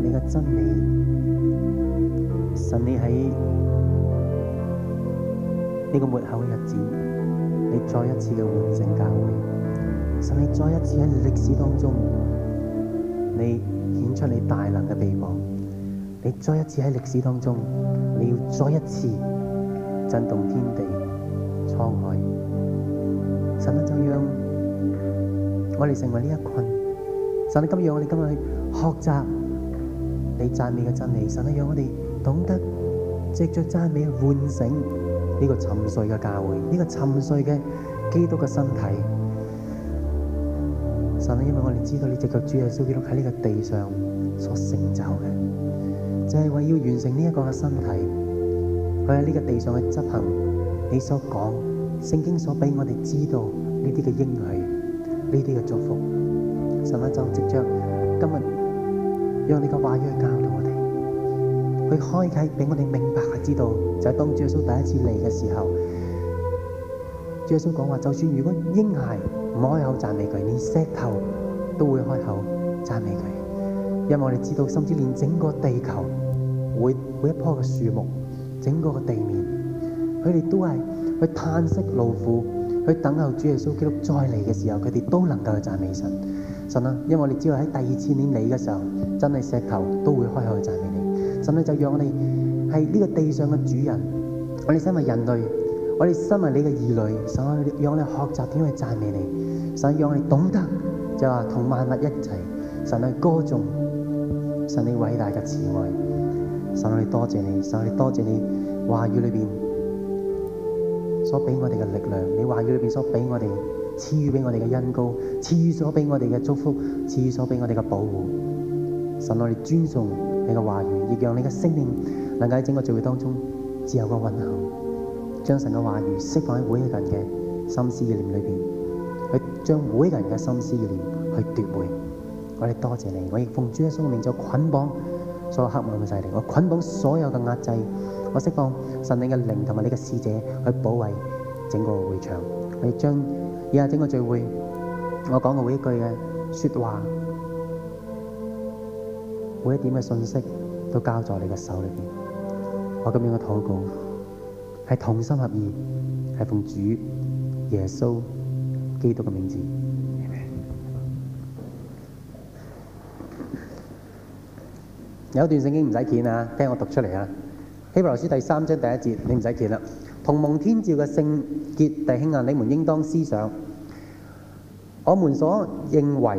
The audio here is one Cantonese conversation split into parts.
你嘅真理，神你喺呢個末後嘅日子，你再一次嘅完成教會，神你再一次喺歷史當中，你顯出你大能嘅臂膀，你再一次喺歷史當中，你要再一次震動天地滄海，神啊，就讓我哋成為呢一群，神你今日我哋今日去學習。你讚美嘅真理，神啊，讓我哋懂得藉着讚美喚醒呢個沉睡嘅教會，呢個沉睡嘅基督嘅身體。神啊，因為我哋知道呢隻腳主耶穌基督喺呢個地上所成就嘅，就係為要完成呢一個嘅身體，佢喺呢個地上去執行你所講，聖經所俾我哋知道呢啲嘅應許，呢啲嘅祝福。神啊，就藉着今日。讓你個話語去教導我哋，去開啟，俾我哋明白知道，就係、是、當主耶穌第一次嚟嘅時候，主耶穌講話，就算如果嬰孩唔開口讚美佢，連石頭都會開口讚美佢。因為我哋知道，甚至連整個地球，每每一棵嘅樹木，整個嘅地面，佢哋都係去嘆息勞苦，去等候主耶穌基督再嚟嘅時候，佢哋都能夠去讚美神。神啊，因為我哋知道喺第二次年嚟嘅時候。真係石頭都會開口去讚美你，神啊！就讓我哋係呢個地上嘅主人，我哋身為人類，我哋身為你嘅兒女，神啊！讓我哋學習點去讚美你，神啊！讓我哋懂得就話同萬物一齊，神係歌頌，神你偉大嘅慈愛，神啊！我哋多謝你，神啊！我哋多謝你話語裏邊所俾我哋嘅力量，你話語裏邊所俾我哋賜予俾我哋嘅恩膏；賜予所俾我哋嘅祝福，賜予所俾我哋嘅保護。神，我哋尊重你嘅話語，亦讓你嘅生命能夠喺整個聚會當中自由嘅運行，將神嘅話語釋放喺每一個人嘅心思意念裏邊，去將每一個人嘅心思意念去奪回。我哋多謝你，我亦奉主嘅生命，就捆綁所有黑暗嘅勢力，我捆綁所有嘅壓制，我釋放神你嘅靈同埋你嘅使者去保衛整個會場。我哋將以下整個聚會，我講嘅每一句嘅說話。每一點嘅信息都交在你嘅手裏邊。我咁樣嘅禱告係同心合意，係奉主耶穌基督嘅名字。有一段聖經唔使見啊，聽我讀出嚟啊，《希伯來書》第三章第一節，你唔使見啦。同蒙天照嘅聖潔弟兄啊，你們應當思想，我們所認為。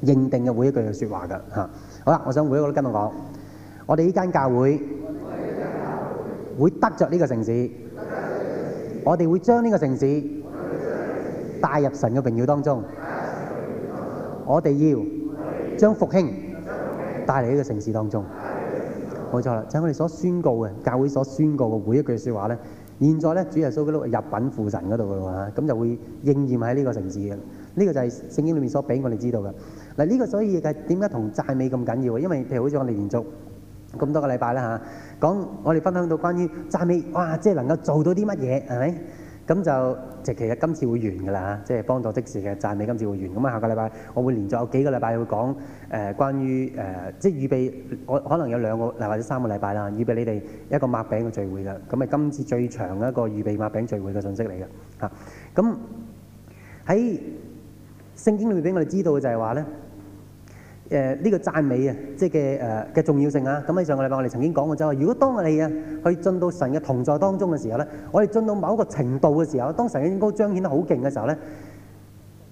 認定嘅每一句説話㗎嚇，好啦，我想每一個都跟我講，我哋呢間教會會得著呢個城市，我哋會將呢個城市帶入神嘅榮耀當中，我哋要將復興帶嚟呢個城市當中，冇錯啦，就係我哋所宣告嘅，教會所宣告嘅每一句説話咧，現在咧，主耶穌基督入稟父神嗰度㗎啦嚇，咁就會應驗喺呢個城市嘅，呢個就係聖經裏面所俾我哋知道嘅。嗱，呢個所以嘅點解同讚美咁緊要喎？因為譬如好似我哋連續咁多個禮拜啦嚇，講我哋分享到關於讚美，哇！即係能夠做到啲乜嘢係咪？咁就即其實今次會完㗎啦，即係幫助即時嘅讚美今次會完。咁啊，下個禮拜我會連續有幾個禮拜會講誒、呃、關於誒、呃，即係預備我可能有兩個或者三個禮拜啦，預備你哋一個擘餅嘅聚會啦。咁啊，今次最長一個預備擘餅聚會嘅信息嚟嘅嚇。咁喺聖經裏邊，俾我哋知道嘅就係話咧。誒呢個讚美啊，即係嘅誒嘅重要性啊！咁喺上個禮拜我哋曾經講過就係，如果當你啊去進到神嘅同在當中嘅時候咧，我哋進到某一個程度嘅時候，當神應該彰顯得好勁嘅時候咧，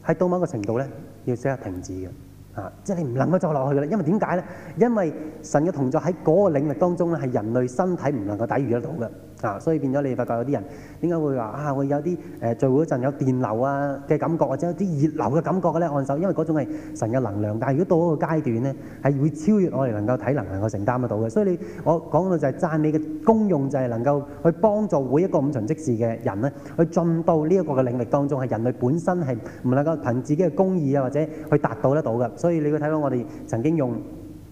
喺到某一個程度咧，要即刻停止嘅啊！即係你唔能夠再落去嘅啦，因為點解咧？因為神嘅同在喺嗰個領域當中咧，係人類身體唔能夠抵禦得到嘅。嗱，所以變咗你發覺有啲人點解會話啊？會有啲誒聚會嗰陣有電流啊嘅感覺，或者有啲熱流嘅感覺嘅咧，按手，因為嗰種係神嘅能量。但係如果到一個階段咧，係會超越我哋能夠體能能夠承擔得到嘅。所以你我講到就係讚美嘅功用，就係能夠去幫助每一個五重職事嘅人咧，去進到呢一個嘅領域當中，係人類本身係唔能夠憑自己嘅公義啊，或者去達到得到嘅。所以你會睇到我哋曾經用。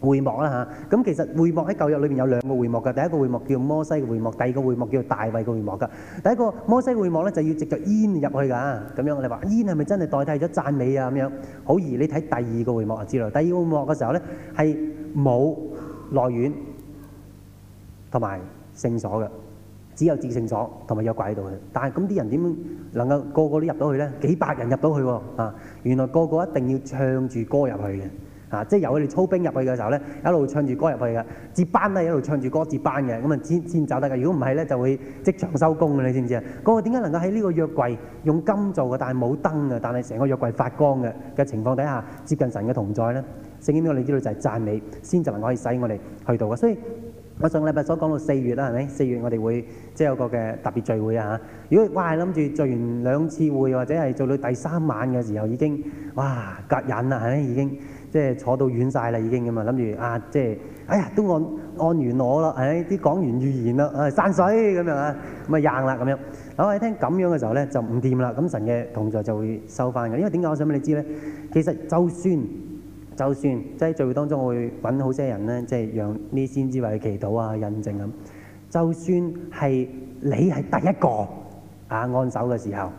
會幕啦嚇，咁其實會幕喺舊約裏邊有兩個會幕嘅，第一個會幕叫摩西嘅會幕，第二個會幕叫大衛嘅會幕嘅。第一個摩西嘅會幕咧，就要藉著煙入去㗎，咁樣你話煙係咪真係代替咗讚美啊？咁樣，好易你睇第二個會幕啊，知道第二個會幕嘅時候咧，係冇內院同埋聖所嘅，只有至聖所同埋有鬼喺度嘅。但係咁啲人點能夠個個都入到去咧？幾百人入到去喎啊！原來個個一定要唱住歌入去嘅。啊！即係由佢哋操兵入去嘅時候咧，一路唱住歌入去嘅，接班咧一路唱住歌接班嘅，咁啊先先走得嘅。如果唔係咧，就會即場收工嘅，你知唔知啊？嗰、那個點解能夠喺呢個約櫃用金做嘅，但係冇燈嘅，但係成個約櫃發光嘅嘅情況底下接近神嘅同在咧？聖經俾我哋知道就係讚美，先就能可以使我哋去到嘅。所以我上禮拜所講到四月啦，係咪？四月我哋會即係有個嘅特別聚會啊！嚇，如果哇諗住聚完兩次會或者係做到第三晚嘅時候已經哇隔癮啦，係已經？哇即係坐到遠曬啦，已經咁啊！諗住啊，即係哎呀，都按按完我啦，唉，啲講完預言啦，唉，散水咁樣啊，咁啊硬啦咁樣。我喺聽咁樣嘅時候咧，就唔掂啦。咁神嘅同在就會收翻嘅。因為點解我想俾你知咧？其實就算就算即係喺聚會當中，我會揾好些人咧，即係讓啲先知為佢祈禱啊、印證咁。就算係你係第一個啊按手嘅時候，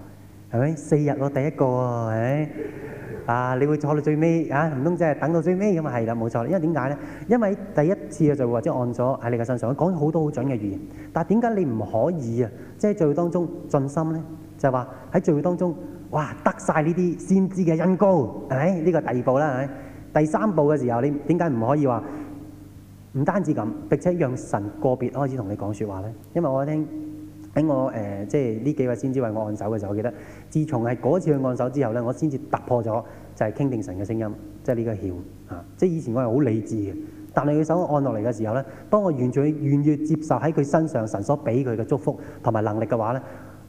係咪四日我第一個喎？係咪？啊！你會坐到最尾啊，唔通即係等到最尾咁啊？係啦，冇錯。因為點解咧？因為第一次嘅聚會或者按咗喺你嘅身上，講好多好準嘅預言。但點解你唔可以啊？即係聚會當中盡心咧，就係話喺聚會當中，哇！得晒呢啲先知嘅恩膏，係咪？呢個第二步啦，係咪第三步嘅時候，你點解唔可以話唔單止咁，並且讓神個別開始同你講説話咧？因為我聽。喺我誒，即係呢幾位先知為我按手嘅時候，我記得，自從係嗰次去按手之後咧，我先至突破咗，就係傾定神嘅聲音，即係呢個竅嚇、啊。即係以前我係好理智嘅，但係佢手按落嚟嘅時候咧，當我完全願意接受喺佢身上神所俾佢嘅祝福同埋能力嘅話咧，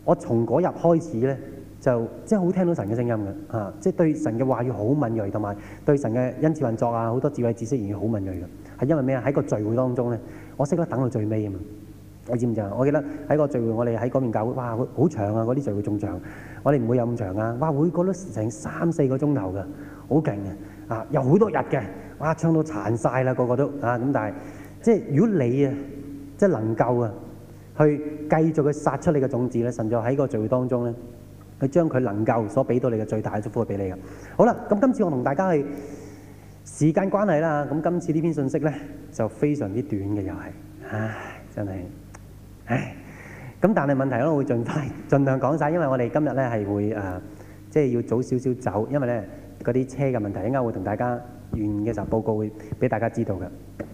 我從嗰日開始咧，就即係好聽到神嘅聲音嘅嚇、啊。即係對神嘅話語好敏鋭，同埋對神嘅恩賜運作啊，好多智慧知識而家好敏鋭嘅。係因為咩啊？喺個聚會當中咧，我識得等到最尾啊嘛。我知唔知啊？我記得喺個聚會，我哋喺嗰邊教會，哇，好長啊！嗰啲聚會仲長，我哋唔會有咁長啊！哇，會過咗成三四個鐘頭嘅，好勁啊！啊，有好多日嘅，哇，唱到殘晒啦，個個都啊咁。但係即係如果你啊，即係能夠啊，去繼續去殺出你嘅種子咧，甚至喺個聚會當中咧，去將佢能夠所俾到你嘅最大嘅祝福俾你嘅。好啦，咁今次我同大家去時間關係啦，咁今次呢篇信息咧就非常之短嘅又係，唉，真係。唉，咁、哎、但係問題咧，會盡快盡量講晒，因為我哋今日咧係會誒、呃，即係要早少少走，因為咧嗰啲車嘅問題應該會同大家完嘅時候報告，會俾大家知道嘅。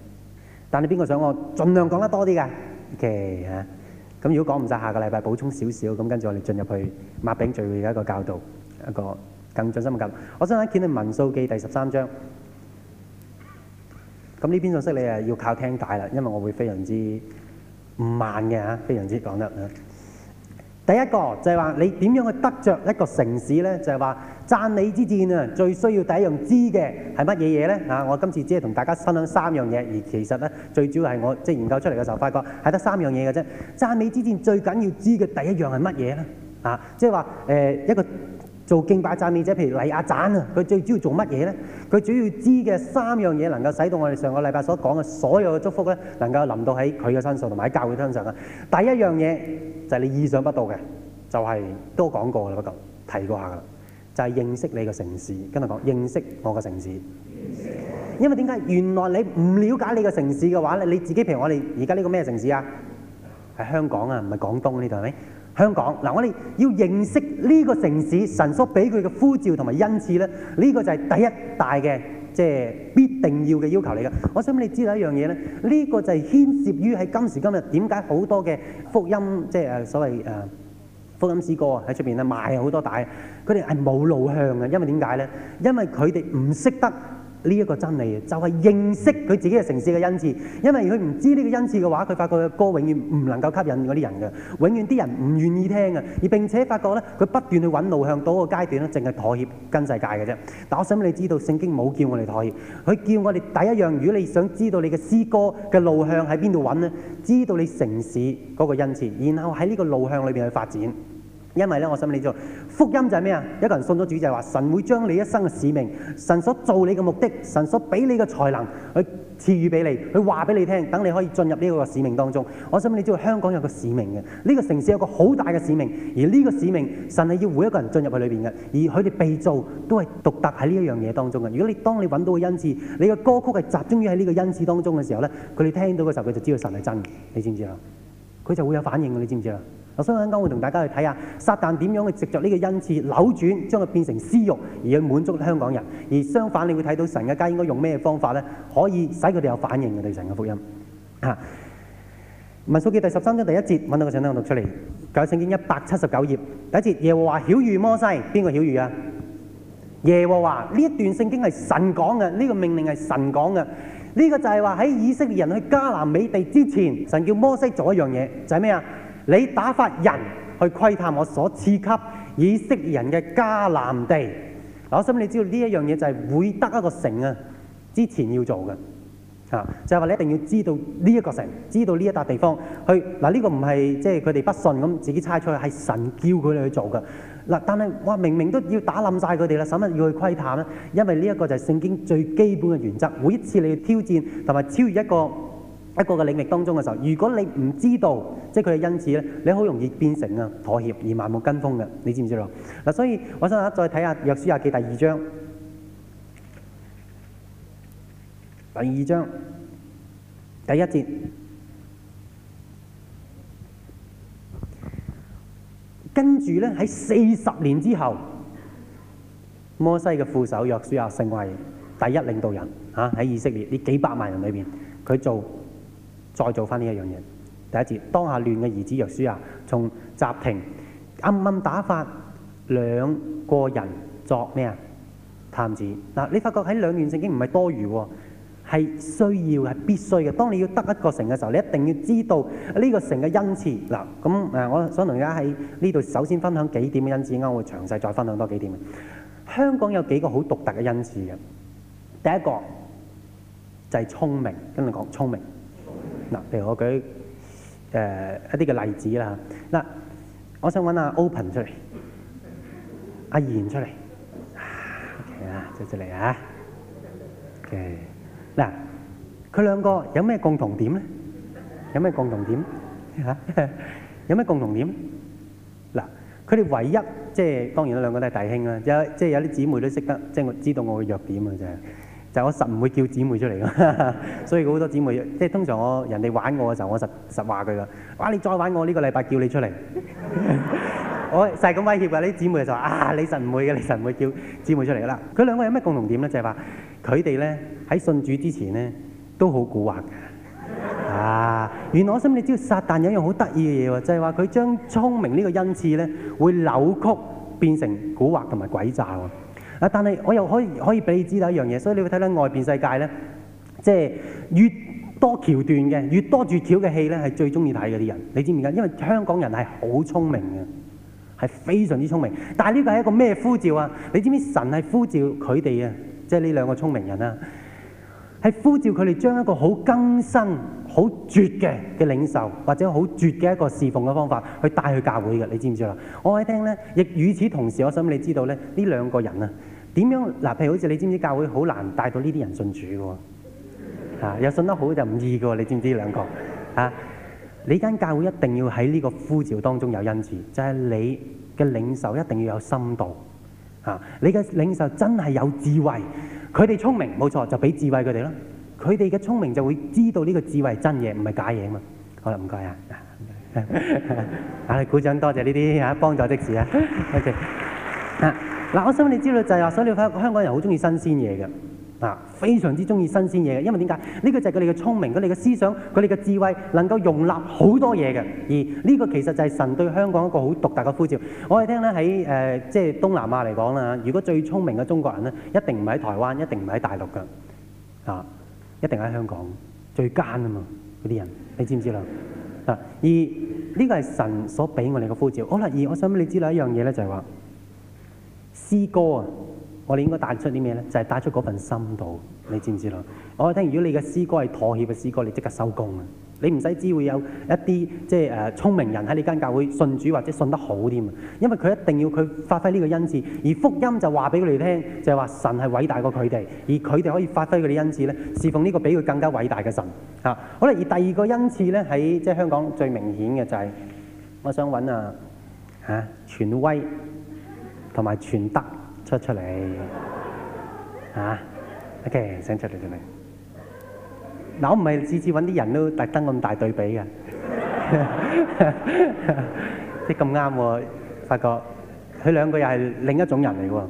但係邊個想我盡量講得多啲嘅？OK 嚇、啊，咁如果講唔晒，下個禮拜補充少少，咁跟住我哋進入去擘餅聚會嘅一個教導，一個更進心嘅教導。我想睇一睇你民數記》第十三章。咁呢篇信息你誒要靠聽解啦，因為我會非常之。唔慢嘅嚇，非常之講得啊！第一個就係話你點樣去得着一個城市呢？就係話讚美之戰啊，最需要第一樣知嘅係乜嘢嘢呢？啊！我今次只係同大家分享三樣嘢，而其實咧最主要係我即係研究出嚟嘅時候，發覺係得三樣嘢嘅啫。讚美之戰最緊要知嘅第一樣係乜嘢呢？啊！即係話誒一個。做敬拜讚美者，譬如黎阿展啊，佢最主要做乜嘢呢？佢主要知嘅三樣嘢，能夠使到我哋上個禮拜所講嘅所有嘅祝福咧，能夠臨到喺佢嘅身上同埋喺教會身上啊。第一樣嘢就係、是、你意想不到嘅，就係、是、都講過啦，不過提過一下啦，就係、是、認識你嘅城市。跟住講認識我嘅城市，因為點解？原來你唔了解你嘅城市嘅話咧，你自己譬如我哋而家呢個咩城市啊？係香港啊，唔係廣東呢度係咪？是香港嗱，我哋要認識呢個城市，神所俾佢嘅呼召同埋恩賜咧，呢個就係第一大嘅即係必定要嘅要求嚟嘅。我想俾你知道一樣嘢咧，呢個就係牽涉於喺今時今日點解好多嘅福音，即係誒所謂誒福音詩歌喺出邊咧賣好多帶，佢哋係冇路向嘅，因為點解咧？因為佢哋唔識得。呢一個真理就係認識佢自己嘅城市嘅恩賜，因為佢唔知呢個恩賜嘅話，佢發覺佢歌永遠唔能夠吸引嗰啲人嘅，永遠啲人唔願意聽啊。而並且發覺呢，佢不斷去揾路向到個階段咧，淨係妥協跟世界嘅啫。但我想你知道，聖經冇叫我哋妥協，佢叫我哋第一樣，如果你想知道你嘅詩歌嘅路向喺邊度揾呢？知道你城市嗰個恩賜，然後喺呢個路向裏邊去發展。因為咧，我想你做福音就係咩啊？一個人信咗主就係、是、話：神會將你一生嘅使命、神所做你嘅目的、神所俾你嘅才能去賜予俾你，去話俾你聽，等你可以進入呢個使命當中。我想你知道香港有個使命嘅，呢、這個城市有個好大嘅使命，而呢個使命神係要每一個人進入去裏邊嘅，而佢哋被造都係獨特喺呢一樣嘢當中嘅。如果你當你揾到恩賜你個恩賜，你嘅歌曲係集中於喺呢個恩賜當中嘅時候咧，佢哋聽到嘅時候佢就知道神係真，你知唔知啊？佢就會有反應嘅，你知唔知啊？我所以啱啱會同大家去睇下撒旦點樣去藉着呢個恩賜，扭轉將佢變成私欲，而去滿足香港人。而相反，你會睇到神嘅家應該用咩方法咧，可以使佢哋有反應嘅對神嘅福音。吓、啊，民數記第十三章第一節，搵到個聖經我讀出嚟，教聖經一百七十九頁第一節，耶和華曉諭摩西，邊個曉諭啊？耶和華呢一段聖經係神講嘅，呢、這個命令係神講嘅，呢、這個就係話喺以色列人去迦南美地之前，神叫摩西做一樣嘢，就係咩啊？你打發人去窺探我所賜給以色列人嘅迦南地。我諗你知道呢一樣嘢就係會得一個城啊，之前要做嘅啊，就係話你一定要知道呢一個城，知道呢一笪地方去。嗱，呢個唔係即係佢哋不信咁自己猜錯，係神叫佢哋去做嘅。嗱，但係哇，明明都要打冧晒佢哋啦，使乜要去窺探咧？因為呢一個就係聖經最基本嘅原則，每一次你去挑戰同埋超越一個，一個嘅領域當中嘅時候，如果你唔知道，即係佢係因此咧，你好容易變成啊妥協而盲目跟風嘅，你知唔知道？嗱，所以我想啊，再睇下約書亞記第二章，第二章第一節，跟住咧喺四十年之後，摩西嘅副手約書亞成為第一領導人吓，喺以色列呢幾百萬人裏邊，佢做。再做翻呢一樣嘢。第一節，當下亂嘅兒子約書亞，從集廷暗暗打發兩個人作咩啊？探子。嗱，你發覺喺兩段聖經唔係多餘喎，係需要係必須嘅。當你要得一個城嘅時候，你一定要知道呢個城嘅恩賜嗱。咁誒，我想同大家喺呢度首先分享幾點嘅恩賜，我會詳細再分享多幾點嘅。香港有幾個好獨特嘅恩賜嘅，第一個就係、是、聰明，跟住講聰明。嗱，譬如我舉誒一啲嘅例子啦。嗱，我想揾阿 Open 出嚟，阿賢出嚟。OK 啊，出嚟啊。OK。嗱，佢兩個有咩共同點咧？有咩共同點？嚇？有咩共同點？嗱，佢哋唯一即係當然啦，兩個都係弟兄啦。有即係有啲姊妹都識得，即係我知道我嘅弱點啊，就係。就我實唔會叫姊妹出嚟㗎，所以佢好多姊妹，即係通常我人哋玩我嘅時候，我實實話佢㗎。哇！你再玩我，呢個禮拜叫你出嚟，我就係咁威脅㗎。啲姊妹就話：啊，你實唔會嘅，你實唔會叫姊妹出嚟㗎喇。佢兩個有咩共同點咧？就係話佢哋咧喺信主之前咧，都好蠱惑㗎。啊！原來我心你知，撒但有一樣好得意嘅嘢喎，就係話佢將聰明呢個恩賜咧會扭曲變成蠱惑同埋鬼詐喎。啊！但係我又可以可以俾你知道一樣嘢，所以你會睇到外邊世界咧，即係越多橋段嘅、越多絕橋嘅戲咧，係最中意睇嘅啲人。你知唔知？因為香港人係好聰明嘅，係非常之聰明。但係呢個係一個咩呼召啊？你知唔知神係呼召佢哋啊？即係呢兩個聰明人啊，係呼召佢哋將一個好更新、好絕嘅嘅領袖，或者好絕嘅一個侍奉嘅方法去帶去教會嘅。你知唔知啊？我喺聽咧，亦與此同時，我想你知道咧，呢兩個人啊。點樣嗱？譬如好似你知唔知教會好難帶到呢啲人信主嘅喎、啊？有、啊、信得好就唔易嘅喎、啊。你知唔知兩個？嚇、啊，你間教會一定要喺呢個呼召當中有恩賜，就係、係、你嘅領袖一定要有深度。嚇、啊，你嘅領袖真係有智慧，佢哋聰明冇錯，就俾智慧佢哋咯。佢哋嘅聰明就會知道呢個智慧係真嘢，唔係假嘢啊嘛。好啦，唔該啊， 啊。啊，鼓掌多謝呢啲嚇幫助即時啊。多、okay. 謝、啊。嗱，我想你知道就係話，想了解香港人好中意新鮮嘢嘅，啊，非常之中意新鮮嘢嘅，因為點解？呢個就係佢哋嘅聰明，佢哋嘅思想，佢哋嘅智慧能夠容納好多嘢嘅。而呢個其實就係神對香港一個好獨特嘅呼召。我哋聽咧喺誒即係東南亞嚟講啦，如果最聰明嘅中國人咧，一定唔喺台灣，一定唔喺大陸嘅，啊，一定喺香港，最奸啊嘛！嗰啲人，你知唔知啦？啊，而呢個係神所俾我哋嘅呼召。好啦，而我想俾你知道一樣嘢咧，就係話。詩歌啊，我哋應該帶出啲咩呢？就係、是、帶出嗰份深度，你知唔知咯？我哋聽，如果你嘅詩歌係妥協嘅詩歌，你即刻收工啊！你唔使知會有一啲即係誒聰明人喺你間教會信主或者信得好添啊，因為佢一定要佢發揮呢個恩賜，而福音就話俾佢哋聽，就係、是、話神係偉大過佢哋，而佢哋可以發揮佢哋恩賜呢，侍奉呢個比佢更加偉大嘅神啊！好啦，而第二個恩賜呢，喺即係香港最明顯嘅就係、是，我想揾啊嚇權威。同埋全德出出嚟嚇，OK，先出嚟出嚟。嗱，我唔係次次揾啲人都特登咁大對比嘅，即咁啱喎，發覺佢兩個又係另一種人嚟喎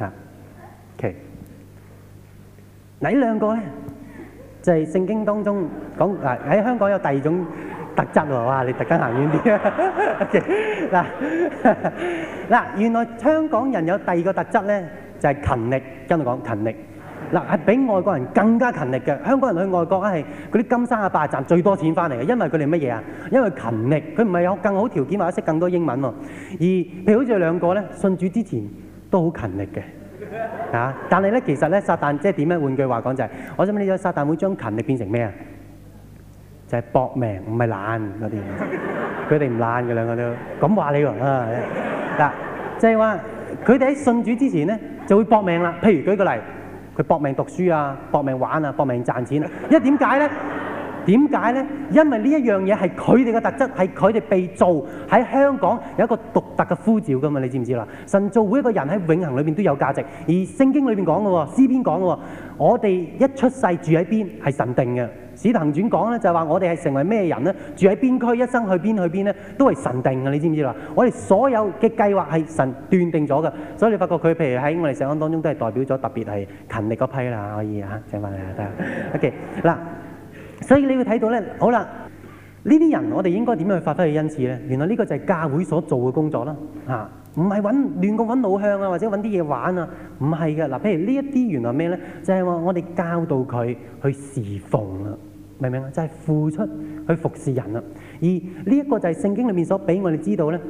嚇。OK，嗱，呢兩個咧就係聖經當中講，嗱喺香港有第二種。特質喎，哇！你特登行遠啲啊，嗱嗱，原來香港人有第二個特質咧，就係、是、勤力。跟我講勤力，嗱係比外國人更加勤力嘅。香港人去外國啊，係嗰啲金山啊，霸佔最多錢翻嚟嘅，因為佢哋乜嘢啊？因為勤力，佢唔係有更好條件或者識更多英文喎。而譬如好似兩個咧，信主之前都好勤力嘅，啊！但係咧其實咧撒旦即係點咧？換句話講就係，我想問你有撒旦會將勤力變成咩啊？就係搏命，唔係懶嗰啲。佢哋唔懶嘅兩個都咁話你喎啊！嗱， 即係話佢哋喺信主之前咧，就會搏命啦。譬如舉個例，佢搏命讀書啊，搏命玩啊，搏命賺錢啊。因為點解咧？點解咧？因為呢一樣嘢係佢哋嘅特質，係佢哋被造喺香港有一個獨特嘅呼召㗎嘛。你知唔知啦？神造每個人喺永恆裏邊都有價值，而聖經裏邊講嘅喎，詩篇講嘅喎，我哋一出世住喺邊係神定嘅。史徒行傳講咧，就係話我哋係成為咩人咧？住喺邊區，一生去邊去邊咧？都係神定嘅，你知唔知啦？我哋所有嘅計劃係神斷定咗嘅，所以你發覺佢譬如喺我哋信仰當中都係代表咗特別係勤力嗰批啦。可以、啊、請問下 OK 嗱，所以你會睇到咧，好啦，呢啲人我哋應該點樣去發揮佢恩賜咧？原來呢個就係教會所做嘅工作啦。唔係揾亂咁揾路向啊，或者揾啲嘢玩啊，唔係嘅。嗱，譬如呢一啲，原來咩咧？就係、話、我哋教導佢去侍奉啊。明唔明啊？就係、是、付出去服侍人啦，而呢一個就係聖經裏面所俾我哋知道咧，誒、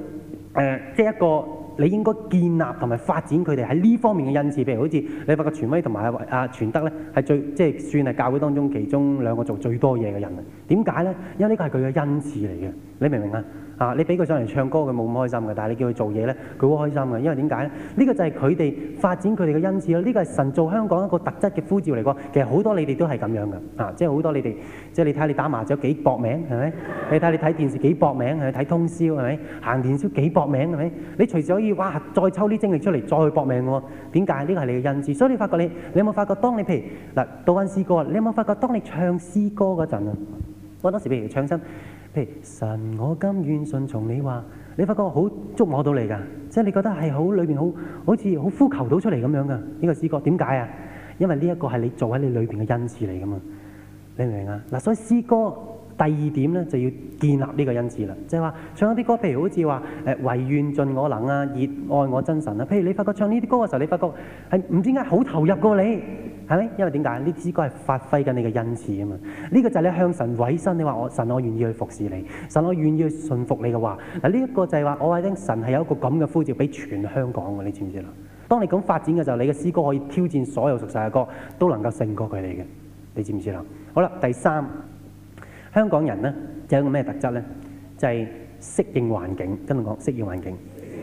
呃，即、就、係、是、一個你應該建立同埋發展佢哋喺呢方面嘅恩賜，譬如好似你發覺全威同埋阿阿全德咧，係最即係算係教會當中其中兩個做最多嘢嘅人啊？點解咧？因為呢個係佢嘅恩賜嚟嘅，你明唔明啊？啊！你俾佢上嚟唱歌，佢冇咁開心嘅。但係你叫佢做嘢咧，佢好開心嘅。因為點解咧？呢個就係佢哋發展佢哋嘅恩賜咯。呢個係神造香港一個特質嘅呼召嚟講。其實好多你哋都係咁樣嘅。啊，即係好多你哋，即係你睇下你打麻雀幾搏命，係咪？你睇下你睇電視幾搏命，睇通宵係咪？行電宵幾搏命係咪？你隨時可以哇，再抽啲精力出嚟，再去搏命嘅喎。點解？呢個係你嘅恩賜。所以你發覺你，你有冇發覺？當你譬如嗱讀翻詩歌，你有冇發覺？當你唱詩歌嗰陣啊，我當時譬如唱新。譬如神，我甘願順從你話，你發覺好捉摸到你噶，即係你覺得係好裏邊好好似好呼求到出嚟咁樣噶。呢個詩歌點解啊？因為呢一個係你做喺你裏邊嘅恩賜嚟噶嘛，你明唔明啊？嗱，所以詩歌。第二點咧就要建立呢個恩賜啦，即係話唱一啲歌，譬如好似話誒唯願盡我能啊，熱愛我真神啊。譬如你發覺唱呢啲歌嘅時候，你發覺係唔知點解好投入過你，係咪？因為點解呢支歌係發揮緊你嘅恩賜啊嘛。呢、這個就係你向神委身，你話我神，我願意去服侍你，神我願意去信服你嘅話，嗱呢一個就係話我話呢神係有一個咁嘅呼召俾全香港嘅，你知唔知啦？當你咁發展嘅時候，你嘅詩歌可以挑戰所有熟曬嘅歌，都能夠勝過佢哋嘅，你知唔知啦？好啦，第三。香港人咧就有個咩特質咧？就係適應環境。跟住講適應環境。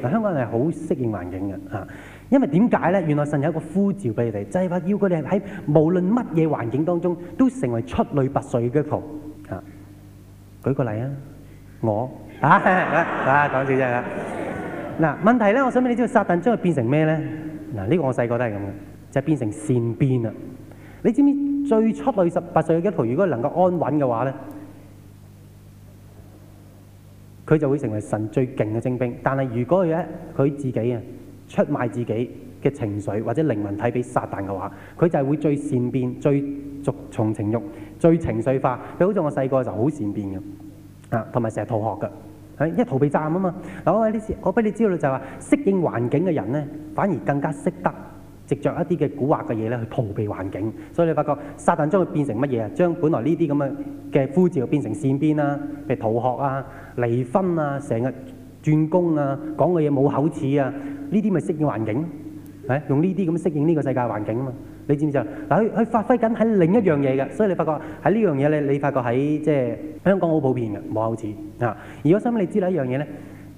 嗱，香港人係好適應環境嘅啊。因為點解咧？原來神有個呼召俾你哋，就係話要佢哋喺無論乜嘢環境當中都成為出類拔萃嘅一徒啊。舉個例啊，我啊講笑啫啦。嗱，問題咧，我想俾你知道撒但將佢變成咩咧？嗱，呢個我細個都係咁嘅，就變成善變啊。你知唔知最出類十八歲嘅一徒，如果能夠安穩嘅話咧？佢就會成為神最勁嘅精兵，但係如果佢咧，佢自己啊出賣自己嘅情緒或者靈魂體俾撒旦嘅話，佢就係會最善變、最逐從情慾、最情緒化。佢好似我細個就好善變嘅啊，同埋成日逃學嘅，係、啊、因為逃避責任啊嘛。嗱，我呢次我俾你知道就係話，適應環境嘅人咧，反而更加識得藉着一啲嘅古惑嘅嘢咧去逃避環境，所以你發覺撒旦將佢變成乜嘢啊？將本來呢啲咁嘅嘅呼召變成善變啦，譬如逃學啊！離婚啊，成日轉工啊，講嘅嘢冇口齒啊，呢啲咪適應環境，係用呢啲咁適應呢個世界的環境啊嘛？你知唔知啊？嗱，佢佢發揮緊喺另一樣嘢嘅，所以你發覺喺呢樣嘢咧，你發覺喺即係香港好普遍嘅冇口齒啊。而我收你知道一樣嘢咧，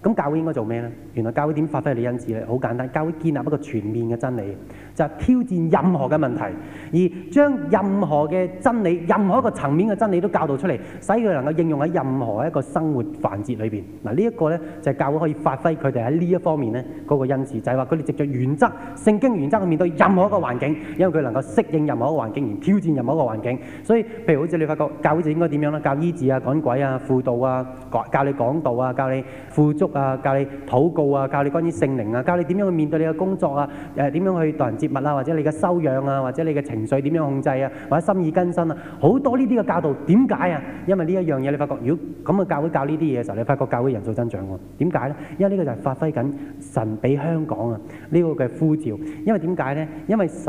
咁教會應該做咩咧？原來教會點發揮佢嘅恩賜咧？好簡單，教會建立一個全面嘅真理。就挑戰任何嘅問題，而將任何嘅真理，任何一個層面嘅真理都教導出嚟，使佢能夠應用喺任何一個生活環節裏邊。嗱、啊，這個、呢一個咧就係、是、教會可以發揮佢哋喺呢一方面咧嗰、那個恩賜就係話佢哋藉著原則聖經原則去面對任何一個環境，因為佢能夠適應任何一個環境，而挑戰任何一個環境。所以，譬如好似你發覺教會就應該點樣啦，教醫治啊、趕鬼啊、輔導啊、教你講道啊、教你富足啊、教你禱告啊、教你關於聖靈啊、教你點、啊、樣去面對你嘅工作啊、誒、啊、點樣去同人接物啊，或者你嘅修養啊，或者你嘅情緒點樣控制啊，或者心意更新啊，好多呢啲嘅教導，點解啊？因為呢一樣嘢，你發覺如果咁嘅教會教呢啲嘢嘅時候，你發覺教會人數增長喎。點解呢？因為呢個就係發揮緊神俾香港啊呢個嘅呼召。因為點解呢？因為神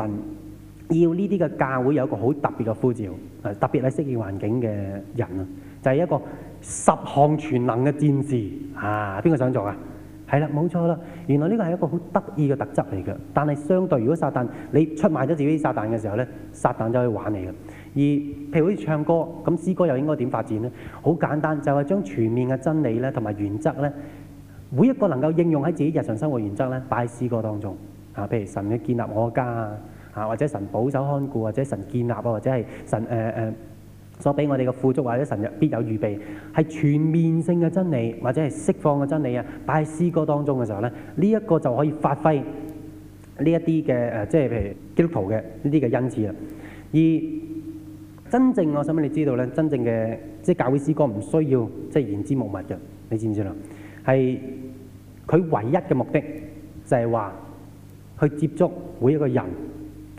要呢啲嘅教會有一個好特別嘅呼召，特別係適應環境嘅人啊，就係一個十項全能嘅戰士啊！邊個想做啊？係啦，冇錯啦。原來呢個係一個好得意嘅特質嚟嘅。但係相對，如果撒旦你出賣咗自己啲撒旦嘅時候呢，撒旦就可以玩你㗎。而譬如好似唱歌咁，詩歌又應該點發展呢？好簡單，就係將全面嘅真理呢同埋原則呢，每一個能夠應用喺自己日常生活原則咧，擺喺詩歌當中啊。譬如神嘅建立我家啊，啊或者神保守看顧，或者神建立啊，或者係神誒誒。呃呃所俾我哋嘅富足，或者神日必有預備，係全面性嘅真理，或者係釋放嘅真理啊！擺喺詩歌當中嘅時候咧，呢、這、一個就可以發揮呢一啲嘅誒，即係譬如基督徒嘅呢啲嘅恩賜啊。而真正我想俾你知道咧，真正嘅即係教會詩歌唔需要即係言之無物嘅，你知唔知啦？係佢唯一嘅目的就係、是、話去接觸每一個人，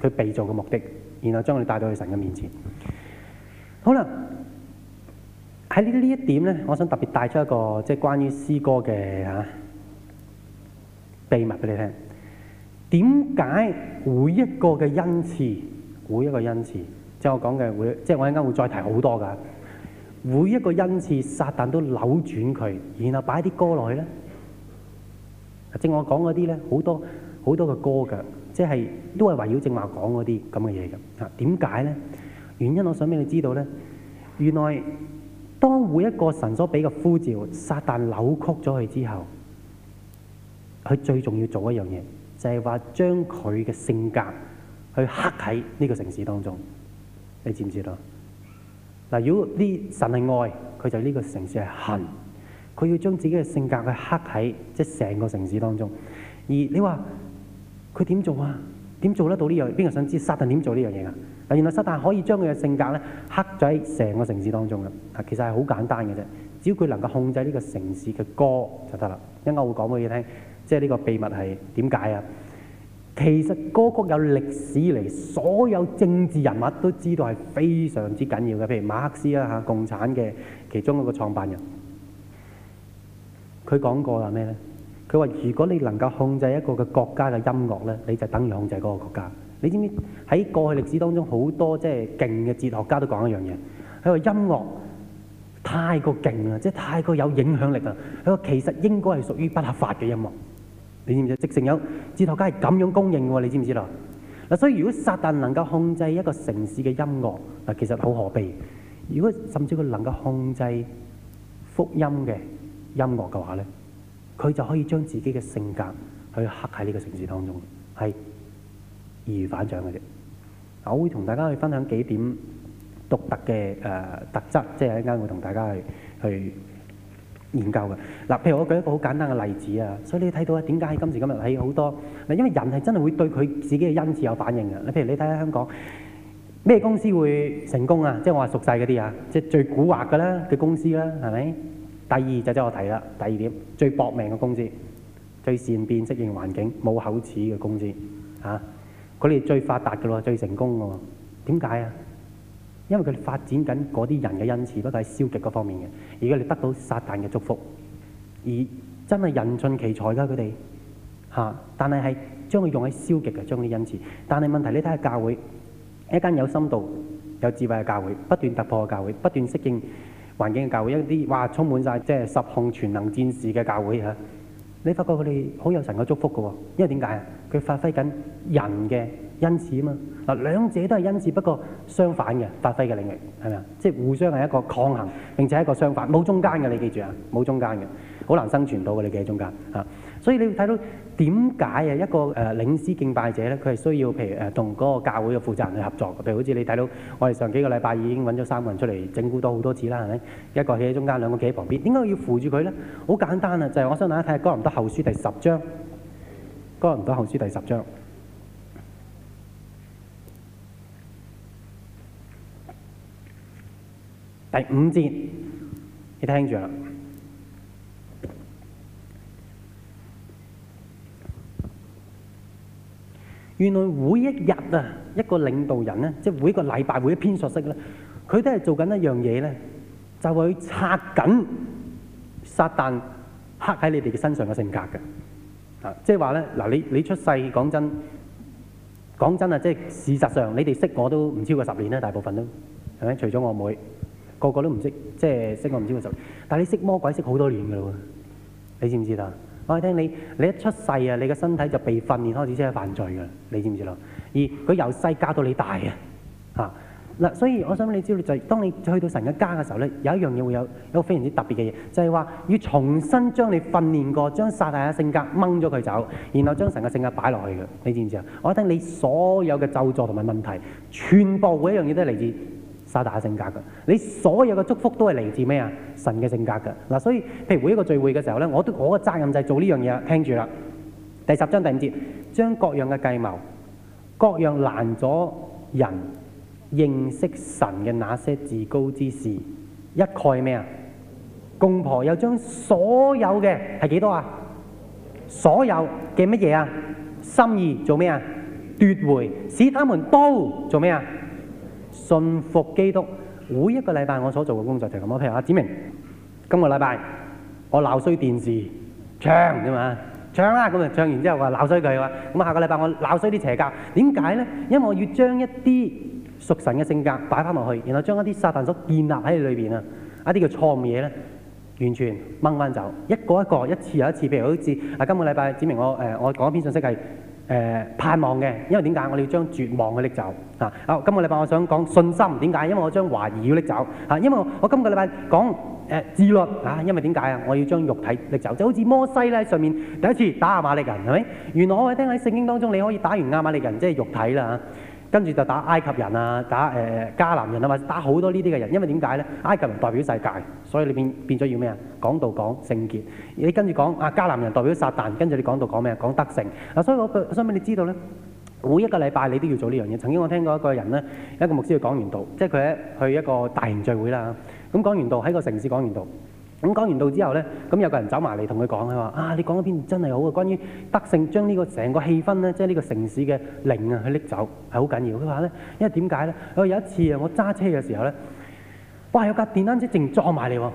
佢被造嘅目的，然後將我哋帶到去神嘅面前。好啦，喺呢呢一點咧，我想特別帶出一個即係關於詩歌嘅嚇秘密俾你聽。點解每一個嘅恩賜，每一個恩賜，即係我講嘅會，即係我一陣間會再提好多噶。每一個恩賜，撒旦都扭轉佢，然後擺啲歌落去咧。正我講嗰啲咧，好多好多嘅歌嘅，即係都係圍繞正話講嗰啲咁嘅嘢嘅。嚇點解咧？原因我想俾你知道咧，原來當每一個神所俾嘅呼召，撒旦扭曲咗佢之後，佢最重要做一樣嘢，就係話將佢嘅性格去刻喺呢個城市當中。你知唔知道？嗱，如果呢神係愛，佢就呢個城市係恨，佢要將自己嘅性格去刻喺即係成個城市當中。而你話佢點做啊？點做得到呢樣？邊個想知撒旦點做呢樣嘢啊？啊！原來撒但可以將佢嘅性格咧刻咗喺成個城市當中嘅。啊，其實係好簡單嘅啫，只要佢能夠控制呢個城市嘅歌就得啦。一陣間我會講俾你聽，即係呢個秘密係點解啊？其實歌曲有歷史嚟，所有政治人物都知道係非常之緊要嘅。譬如馬克思啊嚇，共產嘅其中一個創辦人，佢講過話咩咧？佢話：如果你能夠控制一個嘅國家嘅音樂咧，你就等於控制嗰個國家。你知唔知喺過去歷史當中好多即係勁嘅哲學家都講一樣嘢，佢話音樂太過勁啦，即係太過有影響力啦。佢話其實應該係屬於不合法嘅音樂。你知唔知？直成有哲學家係咁樣公認喎，你知唔知道？嗱，所以如果撒旦能夠控制一個城市嘅音樂，嗱，其實好可悲。如果甚至佢能夠控制福音嘅音樂嘅話咧，佢就可以將自己嘅性格去刻喺呢個城市當中，係。易如反掌嘅啫。我會同大家去分享幾點獨特嘅誒、呃、特質，即係一陣間會同大家去去研究嘅嗱。譬如我舉一個好簡單嘅例子啊，所以你睇到啊，點解今時今日係好多嗱？因為人係真係會對佢自己嘅恩賜有反應嘅。你譬如你睇下香港咩公司會成功啊？即係我話熟晒嗰啲啊，即係最蠱惑㗎啦嘅公司啦，係咪？第二就即、是、係我睇啦，第二點最搏命嘅公司，最善變適應環境、冇口齒嘅公司啊！佢哋最發達嘅咯，最成功嘅喎，點解啊？因為佢哋發展緊嗰啲人嘅恩賜，不過喺消極嗰方面嘅。而家你得到撒旦嘅祝福，而真係人盡其才㗎，佢哋嚇。但係係將佢用喺消極嘅，將啲恩賜。但係問題你睇下教會，一間有深度、有智慧嘅教會，不斷突破嘅教會，不斷適應環境嘅教會，一啲哇充滿晒即係十項全能戰士嘅教會嚇。你發覺佢哋好有神嘅祝福嘅喎，因為點解啊？佢發揮緊人嘅恩慈啊嘛，嗱兩者都係恩慈，不過相反嘅發揮嘅領域，係咪啊？即係互相係一個抗衡，並且係一個相反，冇中間嘅你記住啊，冇中間嘅，好難生存到嘅你企喺中間啊。所以你會睇到點解啊一個誒領司敬拜者咧，佢係需要譬如誒同嗰個教會嘅負責人去合作，譬如好似你睇到我哋上幾個禮拜已經揾咗三個人出嚟整蠱多好多次啦，係咪？一個企喺中間，兩個企喺旁邊，點解要扶住佢咧？好簡單啊，就係、是、我想大家睇下《哥林多後書》第十章。哥林多後書第十章第五節，你聽住啦。原來每一日啊，一個領導人咧，即係每一個禮拜每一篇信息咧，佢都係做緊一樣嘢咧，就係去拆緊撒旦刻喺你哋嘅身上嘅性格嘅。啊！即係話咧，嗱你你出世講真，講真啊！即係事實上，你哋識我都唔超過十年啦，大部分都係咪？除咗我妹妹，個個都唔識，即係識我唔超過十年。但係你識魔鬼識好多年噶啦喎，你知唔知啊？我係聽你，你一出世啊，你個身體就被訓練開始識犯罪噶啦，你知唔知咯？而佢由細加到你大啊！啊！嗱，所以我想你知道，就係當你去到神嘅家嘅時候咧，有一樣嘢會有一個非常之特別嘅嘢，就係話要重新將你訓練過，將撒但嘅性格掹咗佢走，然後將神嘅性格擺落去嘅，你知唔知啊？我聽你所有嘅咒詛同埋問題，全部每一樣嘢都係嚟自撒但嘅性格嘅。你所有嘅祝福都係嚟自咩啊？神嘅性格嘅。嗱，所以譬如每一個聚會嘅時候咧，我都我嘅責任就係做呢樣嘢，聽住啦，第十章第五節，將各樣嘅計謀、各樣攔阻人。認識神嘅那些自高之事，一概咩啊？公婆又將所有嘅係幾多啊？所有嘅乜嘢啊？心意做咩啊？奪回，使他們都做咩啊？信服基督。每一個禮拜我所做嘅工作就係咁。譬如阿子明，今個禮拜我鬧衰電視，唱啫嘛，唱啊咁啊，唱完之後我話鬧衰佢啊，咁啊下個禮拜我鬧衰啲邪教，點解咧？因為我要將一啲。屬神嘅性格擺翻落去，然後將一啲撒旦所建立喺裏邊啊，一啲叫錯誤嘢咧，完全掹翻走，一個一個，一次又一次。譬如好似啊，今個禮拜指明我誒，我講一篇信息係誒，呃，盼望嘅，因為點解我哋要將絕望嘅拎走啊？啊，今個禮拜我想講信心，點解？因為我將懷疑要拎走啊！因為我，我今個禮拜講誒，呃，自律啊，因為點解啊？我要將肉體拎走，就好似摩西咧上面第一次打亞瑪力人，係咪？原來我哋聽喺聖經當中，你可以打完亞瑪力人，即係肉體啦啊！跟住就打埃及人啊，打誒、呃、迦南人啊，或者打好多呢啲嘅人，因為點解呢？埃及人代表世界，所以你變變咗要咩啊？講道講聖潔，你跟住講啊迦南人代表撒旦，跟住你講道講咩啊？講得勝。所以我想俾，俾你知道呢，每一個禮拜你都要做呢樣嘢。曾經我聽過一個人呢，一個牧師要講完道，即係佢喺去一個大型聚會啦。咁講完道喺個城市講完道。咁講完道之後咧，咁有個人走埋嚟同佢講，佢話：啊，你講嗰篇真係好啊！關於得勝，將呢個成個氣氛咧，即係呢個城市嘅靈啊，去拎走係好緊要的。佢話咧，因為點解咧？我有一次啊，我揸車嘅時候咧，哇！有架電單車淨撞埋嚟喎！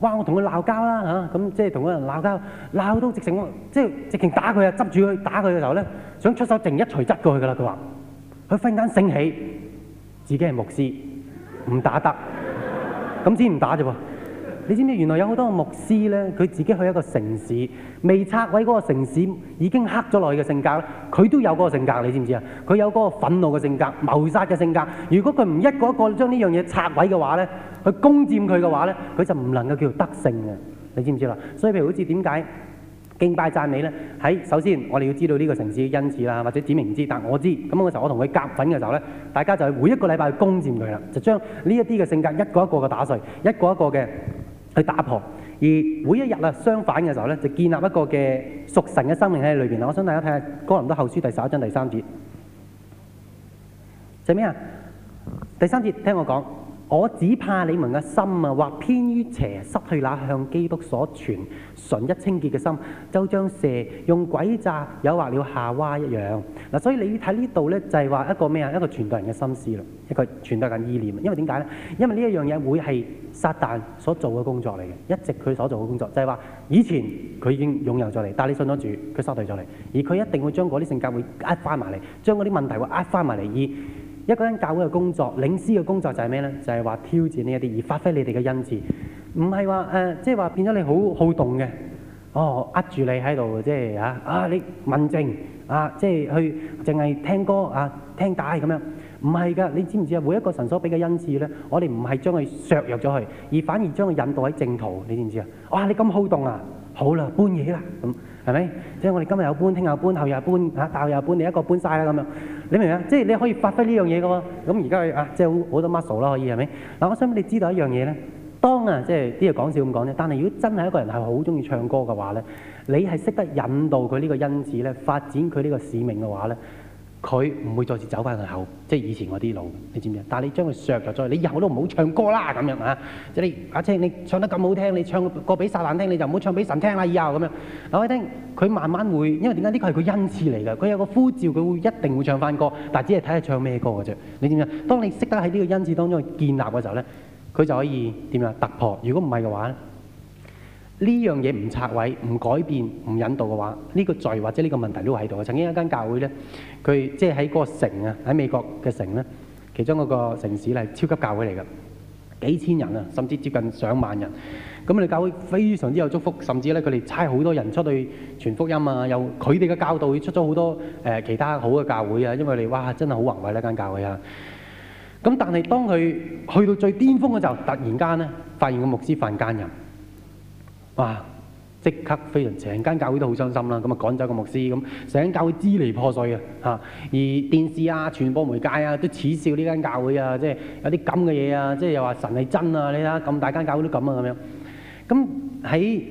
哇！我同佢鬧交啦嚇，咁即係同嗰人鬧交，鬧到直情，即係直情打佢啊！執住佢打佢嘅時候咧，想出手淨一錘揀過去㗎啦！佢話：，佢忽然間醒起自己係牧師，唔打得，咁先唔打啫喎。你知唔知原來有好多牧師呢，佢自己去一個城市未拆毀嗰個城市，已經黑咗落去嘅性格咧，佢都有嗰個性格。你知唔知啊？佢有嗰個憤怒嘅性格、謀殺嘅性格。如果佢唔一個一個將呢樣嘢拆毀嘅話呢，去攻佔佢嘅話呢，佢就唔能夠叫做得勝嘅。你知唔知啦？所以譬如好似點解敬拜讚美呢？喺首先我哋要知道呢個城市嘅恩賜啦，或者指明唔知，但我知咁嗰時候我同佢夾粉嘅時候呢，大家就係每一個禮拜去攻佔佢啦，就將呢一啲嘅性格一個一個嘅打碎，一個一個嘅。去打破，而每一日啊，相反嘅時候咧，就建立一個嘅屬神嘅生命喺裏邊。我想大家睇下《哥林多後書》第十一章第三節，係咩啊？第三節，聽我講。我只怕你們嘅心啊，或偏於邪，失去那向基督所存純一清潔嘅心，就將蛇用詭詐誘惑了夏娃一樣。嗱，所以你睇呢度呢，就係話一個咩啊？一個傳達人嘅心思咯，一個傳達人意念。因為點解呢？因為呢一樣嘢會係撒旦所做嘅工作嚟嘅，一直佢所做嘅工作就係話，以前佢已經擁有咗你，但係你信咗主，佢失去咗你，而佢一定會將嗰啲性格會壓翻埋嚟，將嗰啲問題會壓翻埋嚟，以。一個人教會嘅工作，領詩嘅工作就係咩咧？就係話挑戰你一啲，而發揮你哋嘅恩賜，唔係話誒，即係話變咗你好好動嘅，哦，壓住你喺度，即係嚇啊，你文靜啊，即係去淨係聽歌啊，聽帶咁樣，唔係㗎，你知唔知啊？每一個神所俾嘅恩賜咧，我哋唔係將佢削弱咗佢，而反而將佢引導喺正途，你知唔知啊？哇，你咁好動啊，好啦，搬嘢啦，咁係咪？即係我哋今日有搬，聽日搬，後日又搬嚇，大後日又搬，你一個搬曬啦咁樣。你明唔明啊？即係你可以發揮呢樣嘢嘅嘛。咁而家啊，即係好多 muscle 啦，可以係咪？嗱，我想畀你知道一樣嘢咧，當啊，即係啲嘢講笑咁講啫，但係如果真係一個人係好中意唱歌嘅話咧，你係識得引導佢呢個因子咧，發展佢呢個使命嘅話咧。佢唔會再次走翻去後，即係以前嗰啲路，你知唔知啊？但係你將佢削咗再，你以後都唔好唱歌啦咁樣啊！即係你阿青，你唱得咁好聽，你唱歌俾撒旦聽，你就唔好唱俾神聽啦，以後咁樣。嗱，我哋聽，佢慢慢會，因為點解呢？係佢恩賜嚟嘅？佢有個呼召，佢會一定會唱翻歌，但係只係睇下唱咩歌㗎啫。你知唔知啊？當你識得喺呢個恩賜當中去建立嘅時候咧，佢就可以點啊突破。如果唔係嘅話，呢樣嘢唔拆位、唔改變、唔引導嘅話，呢個罪或者呢個問題都會喺度。曾經一間教會呢，佢即係喺個城啊，喺美國嘅城呢，其中嗰個城市咧係超級教會嚟嘅，幾千人啊，甚至接近上萬人。咁啊，教會非常之有祝福，甚至呢，佢哋差好多人出去傳福音啊。又佢哋嘅教導出了很，出咗好多誒其他好嘅教會啊。因為你哇，真係好宏偉呢間教會啊！咁但係當佢去到最巔峰嘅時候，突然間呢，發現個牧師犯奸淫。哇！即刻非常，成間教會都好傷心啦。咁啊，趕走個牧師，咁成間教會支離破碎嘅嚇啊。而電視啊、傳播媒介啊都恥笑呢間教會啊，即係有啲咁嘅嘢啊，即係又話神係真啊！你睇下咁大間教會都咁啊咁樣。咁喺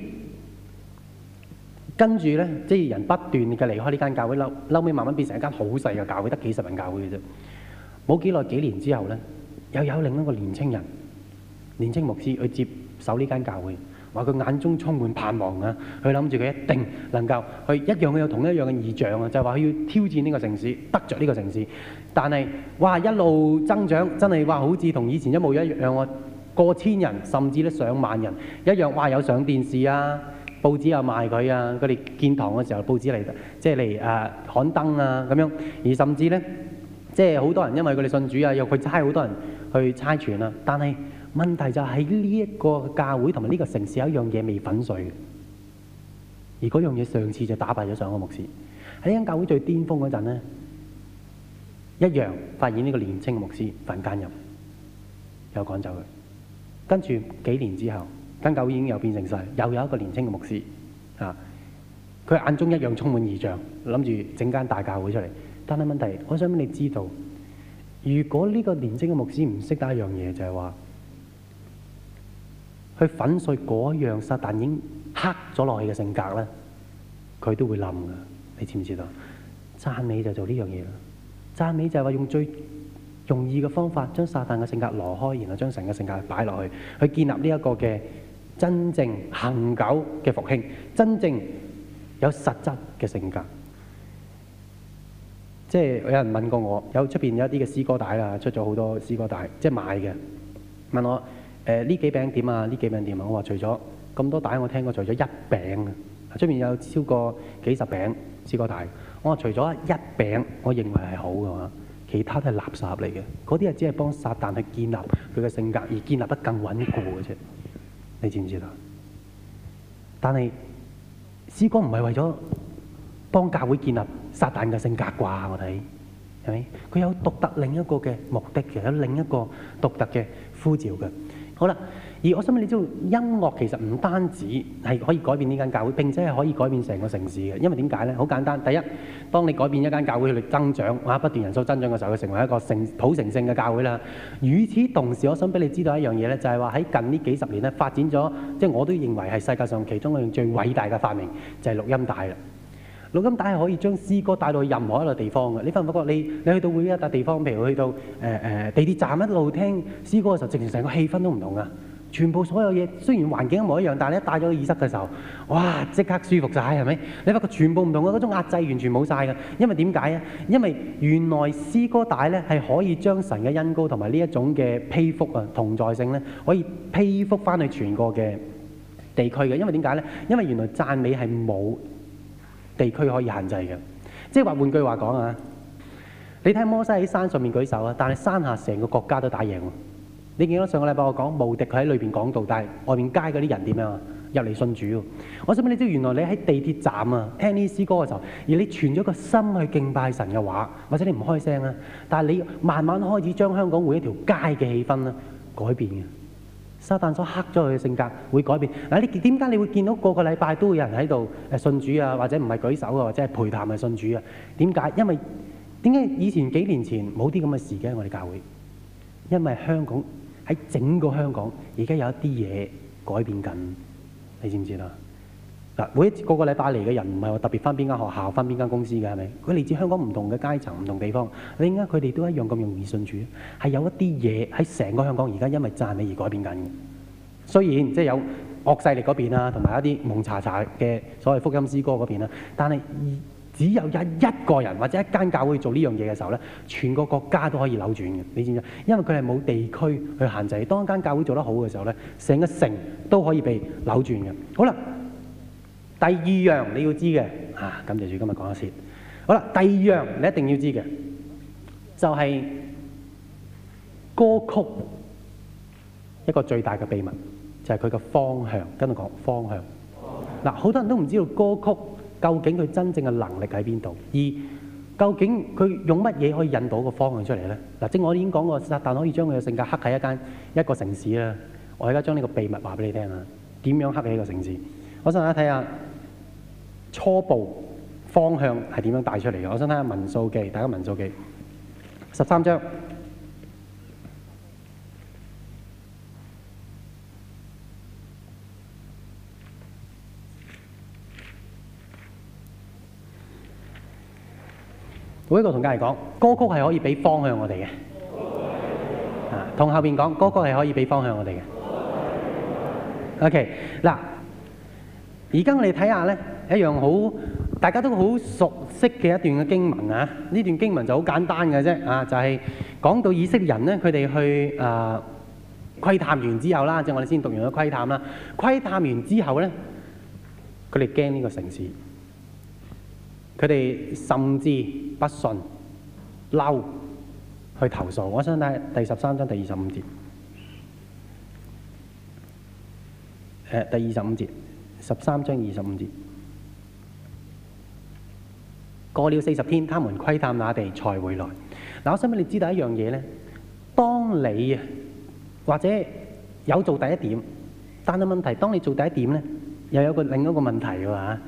跟住咧，即係人不斷嘅離開呢間教會，嬲嬲尾慢慢變成一間好細嘅教會，得幾十人教會嘅啫。冇幾耐幾年之後咧，又有，有另一個年青人、年青牧師去接手呢間教會。話佢眼中充滿盼望啊！佢諗住佢一定能夠去一樣有同一樣嘅異象啊！就係話佢要挑戰呢個城市，得着呢個城市。但係哇，一路增長真係哇，好似同以前一模一樣啊。過千人，甚至咧上萬人一樣哇，有上電視啊，報紙又賣佢、就是、啊。佢哋建堂嘅時候，報紙嚟即係嚟誒刊登啊咁樣。而甚至呢，即係好多人因為佢哋信主啊，又佢差好多人去差傳啊。但係問題就係呢一個教會同埋呢個城市有一樣嘢未粉碎嘅，而嗰樣嘢上次就打敗咗上個牧師。喺呢間教會最巔峰嗰陣咧，一樣發現呢個年輕嘅牧師犯奸淫，又趕走佢。跟住幾年之後，間教會已經又變成細，又有一個年輕嘅牧師啊，佢眼中一樣充滿異象，諗住整間大教會出嚟。但係問題，我想俾你知道，如果呢個年輕嘅牧師唔識得一樣嘢，就係話。去粉碎嗰樣撒旦已經黑咗落去嘅性格咧，佢都會冧噶，你知唔知道？讚美就做呢樣嘢啦，讚美就係話用最容易嘅方法將撒旦嘅性格挪開，然後將成個性格擺落去，去建立呢一個嘅真正恒久嘅復興，真正有實質嘅性格。即係有人問過我，有出邊有一啲嘅詩歌帶啦，出咗好多詩歌帶，即係賣嘅，問我。誒呢幾餅點啊？呢幾餅點啊？我話除咗咁多餅，我聽過除咗一餅，出面有超過幾十餅。詩歌大，我話除咗一餅，我認為係好嘅嘛，其他都係垃圾嚟嘅。嗰啲係只係幫撒旦去建立佢嘅性格，而建立得更穩固嘅啫。你知唔知道？但係詩歌唔係為咗幫教會建立撒旦嘅性格啩？我睇係咪？佢有獨特另一個嘅目的嘅，有另一個獨特嘅呼召嘅。好啦，而我想俾你知道，音樂其實唔單止係可以改變呢間教會，並且係可以改變成個城市嘅。因為點解呢？好簡單，第一，當你改變一間教會去增長，哇，不斷人數增長嘅時候，佢成為一個成普成性嘅教會啦。與此同時，我想俾你知道一樣嘢呢，就係話喺近呢幾十年咧發展咗，即係我都認為係世界上其中一樣最偉大嘅發明就係錄音帶啦。老金帶係可以將詩歌帶到任何一個地方嘅。你發唔發覺你？你你去到每一笪地方，譬如去到誒誒、呃、地鐵站一路聽詩歌嘅時候，直情成個氣氛都唔同啊！全部所有嘢雖然環境一模一樣，但係你帶了一帶咗個耳塞嘅時候，哇！即刻舒服晒，係咪？你發覺全部唔同啊！嗰種壓制完全冇晒㗎。因為點解啊？因為原來詩歌帶咧係可以將神嘅恩膏同埋呢一種嘅披覆啊同在性咧，可以披覆翻去全個嘅地區嘅。因為點解咧？因為原來讚美係冇地區可以限制嘅，即係話換句話講啊，你睇摩西喺山上面舉手啊，但係山下成個國家都打贏喎。你見到上個禮拜我講無敵，佢喺裏邊講道，但係外面街嗰啲人點樣啊？入嚟信主。我想問你知，原來你喺地鐵站啊，聽呢啲詩歌嘅時候，而你存咗個心去敬拜神嘅話，或者你唔開聲啊，但係你慢慢開始將香港每一條街嘅氣氛咧改變嘅。沙旦所黑咗佢嘅性格會改變，嗱，你點解你會見到個個禮拜都會有人喺度誒信主啊，或者唔係舉手啊，或者係陪談嘅信主啊？點解？因為點解以前幾年前冇啲咁嘅事嘅？我哋教會，因為香港喺整個香港而家有一啲嘢改變緊，你知唔知啦？每一個個禮拜嚟嘅人唔係話特別返邊間學校、返邊間公司嘅係咪？佢嚟自香港唔同嘅階層、唔同地方，你點解佢哋都一樣咁容易信主？係有一啲嘢喺成個香港而家因為讚美而改變緊嘅。雖然即係、就是、有惡勢力嗰邊啊，同埋一啲蒙查查嘅所謂福音詩歌嗰邊啦，但係只有有一個人或者一間教會做呢樣嘢嘅時候咧，全個國家都可以扭轉嘅。你知唔知？因為佢係冇地區去限制，當一間教會做得好嘅時候咧，成個城都可以被扭轉嘅。好啦。第二樣你要知嘅，啊，感謝主今日講一次。好啦，第二樣你一定要知嘅，就係、是、歌曲一個最大嘅秘密，就係佢嘅方向。跟住講方向。嗱、啊，好多人都唔知道歌曲究竟佢真正嘅能力喺邊度，而究竟佢用乜嘢可以引到個方向出嚟咧？嗱、啊，正係我已經講過，撒旦可以將佢嘅性格刻喺一間一個城市啦。我而家將呢個秘密話俾你聽啊，點樣刻喺呢個城市？我想大家睇下。初步方向係點樣帶出嚟嘅？我想睇下民數記，大家民數記十三章。每一個同家係講歌曲係可以俾方向我哋嘅，同 後邊講歌曲係可以俾方向我哋嘅。 OK，嗱，而家我哋睇下咧。一樣好大家都好熟悉嘅一段嘅經文啊！呢段經文就好簡單嘅啫啊，就係、是、講到以色列人咧，佢哋去啊窺、呃、探完之後啦，即係我哋先讀完咗窺探啦。窺探完之後咧，佢哋驚呢個城市，佢哋甚至不信嬲去投訴。我想睇第十三章第二十五節，誒、呃、第二十五節，十三章二十五節。過了四十天，他們窺探那地，才回來。嗱，我想俾你知道一樣嘢咧，當你啊或者有做第一點，但係問題，當你做第一點咧，又有一個另一個問題㗎嘛。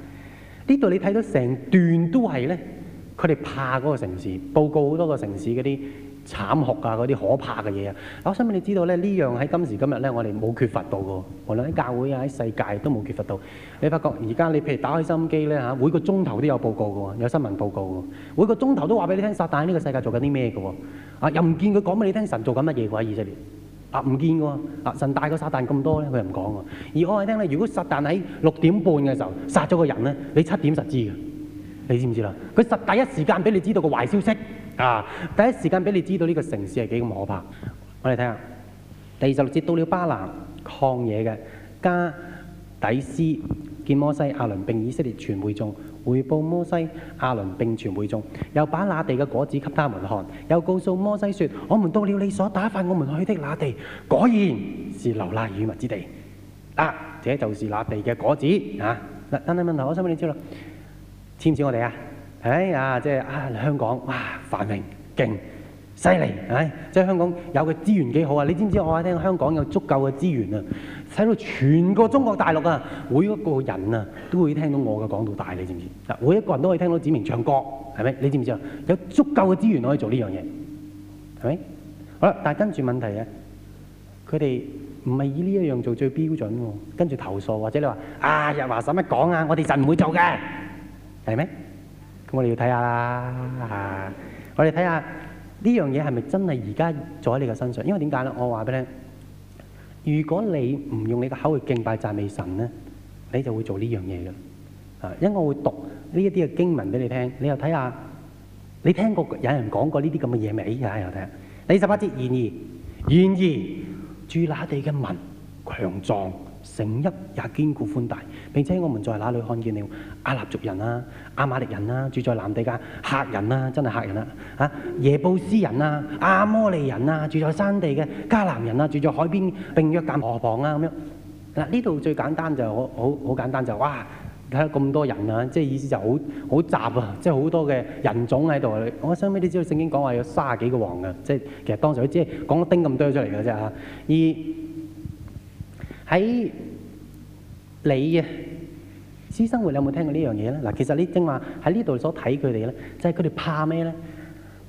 呢度你睇到成段都係咧，佢哋怕嗰個城市，報告好多個城市嗰啲。慘酷啊！嗰啲可怕嘅嘢啊，我想俾你知道咧，呢樣喺今時今日咧，我哋冇缺乏到嘅。無論喺教會啊，喺世界都冇缺乏到。你發覺而家你譬如打開收音機咧嚇，每個鐘頭都有報告嘅喎，有新聞報告嘅。每個鐘頭都話俾你聽撒旦呢個世界做緊啲咩嘅喎。啊，又唔見佢講俾你聽神做緊乜嘢嘅喎，以色列。啊，唔見嘅喎。啊，神大過撒旦咁多咧，佢又唔講嘅。而我係聽咧，如果撒旦喺六點半嘅時候殺咗個人咧，你七點實知嘅。你知唔知啦？佢實第一時間俾你知道個壞消息。啊！第一時間俾你知道呢個城市係幾咁可怕。我哋睇下第二十六節，到了巴蘭曠野嘅加底斯，見摩西、亞倫並以色列全會眾，回報摩西、亞倫並全會眾，又把那地嘅果子給他們看，又告訴摩西說，我們到了你所打發我們去的那地，果然是流奶與蜜之地。啊，這就是那地嘅果子。啊，嗱，等等問題，我想俾你知啦。簽唔簽我哋啊？唉啊，即係啊香港，哇繁榮勁犀利，係咪？即係香港有嘅資源幾好啊？你知唔知我喺聽香港有足夠嘅資源啊？使到全個中國大陸啊，每一個人啊，都會聽到我嘅講到大，你知唔知？啊，每一個人都可以聽到子明唱歌，係咪？你知唔知啊？有足夠嘅資源可以做呢樣嘢，係咪？好啦，但係跟住問題啊，佢哋唔係以呢一樣做最標準喎，啊。跟住投訴或者你話啊，日華使乜講啊？我哋實唔會做嘅，係咩？咁我哋要睇下啦，我哋睇下呢樣嘢係咪真係而家喺你嘅身上？因為點解咧？我話俾你聽，如果你唔用你嘅口去敬拜讚美神咧，你就會做呢樣嘢嘅。啊，因為我會讀呢一啲嘅經文俾你聽，你又睇下，你聽過有人講過呢啲咁嘅嘢未？而家又睇下。第十八節，然而，然而，住那地嘅民強壯，城邑也堅固寬大，並且我們在那裏看見了亞納族人啊、亞瑪力人啊、住在南地嘅客人啊、真係客人啦、啊，啊耶布斯人啊、亞摩利人啊、住在山地嘅迦南人啊、住在海邊並約但河旁啊咁樣。嗱，呢度最簡單就好、是、好簡單就是、哇睇下咁多人啊，即、就、係、是、意思就好好雜啊，即係好多嘅人種喺度。我收尾你知道聖經講話有卅幾個王啊，即、就、係、是、其實當時佢即係講個丁咁多出嚟嘅啫嚇。二喺你啊私生活你有冇聽過呢樣嘢咧？嗱，其實你正話喺呢度所睇佢哋咧，就係佢哋怕咩咧？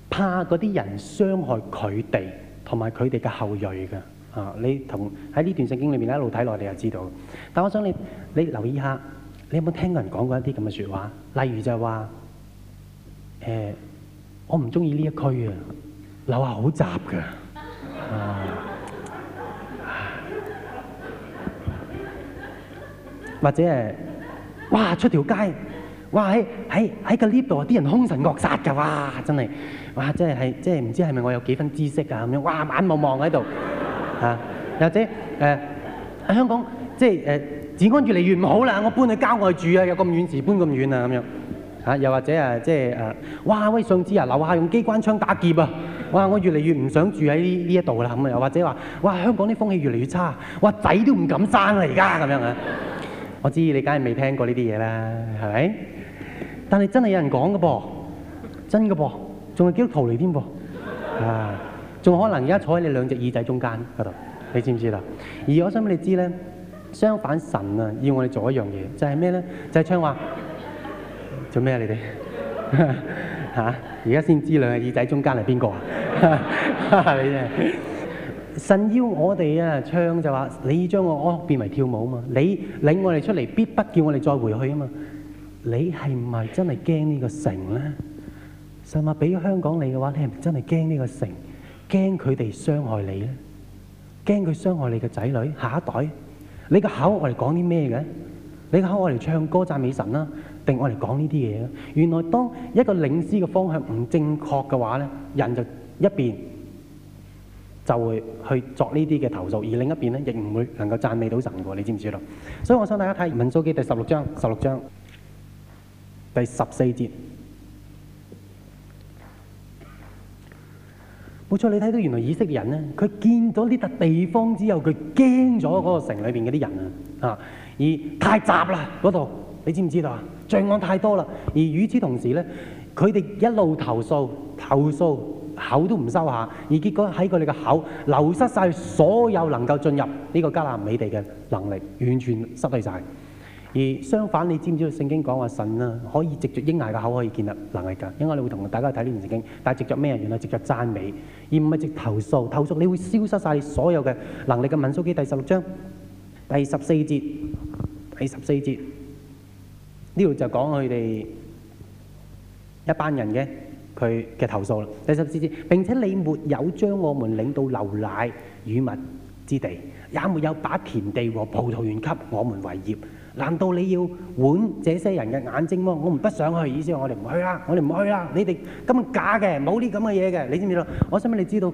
怕嗰啲人傷害佢哋同埋佢哋嘅後裔㗎。啊，你同喺呢段聖經裏面一路睇落你就知道。但我想你，你留意下，你有冇聽過人講過一啲咁嘅説話？例如就係話誒，我唔中意呢一區啊，樓下好雜㗎。嗯或者誒，哇出條街，哇喺喺喺個升降機度啊！啲人兇神惡煞噶，哇真係，哇真係係即係唔知係咪我有幾分知識啊咁樣，哇眼望望喺度嚇，又、啊、或者誒喺、呃、香港即係誒、呃，治安越嚟越唔好啦，我搬去郊外住啊，有咁遠時搬咁遠啊咁樣嚇、啊，又或者誒即係誒、啊，哇喂上次啊，樓下用機關槍打劫啊，哇我越嚟越唔想住喺呢呢一度啦咁啊，又或者話哇香港啲風氣越嚟越差，哇仔都唔敢生啦而家咁樣啊！我知你梗係未聽過呢啲嘢啦，係咪？但係真係有人講㗎噃，真㗎噃，仲係基督徒嚟添噃，啊，仲可能而家坐喺你兩隻耳仔中間嗰度，你知唔知啦？而我想俾你知咧，相反神啊要我哋做一樣嘢，就係咩咧？就係、是、唱話做咩啊？你哋嚇，而家先知兩隻耳仔中間係邊個啊？你哋。神要我哋啊唱就話，你將我安變為跳舞嘛？你領我哋出嚟，必不叫我哋再回去啊嘛？你係唔係真係驚呢個城咧？神話俾香港你嘅話，你係咪真係驚呢個城？驚佢哋傷害你咧？驚佢傷害你嘅仔女下一代？你個口我哋講啲咩嘅？你個口我哋唱歌讚美神啦，定我哋講呢啲嘢咧？原來當一個領詩嘅方向唔正確嘅話咧，人就一變。就會去作呢啲嘅投訴，而另一邊咧亦唔會能夠讚美到神嘅喎，你知唔知道？所以我想大家睇民數記第十六章，十六章第十四節，冇錯，你睇到原來以色列人咧，佢見咗呢笪地方之後，佢驚咗嗰個城裏邊嗰啲人啊，嗯、啊，而太雜啦嗰度，你知唔知道啊？罪案太多啦，而與此同時咧，佢哋一路投訴，投訴。口都唔收下，而結果喺佢哋嘅口流失晒，所有能夠進入呢個迦南美地嘅能力，完全失去晒。而相反，你知唔知道聖經講話神啊，可以藉著嬰孩嘅口可以建立能力噶。應該你會同大家睇呢段聖經，但係藉着咩啊？原來藉着讚美，而唔係藉投訴。投訴你會消失曬所有嘅能力嘅。民數記第十六章第十四節，第十四節呢度就講佢哋一班人嘅。佢嘅投訴啦，第十四節。並且你沒有將我們領到流奶與蜜之地，也沒有把田地和葡萄園給我們為業。難道你要換這些人嘅眼睛麼？我唔不想去，意思話我哋唔去啦，我哋唔去啦，你哋咁假嘅，冇啲咁嘅嘢嘅，你知唔知道？我想俾你知道。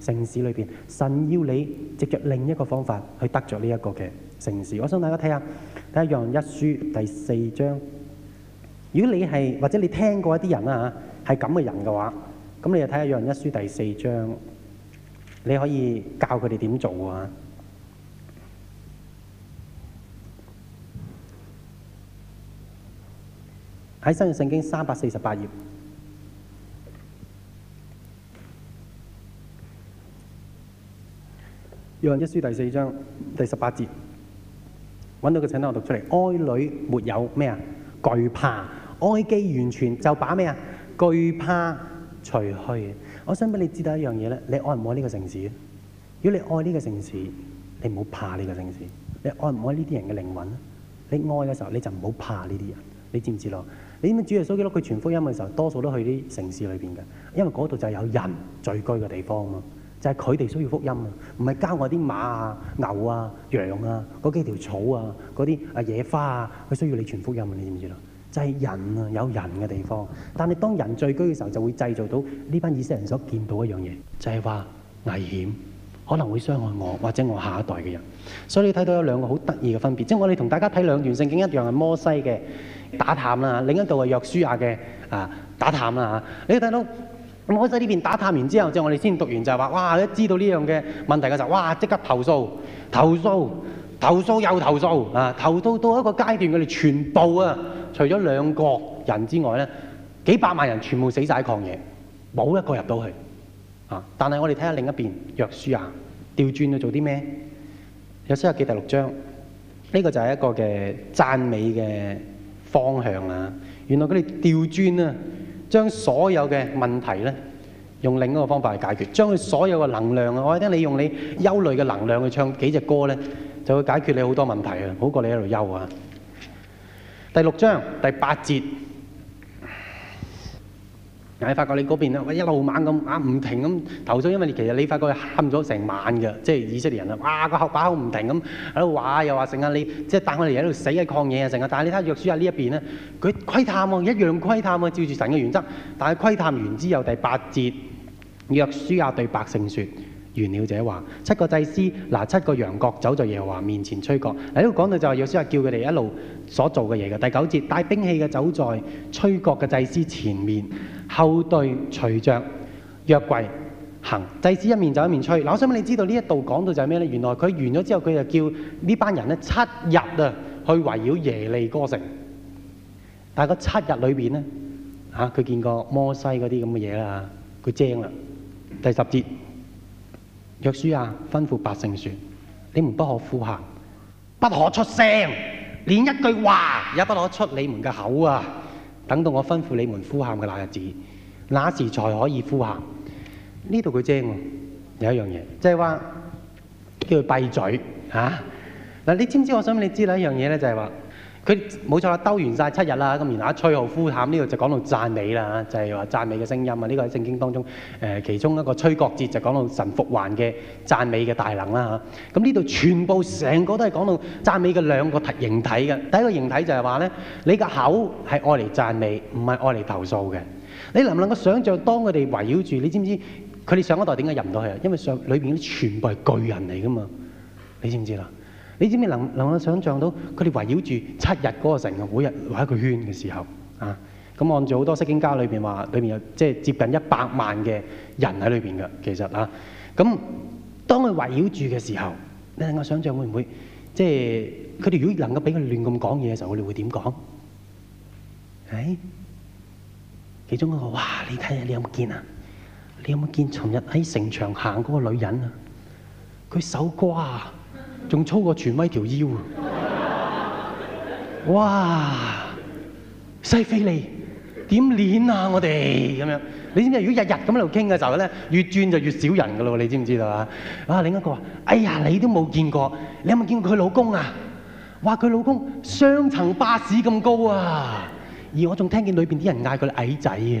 城市裏邊，神要你藉着另一個方法去得着呢一個嘅城市。我想大家睇下《睇下》約翰約翰一書》第四章。如果你係或者你聽過一啲人啊，係咁嘅人嘅話，咁你就睇下《約翰一書》第四章，你可以教佢哋點做啊！喺新約聖經三百四十八頁。約一書第四章第十八節，揾到個請單，我讀出嚟。愛裏沒有咩啊？懼怕，愛既完全就把咩啊？懼怕除去。我想俾你知道一樣嘢咧，你愛唔愛呢個城市？如果你愛呢個城市，你唔好怕呢個城市。你愛唔愛呢啲人嘅靈魂咧？你愛嘅時候，你就唔好怕呢啲人。你知唔知咯？你知唔知主耶穌基督佢傳福音嘅時候，多數都去啲城市裏邊嘅，因為嗰度就有人聚居嘅地方啊嘛。就係佢哋需要福音啊，唔係郊外啲馬啊、牛啊、羊啊，嗰幾條草啊、嗰啲啊野花啊，佢需要你全福音啊，你知唔知咯？就係、是、人啊，有人嘅地方，但係當人聚居嘅時候，就會製造到呢班以色列人所見到一樣嘢，就係、是、話危險可能會傷害我或者我下一代嘅人。所以你睇到有兩個好得意嘅分別，即、就、係、是、我哋同大家睇兩段聖經一樣，係摩西嘅打探啦，另一度係約書亞嘅啊打探啦嚇。你睇到？咁我喺呢邊打探完之後，即係我哋先讀完就係話：哇！一知道呢樣嘅問題嘅時候，哇！即刻投訴、投訴、投訴又投訴啊！投訴到一個階段，佢哋全部啊，除咗兩個人之外咧，幾百萬人全部死晒喺曠野，冇一個入到去啊！但係我哋睇下另一邊約書亞，掉轉去做啲咩？約書亞記第六章呢個就係一個嘅讚美嘅方向啊！原來佢哋掉轉啊！將所有嘅問題呢，用另一個方法嚟解決。將佢所有嘅能量啊，我聽你用你憂慮嘅能量去唱幾隻歌呢，就會解決你好多問題啊，好過你喺度憂啊。第六章第八節。你發覺你嗰邊啊，一路猛咁，啊唔停咁投訴，因為其實你發覺喊咗成晚嘅。即係以色列人啊，哇個口把口唔停咁喺度話，又話成日你，即係帶我哋喺度死啊抗嘢啊成日，但係你睇下約書亞呢一邊咧，佢窺探喎，一樣窺探喎，照住神嘅原則，但係窺探完之後第八節，約書亞對百姓説。原料者話：七個祭司嗱，七個羊角走在耶和華面前吹角。喺呢度講到就係約書亞叫佢哋一路所做嘅嘢，嘅第九節，帶兵器嘅走在吹角嘅祭司前面，後隊隨着約櫃行。祭司一面走一面吹嗱。我想問你知道呢一度講到就係咩呢？原來佢完咗之後，佢就叫呢班人呢七日啊去圍繞耶利哥城。但係個七日裏邊呢，嚇，佢見過摩西嗰啲咁嘅嘢啦，佢精啦。第十節。約書亞吩咐百姓說：你們不可呼喊，不可出聲，連一句話也不可出你們嘅口啊！等到我吩咐你們呼喊嘅那日子，那時才可以呼喊。呢度佢精喎，有一樣嘢，就係話叫佢閉嘴啊！嗱，你知唔知道我想你知啦？一樣嘢呢，就係話。佢冇錯啦，兜完晒七日啦，咁然後啊，吹號呼喊呢度就講到讚美啦，就係話讚美嘅聲音啊，呢、這個喺聖經當中誒、呃、其中一個吹角節就講到神復活嘅讚美嘅大能啦嚇。咁呢度全部成個都係講到讚美嘅兩個形體嘅，第一個形體就係話咧，你個口係愛嚟讚美，唔係愛嚟投訴嘅。你能唔能夠想像當佢哋圍繞住你，知唔知佢哋上一代點解入唔到去啊？因為上裏邊啲全部係巨人嚟噶嘛，你知唔知啦？你知唔知能能夠想象到佢哋圍繞住七日嗰個城啊，每日畫一個圈嘅時候啊，咁按照好多釋經家裏邊話，裏邊有即係接近一百萬嘅人喺裏邊噶，其實啊，咁當佢圍繞住嘅時候，你能夠想象會唔會即係佢哋如果能夠俾佢亂咁講嘢嘅時候，我哋會點講？誒，其中一個哇，你睇下你有冇見啊？你有冇見尋日喺城牆行嗰個女人啊？佢手瓜。仲粗過全威條腰啊！哇，西菲利點練啊！我哋咁樣，你知唔知？如果日日咁喺度傾嘅時候咧，越轉就越少人噶咯，你知唔知道啊？啊，另一個話，哎呀，你都冇見過，你有冇見過佢老公啊？話佢老公雙層巴士咁高啊！而我仲聽見裏邊啲人嗌佢矮仔啊！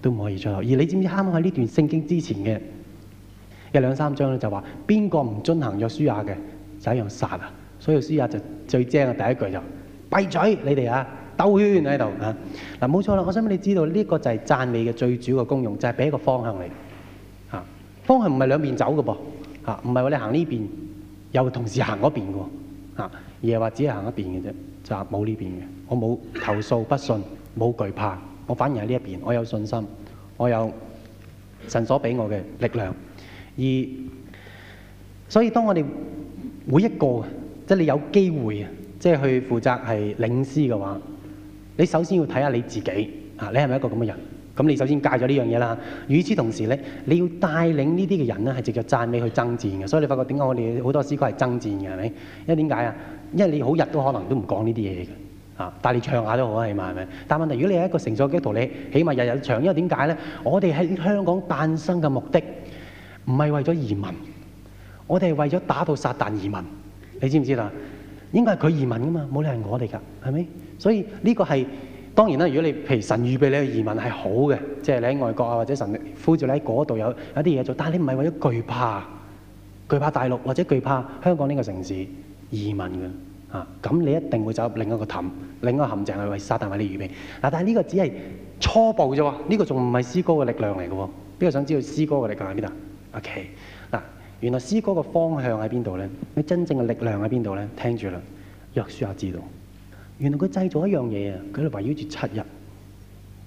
都唔可以出口，而你知唔知？啱啱喺呢段聖經之前嘅有兩三章咧，就話邊個唔遵行約書亞嘅，就一樣殺啊！所以約書亞就最精嘅第一句就：閉嘴，你哋啊，兜圈喺度啊！嗱，冇錯啦，我想俾你知道，呢個就係讚美嘅最主要嘅功用，就係俾一個方向嚟啊！方向唔係兩邊走嘅噃啊，唔係話你行呢邊又同時行嗰邊嘅啊，而係話只係行一邊嘅啫，就冇呢邊嘅，我冇投訴、不信、冇懼怕。我反而喺呢一邊，我有信心，我有神所俾我嘅力量。而所以，當我哋每一個即係你有機會啊，即係去負責係領詩嘅話，你首先要睇下你自己啊，你係咪一個咁嘅人？咁你首先戒咗呢樣嘢啦。與此同時呢，你要帶領呢啲嘅人呢，係藉著讚美去爭戰嘅。所以你發覺點解我哋好多詩歌係爭戰嘅？係咪？因為點解啊？因為你好日都可能都唔講呢啲嘢嘅。啊！但你唱下都好啊，起碼係咪？但問題如果你係一個成熟嘅基督徒，你起碼日日唱，因為點解咧？我哋喺香港誕生嘅目的唔係為咗移民，我哋係為咗打到撒旦移民。你知唔知啦？應該係佢移民噶嘛，冇理由係我哋㗎，係咪？所以呢個係當然啦。如果你譬如神預備你去移民係好嘅，即係你喺外國啊，或者神呼召你喺嗰度有有啲嘢做，但係你唔係為咗懼怕懼怕大陸或者懼怕香港呢個城市移民㗎。啊！咁你一定會走入另一個氹，另一個陷阱去為撒旦米利預備。嗱、啊，但係呢個只係初步啫喎，呢、呢個仲唔係詩歌嘅力量嚟嘅喎。邊個想知道詩歌嘅力量喺邊度？OK 嗱，原來詩歌嘅方向喺邊度咧？你真正嘅力量喺邊度咧？聽住啦，《約書亞記》知道。原來佢製造一樣嘢啊！佢圍繞住七日，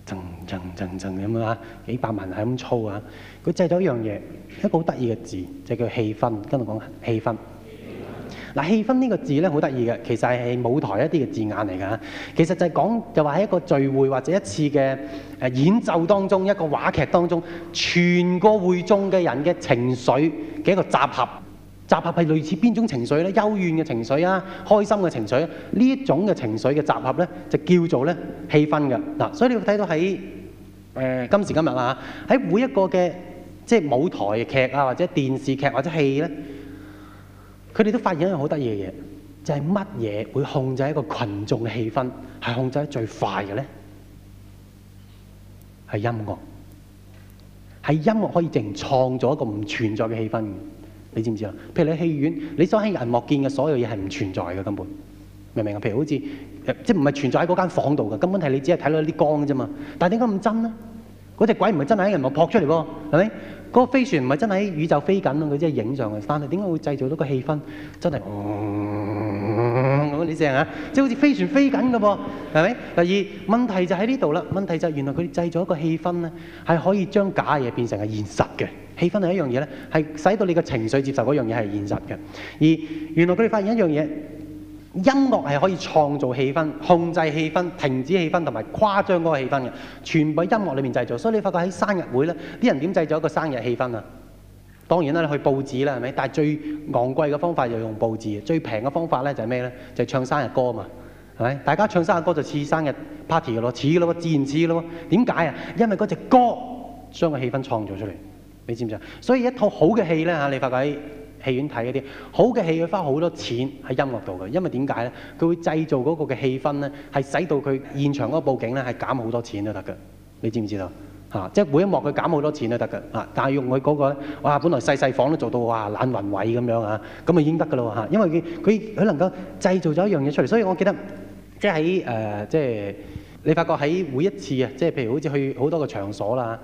震震震震咁啊，幾百萬係咁操啊！佢製造一樣嘢，一個好得意嘅字，就叫氣氛。跟住講氣氛。嗱，氣氛呢個字咧，好得意嘅，其實係舞台一啲嘅字眼嚟㗎。其實就係講，就話喺一個聚會或者一次嘅誒演奏當中，一個話劇當中，全個會中嘅人嘅情緒嘅一個集合。集合係類似邊種情緒咧？幽怨嘅情緒啊，開心嘅情緒呢一種嘅情緒嘅集合咧，就叫做咧氣氛㗎。嗱，所以你睇到喺誒今時今日啊，喺每一個嘅即係舞台劇啊，或者電視劇或者戲咧。佢哋都發現一樣好得意嘅嘢，就係乜嘢會控制一個群眾嘅氣氛，係控制得最快嘅咧？係音樂，係音樂可以淨創造一個唔存在嘅氣氛嘅。你知唔知啊？譬如你喺戲院，你所喺銀幕見嘅所有嘢係唔存在嘅根本，明唔明啊？譬如好似即係唔係存在喺嗰間房度嘅根本係你只係睇到啲光嘅啫嘛。但係點解咁真咧？嗰隻鬼唔係真係喺銀幕撲出嚟喎，係咪？嗰個飛船唔係真喺宇宙飛緊咯，佢即係影上嚟。但係點解會製造到個氣氛真係，真係咁你聲啊？即係好似飛船飛緊嘅噃，係咪？第二問題就喺呢度啦。問題就係原來佢哋製造一個氣氛咧，係可以將假嘢變成係現實嘅。氣氛係一樣嘢咧，係使到你嘅情緒接受嗰樣嘢係現實嘅。而原來佢哋發現一樣嘢。音樂係可以創造氣氛、控制氣氛、停止氣氛同埋誇張嗰個氣氛嘅，全部喺音樂裏面製造。所以你發覺喺生日會咧，啲人點製造一個生日氣氛啊？當然啦，你去佈置啦，係咪？但係最昂貴嘅方法就用佈置，最平嘅方法咧就係咩咧？就係唱生日歌啊嘛，係咪？大家唱生日歌就似生日 party 嘅咯，似咯喎，自然似咯喎。點解啊？因為嗰隻歌將個氣氛創造出嚟，你知唔知啊？所以一套好嘅戲咧嚇，你發覺喺。戲院睇嗰啲好嘅戲，佢花好多錢喺音樂度嘅，因為點解咧？佢會製造嗰個嘅氣氛咧，係使到佢現場嗰個佈景咧係減好多錢都得嘅。你知唔知道啊？即係每一幕佢減好多錢都得嘅啊！但係用佢嗰個呢哇，本來細細房都做到哇冷雲位咁樣啊，咁啊已經得㗎啦喎嚇，因為佢佢佢能夠製造咗一樣嘢出嚟，所以我記得即係喺誒，即係、呃、你發覺喺每一次啊，即係譬如好似去好多個場所啦，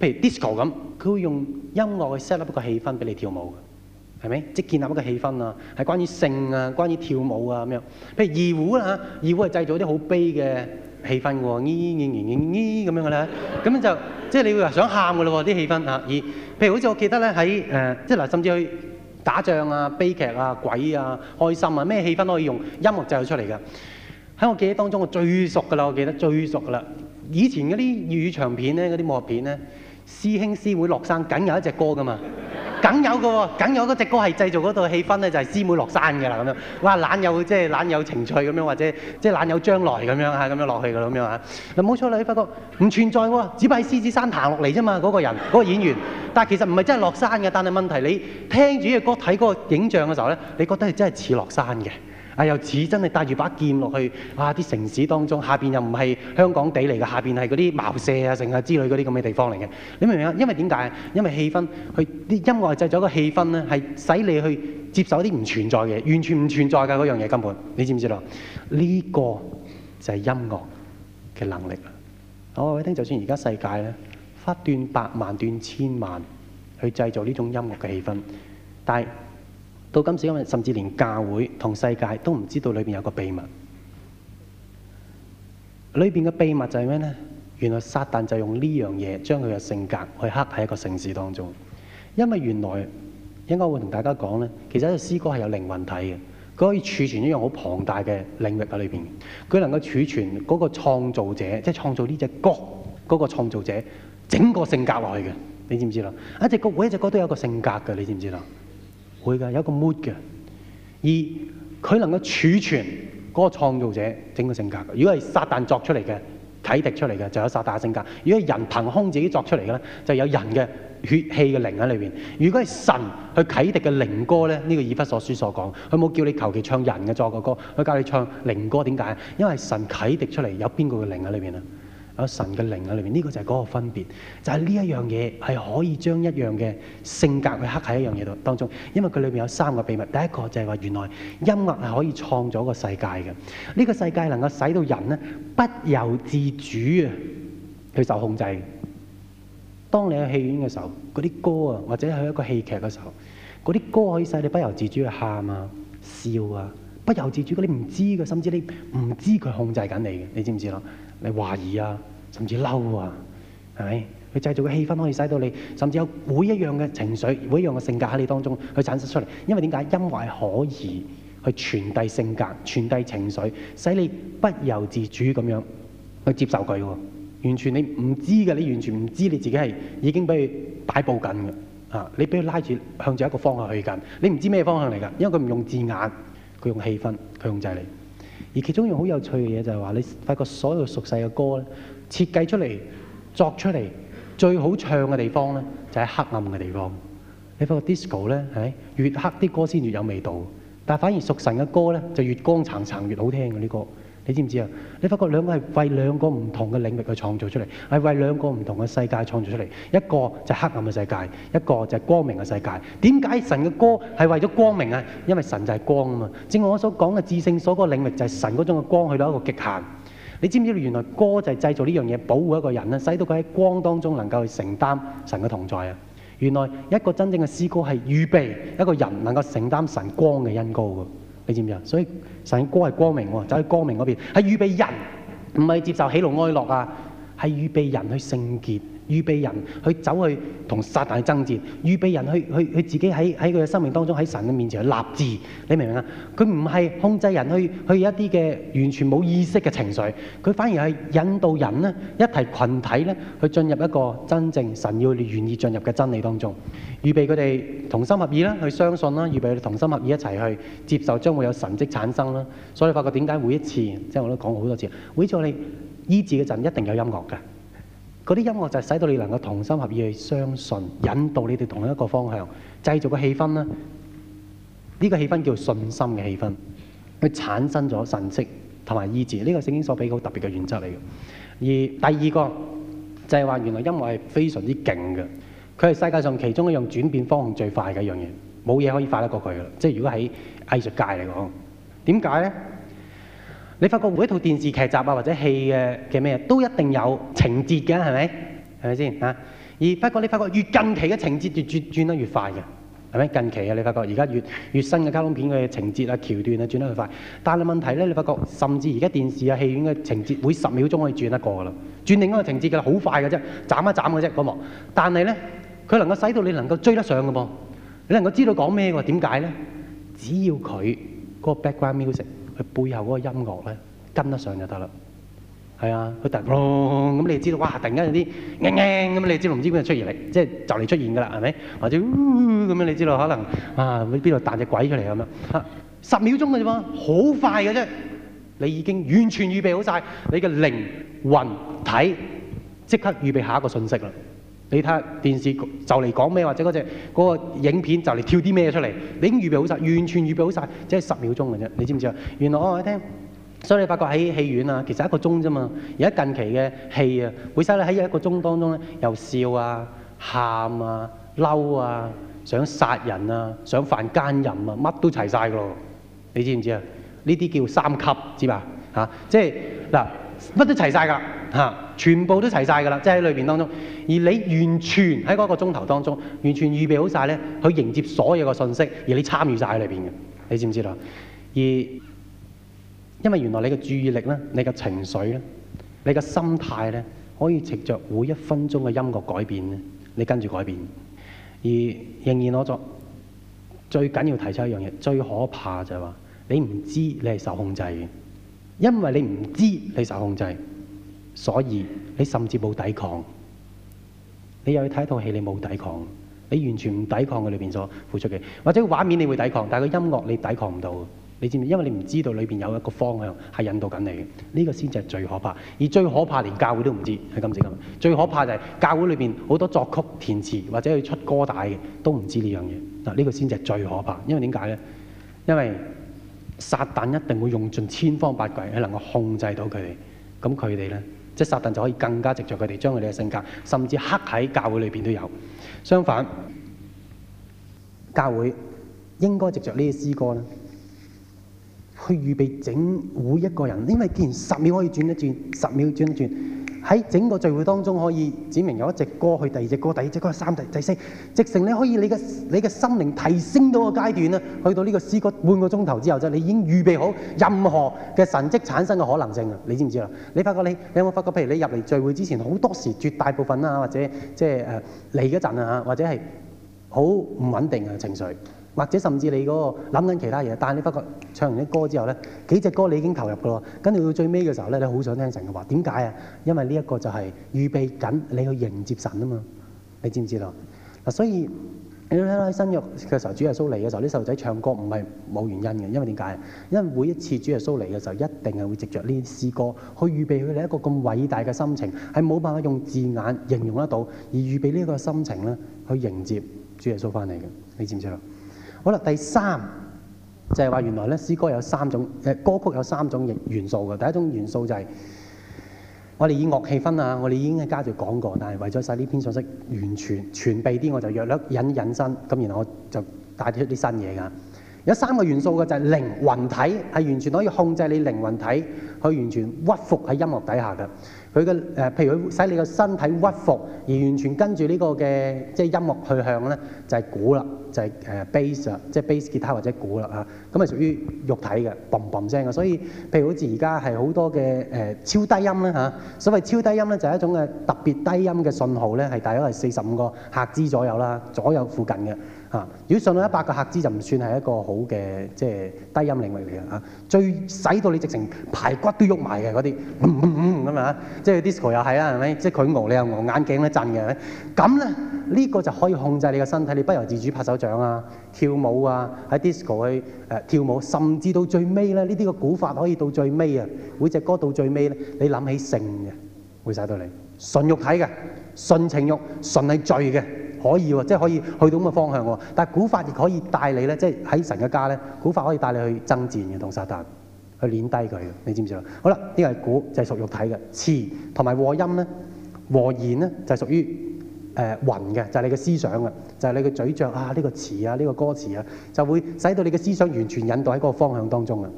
譬如 Disco 咁，佢會用音樂去 set up 個氣氛俾你跳舞。係咪？即、就是、建立一個氣氛啊！係關於性啊，關於跳舞啊咁樣。譬如二胡啊，二胡係製造啲好悲嘅氣氛喎，咦，咿嘰咁樣嘅啦。咁就即、是、係你會話想喊㗎咯喎啲氣氛啊！而譬如好似我記得咧喺誒，即係嗱，甚至去打仗啊、悲劇啊、鬼啊、開心啊，咩氣氛都可以用音樂製造出嚟㗎。喺我記憶當中，我最熟㗎啦！我記得最熟㗎啦。以前嗰啲粵語長片咧，嗰啲武俠片咧，師兄師妹落山，梗有一隻歌㗎嘛。梗有嘅，梗有嗰隻歌係製造嗰套氣氛咧，就係師妹落山嘅啦咁樣。哇，懶有即係懶有情趣咁樣，或者即係懶有將來咁樣嚇咁樣落去嘅啦咁樣啊嗱，冇錯啦，你發覺唔存在喎，只不過係獅子山行落嚟啫嘛，嗰個人嗰個演員，但係其實唔係真係落山嘅，但係問題你聽住呢隻歌睇嗰個影像嘅時候咧，你覺得係真係似落山嘅。啊！又似真係帶住把劍落去啊！啲城市當中下邊又唔係香港地嚟嘅，下邊係嗰啲茅舍啊、城啊之類嗰啲咁嘅地方嚟嘅。你明唔明啊？因為點解啊？因為氣氛，佢啲音樂製造個氣氛咧，係使你去接受啲唔存在嘅，完全唔存在嘅嗰樣嘢根本。你知唔知道？呢、這個就係音樂嘅能力啦。我話你聽，就算而家世界咧不斷百萬、斷千萬去製造呢種音樂嘅氣氛，但係到今時，今日，甚至連教會同世界都唔知道裏邊有個秘密。裏邊嘅秘密就係咩呢？原來撒旦就用呢樣嘢將佢嘅性格去刻喺一個城市當中。因為原來應該會同大家講呢，其實一首詩歌係有靈魂體嘅，佢可以儲存一樣好龐大嘅領域喺裏邊。佢能夠儲存嗰個創造者，即、就、係、是、創造呢隻歌嗰、那個創造者整個性格落去嘅。你知唔知啦？一隻歌，每一隻歌都有個性格嘅。你知唔知啦？會㗎，有個 mood 嘅。而佢能夠儲存嗰個創造者整個性格。如果係撒旦作出嚟嘅，啟迪出嚟嘅，就有撒旦嘅性格。如果係人憑空自己作出嚟嘅咧，就有人嘅血氣嘅靈喺裏邊。如果係神去啟迪嘅靈歌咧，呢、呢個以弗所書所講，佢冇叫你求其唱人嘅作個歌，佢教你唱靈歌。點解？因為神啟迪出嚟有邊個嘅靈喺裏邊啊？有神嘅靈啊，裏面呢個就係嗰個分別。就係呢一樣嘢係可以將一樣嘅性格去刻喺一樣嘢度當中，因為佢裏面有三個秘密。第一個就係話，原來音樂係可以創造一個世界嘅。呢、呢個世界能夠使到人呢不由自主啊去受控制嘅。當你喺戲院嘅時候，嗰啲歌啊，或者喺一個戲劇嘅時候，嗰啲歌可以使你不由自主去喊啊、笑啊，不由自主那你唔知嘅，甚至你唔知佢控制緊你嘅，你知唔知咯？你懷疑啊，甚至嬲啊，係咪？佢製造嘅氣氛可以使到你，甚至有每一樣嘅情緒，每一樣嘅性格喺你當中去產生出嚟。因為點解？因為可以去傳遞性格、傳遞情緒，使你不由自主咁樣去接受佢。完全你唔知嘅，你完全唔知你自己係已經俾佢擺布緊嘅。啊，你俾佢拉住，向住一個方向去緊。你唔知咩方向嚟㗎？因為佢唔用字眼，佢用氣氛，佢控制你。而其中一樣好有趣嘅嘢就係話，你發覺所有屬世嘅歌咧，設計出嚟、作出嚟最好唱嘅地方咧，就係黑暗嘅地方。你發覺 disco 咧，係咪越黑啲歌先越有味道，但係反而屬神嘅歌咧就越光澄澄越好聽嘅啲歌。你知唔知啊？你發覺兩個係為兩個唔同嘅領域去創造出嚟，係為兩個唔同嘅世界創造出嚟。一個就係黑暗嘅世界，一個就係光明嘅世界。點解神嘅歌係為咗光明啊？因為神就係光啊嘛。正如我所講嘅至聖所嗰個領域就係神嗰種嘅光去到一個極限。你知唔知道原來歌就係製造呢樣嘢，保護一個人咧，使到佢喺光當中能夠去承擔神嘅同在啊！原來一個真正嘅詩歌係預備一個人能夠承擔神光嘅恩膏你知不知道，所以神嘅光係光明喎，走去光明嗰邊係預備人，唔係接受喜怒哀樂啊，係預備人去聖潔。預備人去走去同撒但爭戰，預備人去去，去自己喺喺佢嘅生命當中喺神嘅面前去立志，你明唔明啊？佢唔係控制人去去一啲嘅完全冇意識嘅情緒，佢反而係引導人呢，一提群體呢，去進入一個真正神要你願意進入嘅真理當中，預備佢哋同心合意啦，去相信啦，預備佢哋同心合意一齊去接受將會有神蹟產生啦。所以發覺點解每一次，即係我都講過好多次，每次我哋醫治嗰陣一定有音樂嘅。嗰啲音樂就係使到你能夠同心合意去相信，引導你哋同一個方向，製造個氣氛咧。呢、這個氣氛叫信心嘅氣氛，佢產生咗神蹟同埋意志。呢、這個聖經所比較特別嘅原則嚟嘅。而第二個就係話，原來音樂係非常之勁嘅，佢係世界上其中一樣轉變方向最快嘅一樣嘢，冇嘢可以快得過佢嘅。即係如果喺藝術界嚟講，點解咧？你發覺每一套電視劇集啊，或者戲嘅嘅咩都一定有情節嘅，係咪？係咪先啊？而發覺你發覺越近期嘅情節越轉轉得越快嘅，係咪近期啊？你發覺而家越越新嘅卡通片嘅情節啊、橋段啊轉得越快，但係問題咧，你發覺甚至而家電視啊、戲院嘅情節會十秒鐘可以轉得過噶啦，轉另一個情節嘅好快嘅啫，斬一斬嘅啫嗰幕。但係咧，佢能夠使到你能夠追得上嘅噃，你能夠知道講咩喎？點解咧？只要佢嗰 background music。那個佢背後嗰個音樂咧跟得上就得啦，係啊，佢突然咁你知道哇！突然間有啲咁，你知道唔知邊度出現嚟，即係就嚟出現噶啦，係咪？或者咁樣、呃、你知道可能啊邊度彈隻鬼出嚟咁樣？嚇、啊、十秒鐘嘅啫嘛，好快嘅啫，你已經完全預備好晒，你嘅靈魂體，即刻預備下一個信息啦。你睇下電視就嚟講咩，或者嗰隻嗰個影片就嚟跳啲咩出嚟，你已經預備好晒，完全預備好晒，即係十秒鐘嘅啫，你知唔知啊？原來、哦、我話你聽，所以你發覺喺戲院啊，其實一個鐘啫嘛。而家近期嘅戲啊，本身咧喺一個鐘當中咧，又笑啊、喊啊、嬲啊、想殺人啊、想犯奸淫啊，乜都齊曬噶，你知唔知啊？呢啲叫三級，知嘛？嚇、啊，即係嗱，乜都齊晒噶。吓，全部都齊晒㗎啦，即係喺裏面當中。而你完全喺嗰個鐘頭當中，完全預備好晒呢，去迎接所有嘅信息。而你參與晒喺裏邊嘅，你知唔知道？而因為原來你嘅注意力呢，你嘅情緒呢，你嘅心態呢，可以隨着每一分鐘嘅音樂改變呢，你跟住改變。而仍然攞咗最緊要提出一樣嘢，最可怕就係話你唔知你係受控制嘅，因為你唔知你受控制。所以你甚至冇抵抗，你又去睇套戲，你冇抵抗，你完全唔抵抗佢裏面所付出嘅，或者畫面你會抵抗，但係個音樂你抵抗唔到，你知唔知？因為你唔知道裏面有一個方向係引導緊你嘅，呢個先至係最可怕。而最可怕連教會都唔知，係今時今日最可怕就係教會裏面好多作曲填詞或者要出歌帶嘅都唔知呢樣嘢。嗱，呢個先至係最可怕，因為點解呢？因為撒但一定會用盡千方百計去能夠控制到佢哋，咁佢哋呢。即係撒但就可以更加藉着佢哋將佢哋嘅性格，甚至刻喺教會裏邊都有。相反，教會應該藉着呢啲詩歌咧，去預備整會一個人。因為既然十秒可以轉一轉，十秒可以轉一轉。喺整個聚會當中可以指明有一隻歌去第二隻歌，第二隻歌，第二隻歌去三第第四，直情你可以你嘅你嘅心靈提升到個階段啦，去到呢個詩歌半個鐘頭之後就你已經預備好任何嘅神蹟產生嘅可能性啊！你知唔知啊？你發覺你你有冇發覺？譬如你入嚟聚會之前好多時絕大部分啦，或者即係誒嚟嗰陣啊，或者係好唔穩定嘅情緒。或者甚至你嗰個諗緊其他嘢，但係你不過唱完啲歌之後咧，幾隻歌你已經投入噶咯。跟住到最尾嘅時候咧，你好想聽神嘅話。點解啊？因為呢一個就係預備緊你去迎接神啊嘛。你知唔知道？嗱，所以你睇睇新約嘅時候，主耶穌嚟嘅時候，啲細路仔唱歌唔係冇原因嘅，因為點解？因為每一次主耶穌嚟嘅時候，一定係會藉着呢啲詩歌去預備佢哋一個咁偉大嘅心情，係冇辦法用字眼形容得到，而預備呢一個心情咧去迎接主耶穌翻嚟嘅。你知唔知道？好啦，第三就係、是、話原來咧，詩歌有三種，誒歌曲有三種元素嘅。第一種元素就係、是、我哋以樂器分啊，我哋已經喺家住講過，但係為咗使呢篇信息完全全備啲，我就略略隱隱身。咁然後我就帶出啲新嘢㗎。有三個元素嘅就係、是、靈魂體，係完全可以控制你靈魂體，去完全屈服喺音樂底下嘅。佢嘅誒，譬如佢使你個身體屈服，而完全跟住呢個嘅即係音樂去向咧，就係鼓啦，就係誒 bass 啦，即係 bass guitar 或者鼓啦嚇，咁係屬於肉體嘅嘣嘣聲嘅。所以譬如好似而家係好多嘅誒超低音啦。嚇，所謂超低音咧就係一種嘅特別低音嘅信號咧，係大約係四十五個赫茲左右啦，左右附近嘅。啊！如果上到一百個客資就唔算係一個好嘅，即係低音領域嚟嘅嚇。最使到你直情排骨都喐埋嘅嗰啲，咁啊！即係 disco 又係啦，係咪？即係佢熬你又熬，眼鏡都震嘅，係咪？咁咧，呢個就可以控制你個身體，你不由自主拍手掌啊、跳舞啊，喺 disco 去誒、呃、跳舞，甚至到最尾咧，呢啲個古法可以到最尾啊！每隻歌到最尾咧，你諗起性嘅會使到你，純肉體嘅、純情欲，純係罪嘅。可以喎，即係可以去到咁嘅方向喎。但係古法亦可以帶你咧，即係喺神嘅家咧，古法可以帶你去爭戰嘅同撒旦，去碾低佢嘅。你知唔知啊？好啦，呢個係古，就係屬肉體嘅詞，同埋和音咧，和言咧就係屬於誒魂嘅，就係你嘅思想嘅，就係你嘅咀嚼啊，呢個詞啊，呢個歌詞啊，就會使到你嘅思想完全引導喺嗰個方向當中啊。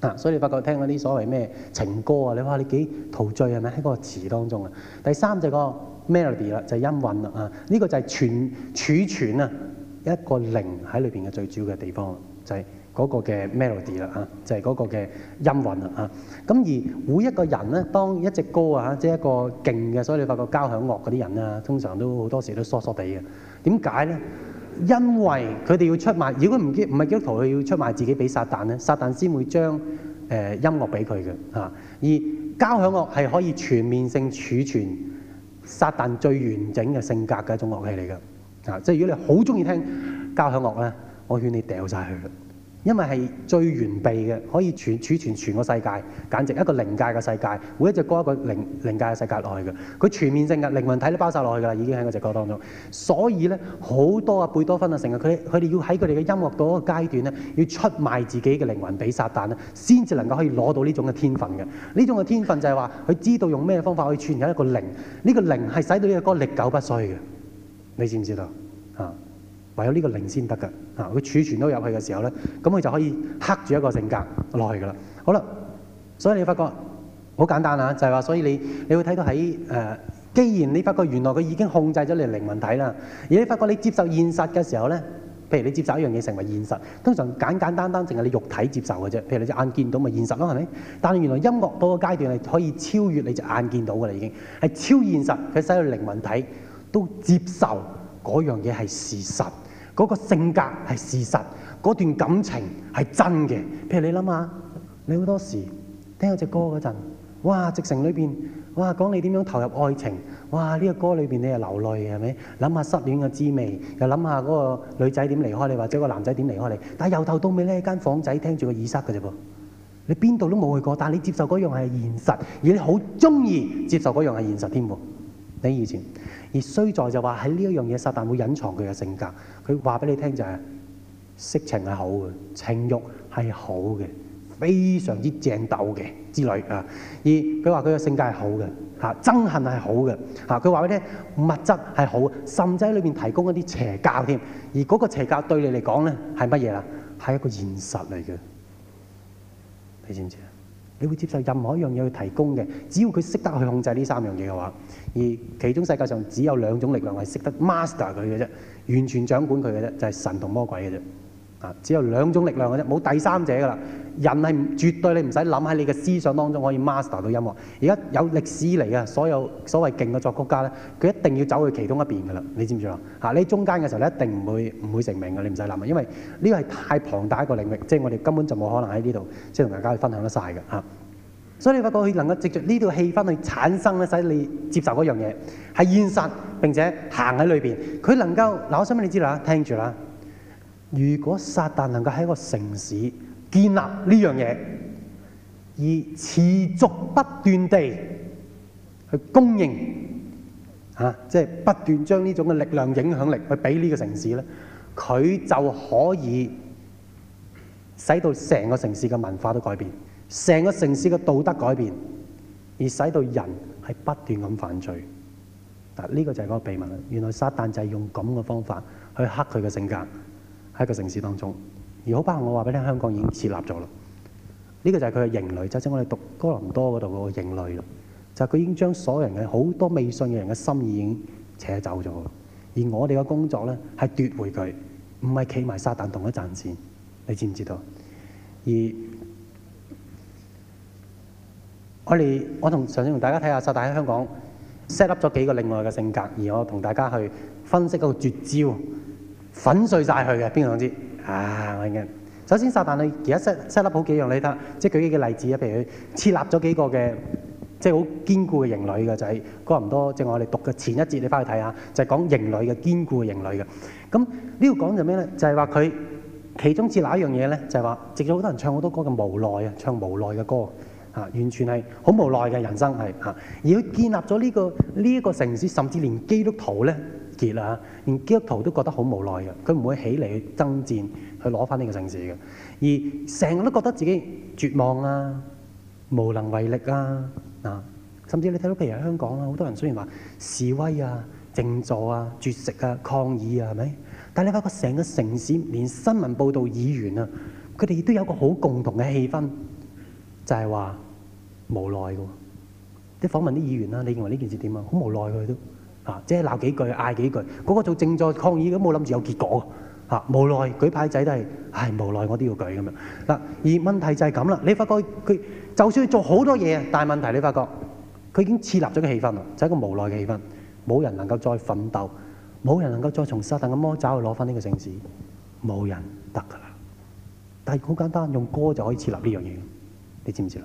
啊，所以你發覺聽嗰啲所謂咩情歌啊，你話你幾陶醉係咪？喺嗰個詞當中啊。第三就係嗰個。melody 啦，Mel ody, 就係音韻啦啊！呢、這個就係存儲存啊一個靈喺裏邊嘅最主要嘅地方就係嗰個嘅 melody 啦啊，就係、是、嗰個嘅音韻啦啊。咁而每一個人咧，當一隻歌啊，即、就、係、是、一個勁嘅，所以你發覺交響樂嗰啲人啊，通常都好多時候都好多時都疏疏地嘅，點解咧？因為佢哋要出賣，如果唔唔係基督徒，佢要出賣自己俾撒旦咧，撒旦先會將誒音樂俾佢嘅啊。而交響樂係可以全面性儲存。撒旦最完整嘅性格嘅一種樂器嚟㗎啊！即係如果你好中意聽交響樂咧，我勸你掉曬佢。因為係最完備嘅，可以儲存全個世界，簡直一個靈界嘅世界。每一隻歌一個靈靈界嘅世界落去嘅，佢全面性嘅靈魂體都包晒落去噶啦，已經喺嗰隻歌當中。所以呢，好多阿貝多芬啊，成日佢佢哋要喺佢哋嘅音樂到一個階段呢，要出賣自己嘅靈魂俾撒旦呢，先至能夠可以攞到呢種嘅天分嘅。呢種嘅天分就係話，佢知道用咩方法可以傳入一個靈，呢、這個靈係使到呢隻歌歷久不衰嘅。你知唔知道啊？唯有呢個靈先得㗎，嗱、啊，佢儲存到入去嘅時候咧，咁佢就可以刻住一個性格落去㗎啦。好啦，所以你發覺好簡單啊，就係話，所以你你會睇到喺誒、呃，既然你發覺原來佢已經控制咗你靈魂體啦，而你發覺你接受現實嘅時候咧，譬如你接受一樣嘢成為現實，通常簡簡單單淨係你肉體接受嘅啫，譬如你隻眼見到咪現實咯，係咪？但原來音樂到個階段係可以超越你隻眼見到㗎啦，已經係超現實，佢使到靈魂體都接受嗰樣嘢係事實。嗰個性格係事實，嗰段感情係真嘅。譬如你諗下，你好多時聽一隻歌嗰陣，哇！直情裏邊，哇講你點樣投入愛情，哇呢、這個呢個歌裏邊你又流淚係咪？諗下失戀嘅滋味，又諗下嗰個女仔點離開你，或者個男仔點離開你。但係由頭到尾呢喺間房仔聽住個耳塞嘅啫噃。你邊度都冇去過，但係你接受嗰樣係現實，而你好中意接受嗰樣係現實添喎。你以前而衰在就話喺呢一樣嘢撒旦會隱藏佢嘅性格。佢話俾你聽就係色情係好嘅，情慾係好嘅，非常之正斗嘅之類啊。而佢話佢嘅性格係好嘅，嚇憎恨係好嘅，嚇佢話俾你聽，物質係好嘅，甚至喺裏面提供一啲邪教添。而嗰個邪教對你嚟講咧係乜嘢啦？係一個現實嚟嘅，你知唔知啊？你會接受任何一樣嘢去提供嘅，只要佢識得去控制呢三樣嘢嘅話。而其中世界上只有兩種力量係識得 master 佢嘅啫，完全掌管佢嘅啫，就係神同魔鬼嘅啫。啊，只有兩種力量嘅啫，冇第三者噶啦。人係絕對你唔使諗喺你嘅思想當中可以 master 到音樂。而家有歷史嚟嘅所有所謂勁嘅作曲家咧，佢一定要走去其中一邊噶啦。你知唔知啊？嚇你中間嘅時候咧，一定唔會唔會成名嘅。你唔使諗啊，因為呢個係太龐大一個領域，即係我哋根本就冇可能喺呢度即係同大家去分享得晒嘅啊。所以你發覺佢能夠藉著呢條氣氛去產生咧，使你接受嗰樣嘢係現實，並且行喺裏邊。佢能夠，嗱，我想問你知啦，聽住啦。如果撒旦能夠喺個城市建立呢樣嘢，而持續不斷地去供應嚇，即、啊、係、就是、不斷將呢種嘅力量影響力去俾呢個城市咧，佢就可以使到成個城市嘅文化都改變。成個城市嘅道德改變，而使到人係不斷咁犯罪。嗱，呢個就係嗰個秘密啦。原來撒旦就係用咁嘅方法去黑佢嘅性格喺個城市當中。而好不幸，我話俾你聽，香港已經設立咗啦。呢、這個就係佢嘅營壘，就係、是、我哋讀哥林多嗰度個營壘咯。就係、是、佢已經將所有人嘅好多未信嘅人嘅心意已經扯走咗。而我哋嘅工作咧係奪回佢，唔係企埋撒旦同一陣線。你知唔知道？而我哋我同上先同大家睇下撒旦喺香港 set up 咗幾個另外嘅性格，而我同大家去分析嗰個絕招，粉碎晒佢嘅邊個想知啊！我已經首先撒旦你而家 set set up 好幾樣你得，即係舉幾個例子啊，譬如佢設立咗幾個嘅即係好堅固嘅營壘嘅，就係講唔多，即係我哋讀嘅前一節你翻去睇下，就係講營壘嘅堅固嘅營壘嘅。咁呢度講就咩咧？就係話佢其中設立一樣嘢咧？就係話，直至好多人唱好多歌嘅無奈啊，唱無奈嘅歌。啊！完全係好無奈嘅人生係啊！而佢建立咗呢個呢一個城市，甚至連基督徒咧結啦嚇，連基督徒都覺得好無奈嘅，佢唔會起嚟去爭戰去攞翻呢個城市嘅。而成日都覺得自己絕望啊、無能為力啊嗱，甚至你睇到譬如香港啊，好多人雖然話示威啊、靜坐啊、絕食啊、抗議啊，係咪？但係你發覺成個城市，連新聞報導、議員啊，佢哋都有個好共同嘅氣氛，就係話，無奈嘅喎，即訪問啲議員啦，你認為呢件事點啊？好無奈佢都嚇，即係鬧幾句，嗌幾句，嗰、那個做正在抗議都冇諗住有結果嘅嚇，無奈舉牌仔都係，唉，無奈我都要舉咁樣嗱。而問題就係咁啦，你發覺佢就算做好多嘢，但問題你發覺佢已經設立咗個氣氛啦，就係、是、一個無奈嘅氣氛，冇人能夠再奮鬥，冇人能夠再從撒但嘅魔爪去攞翻呢個城市，冇人得㗎啦。但係好簡單，用歌就可以設立呢樣嘢，你知唔知啦？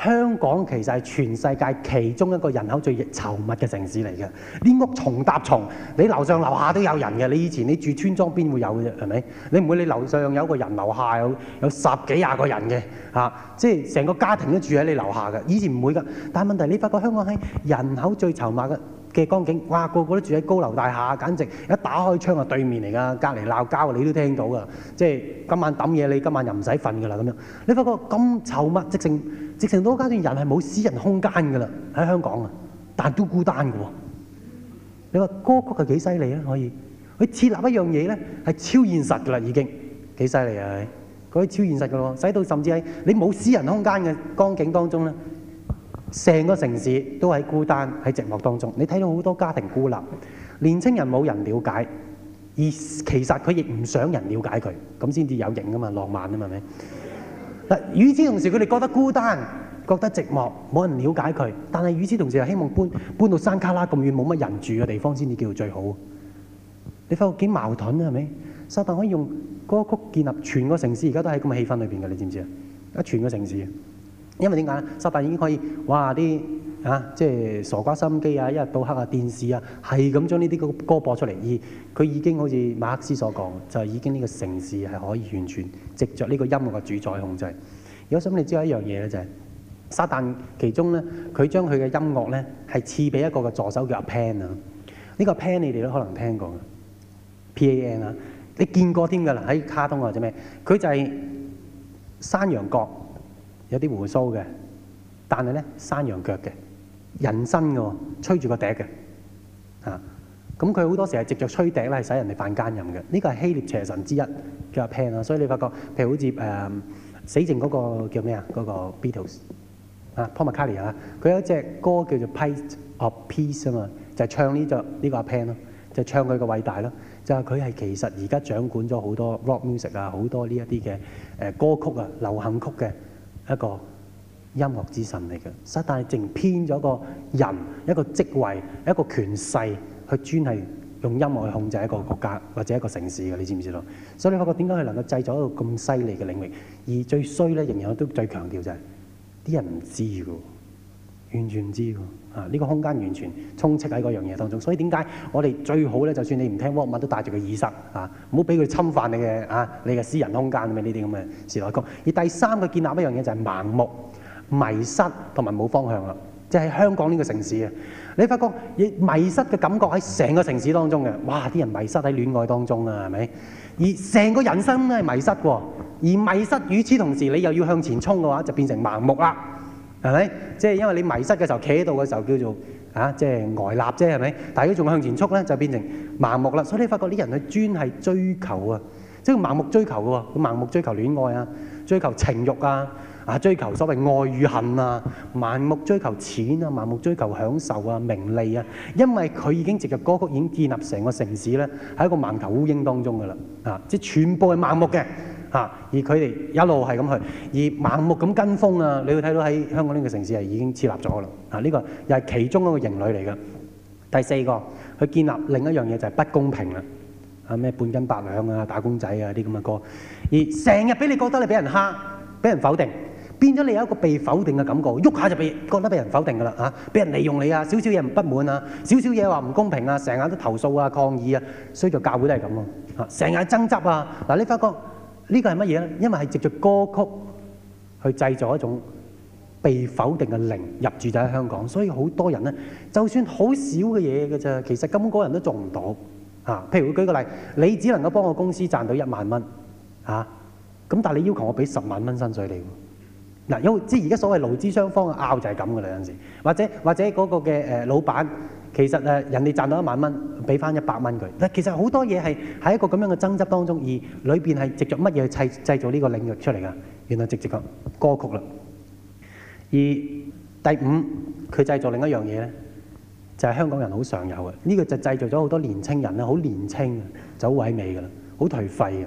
香港其實係全世界其中一個人口最稠密嘅城市嚟嘅，啲屋重搭重，你樓上樓下都有人嘅。你以前你住村莊邊會有嘅，係咪？你唔會你樓上有個人，樓下有有十幾廿個人嘅嚇，即係成個家庭都住喺你樓下嘅。以前唔會㗎，但係問題你發覺香港係人口最稠密嘅。嘅光景，哇！個個都住喺高樓大廈，簡直一打開窗啊，對面嚟㗎，隔離鬧交，你都聽到㗎。即係今晚揼嘢，你今晚又唔使瞓㗎啦咁樣。你發覺咁稠密，直情直情多階段人係冇私人空間㗎啦，喺香港啊，但係都孤單㗎喎。你話歌曲係幾犀利咧？可以佢設立一樣嘢咧，係超現實㗎啦，已經幾犀利啊！嗰啲超現實㗎喎，使到甚至係你冇私人空間嘅光景當中咧。成個城市都喺孤單喺寂寞當中，你睇到好多家庭孤立，年青人冇人了解，而其實佢亦唔想人了解佢，咁先至有型吖嘛，浪漫啊嘛，係咪？嗱， 與此同時佢哋覺得孤單，覺得寂寞，冇人了解佢，但係與此同時又希望搬搬到山卡拉咁遠冇乜人住嘅地方先至叫做最好。你發覺幾矛盾啊？係咪？撒但可以用歌曲建立全個城市，而家都喺咁嘅氣氛裏邊嘅，你知唔知啊？一全個城市。因為點解啊？撒旦已經可以哇啲啊，即係傻瓜收音機啊，一日到黑啊，電視啊，係咁將呢啲歌播出嚟。而佢已經好似馬克思所講，就係、是、已經呢個城市係可以完全藉着呢個音樂嘅主宰控制。如果想你知道一樣嘢咧，就係、是、撒旦其中咧，佢將佢嘅音樂咧係賜俾一個嘅助手叫阿 Pan 啊。呢個 Pan 你哋都可能聽過嘅，P A N 啊，你見過添㗎啦？喺卡通或者咩？佢就係山羊角，有啲鬍鬚嘅，但係咧山羊腳嘅，人身嘅吹住個笛嘅嚇。咁佢好多時係藉著吹笛咧，係使人哋犯奸淫嘅。呢、這個係希臘邪神之一叫阿 Pan 啊，所以你發覺譬如好似誒、嗯、死剩嗰個叫咩啊嗰個 Beatles 啊 Paul McCartney 啊，佢有一隻歌叫做《Pipes of Peace》啊嘛，就係唱呢隻呢個阿 Pan 咯，就係唱佢嘅偉大咯。就係佢係其實而家掌管咗好多 Rock Music 啊，好多呢一啲嘅誒歌曲啊，流行曲嘅。一個音樂之神嚟嘅，但係淨偏咗個人一個職位一個權勢，去專係用音樂去控制一個國家或者一個城市嘅，你知唔知道？所以我覺得點解佢能夠製造一個咁犀利嘅領域，而最衰咧，仍然我都最強調就係啲人唔知㗎。完全唔知喎，啊！呢個空間完全充斥喺嗰樣嘢當中，所以點解我哋最好咧？就算你唔聽 WhatsApp 都帶住個耳塞，嚇唔好俾佢侵犯你嘅啊，你嘅私人空間啊，呢啲咁嘅時代曲。而第三個建立一樣嘢就係盲目、迷失同埋冇方向啦。即係香港呢個城市啊，你發覺亦迷失嘅感覺喺成個城市當中嘅，哇！啲人迷失喺戀愛當中啊，係咪？而成個人生都係迷失喎。而迷失與此同時，你又要向前衝嘅話，就變成盲目啦。係咪？即係因為你迷失嘅時候，企喺度嘅時候叫做啊，即係呆立啫，係咪？但大家仲向前衝咧，就變成盲目啦。所以你發覺啲人佢專係追求啊，即係盲目追求嘅喎，盲目追求戀愛啊，追求情慾啊，啊，追求所謂愛與恨啊，盲目追求錢啊，盲目追求享受啊，名利啊。因為佢已經藉著歌曲已經建立成個城市咧，喺一個盲頭烏蠅當中嘅啦，啊，即係全部係盲目嘅。嚇！而佢哋一路係咁去，而盲目咁跟風啊！你會睇到喺香港呢個城市係已經設立咗噶啦。嚇、啊！呢、這個又係其中一個型類嚟嘅。第四個，去建立另一樣嘢就係、是、不公平啦。啊咩半斤八兩啊，打工仔啊啲咁嘅歌，而成日俾你覺得你俾人蝦，俾人否定，變咗你有一個被否定嘅感覺，喐下就俾覺得俾人否定噶啦嚇，俾、啊、人利用你啊，少少嘢唔不滿啊，少少嘢話唔公平啊，成日都投訴啊、抗議啊，所以就教會都係咁咯嚇，成、啊、日爭執啊嗱，你發覺。呢個係乜嘢咧？因為係藉著歌曲去製造一種被否定嘅靈入住就喺香港，所以好多人咧，就算好少嘅嘢嘅啫，其實根本個人都做唔到啊。譬如我舉個例，你只能夠幫我公司賺到一萬蚊啊，咁但係你要求我俾十萬蚊薪水你嗱，有即係而家所謂勞資雙方嘅拗就係咁嘅啦。有陣時或者或者嗰個嘅誒老闆。其實誒，人哋賺到一萬蚊，俾翻一百蚊佢。嗱，其實好多嘢係喺一個咁樣嘅爭執當中，而裏邊係藉著乜嘢去製製造呢個領域出嚟噶？原來直接講歌曲啦。而第五，佢製造另一樣嘢咧，就係、是、香港人好常有嘅。呢、這個就製造咗好多年青人咧，好年青，就好萎靡噶啦，好頹廢嘅。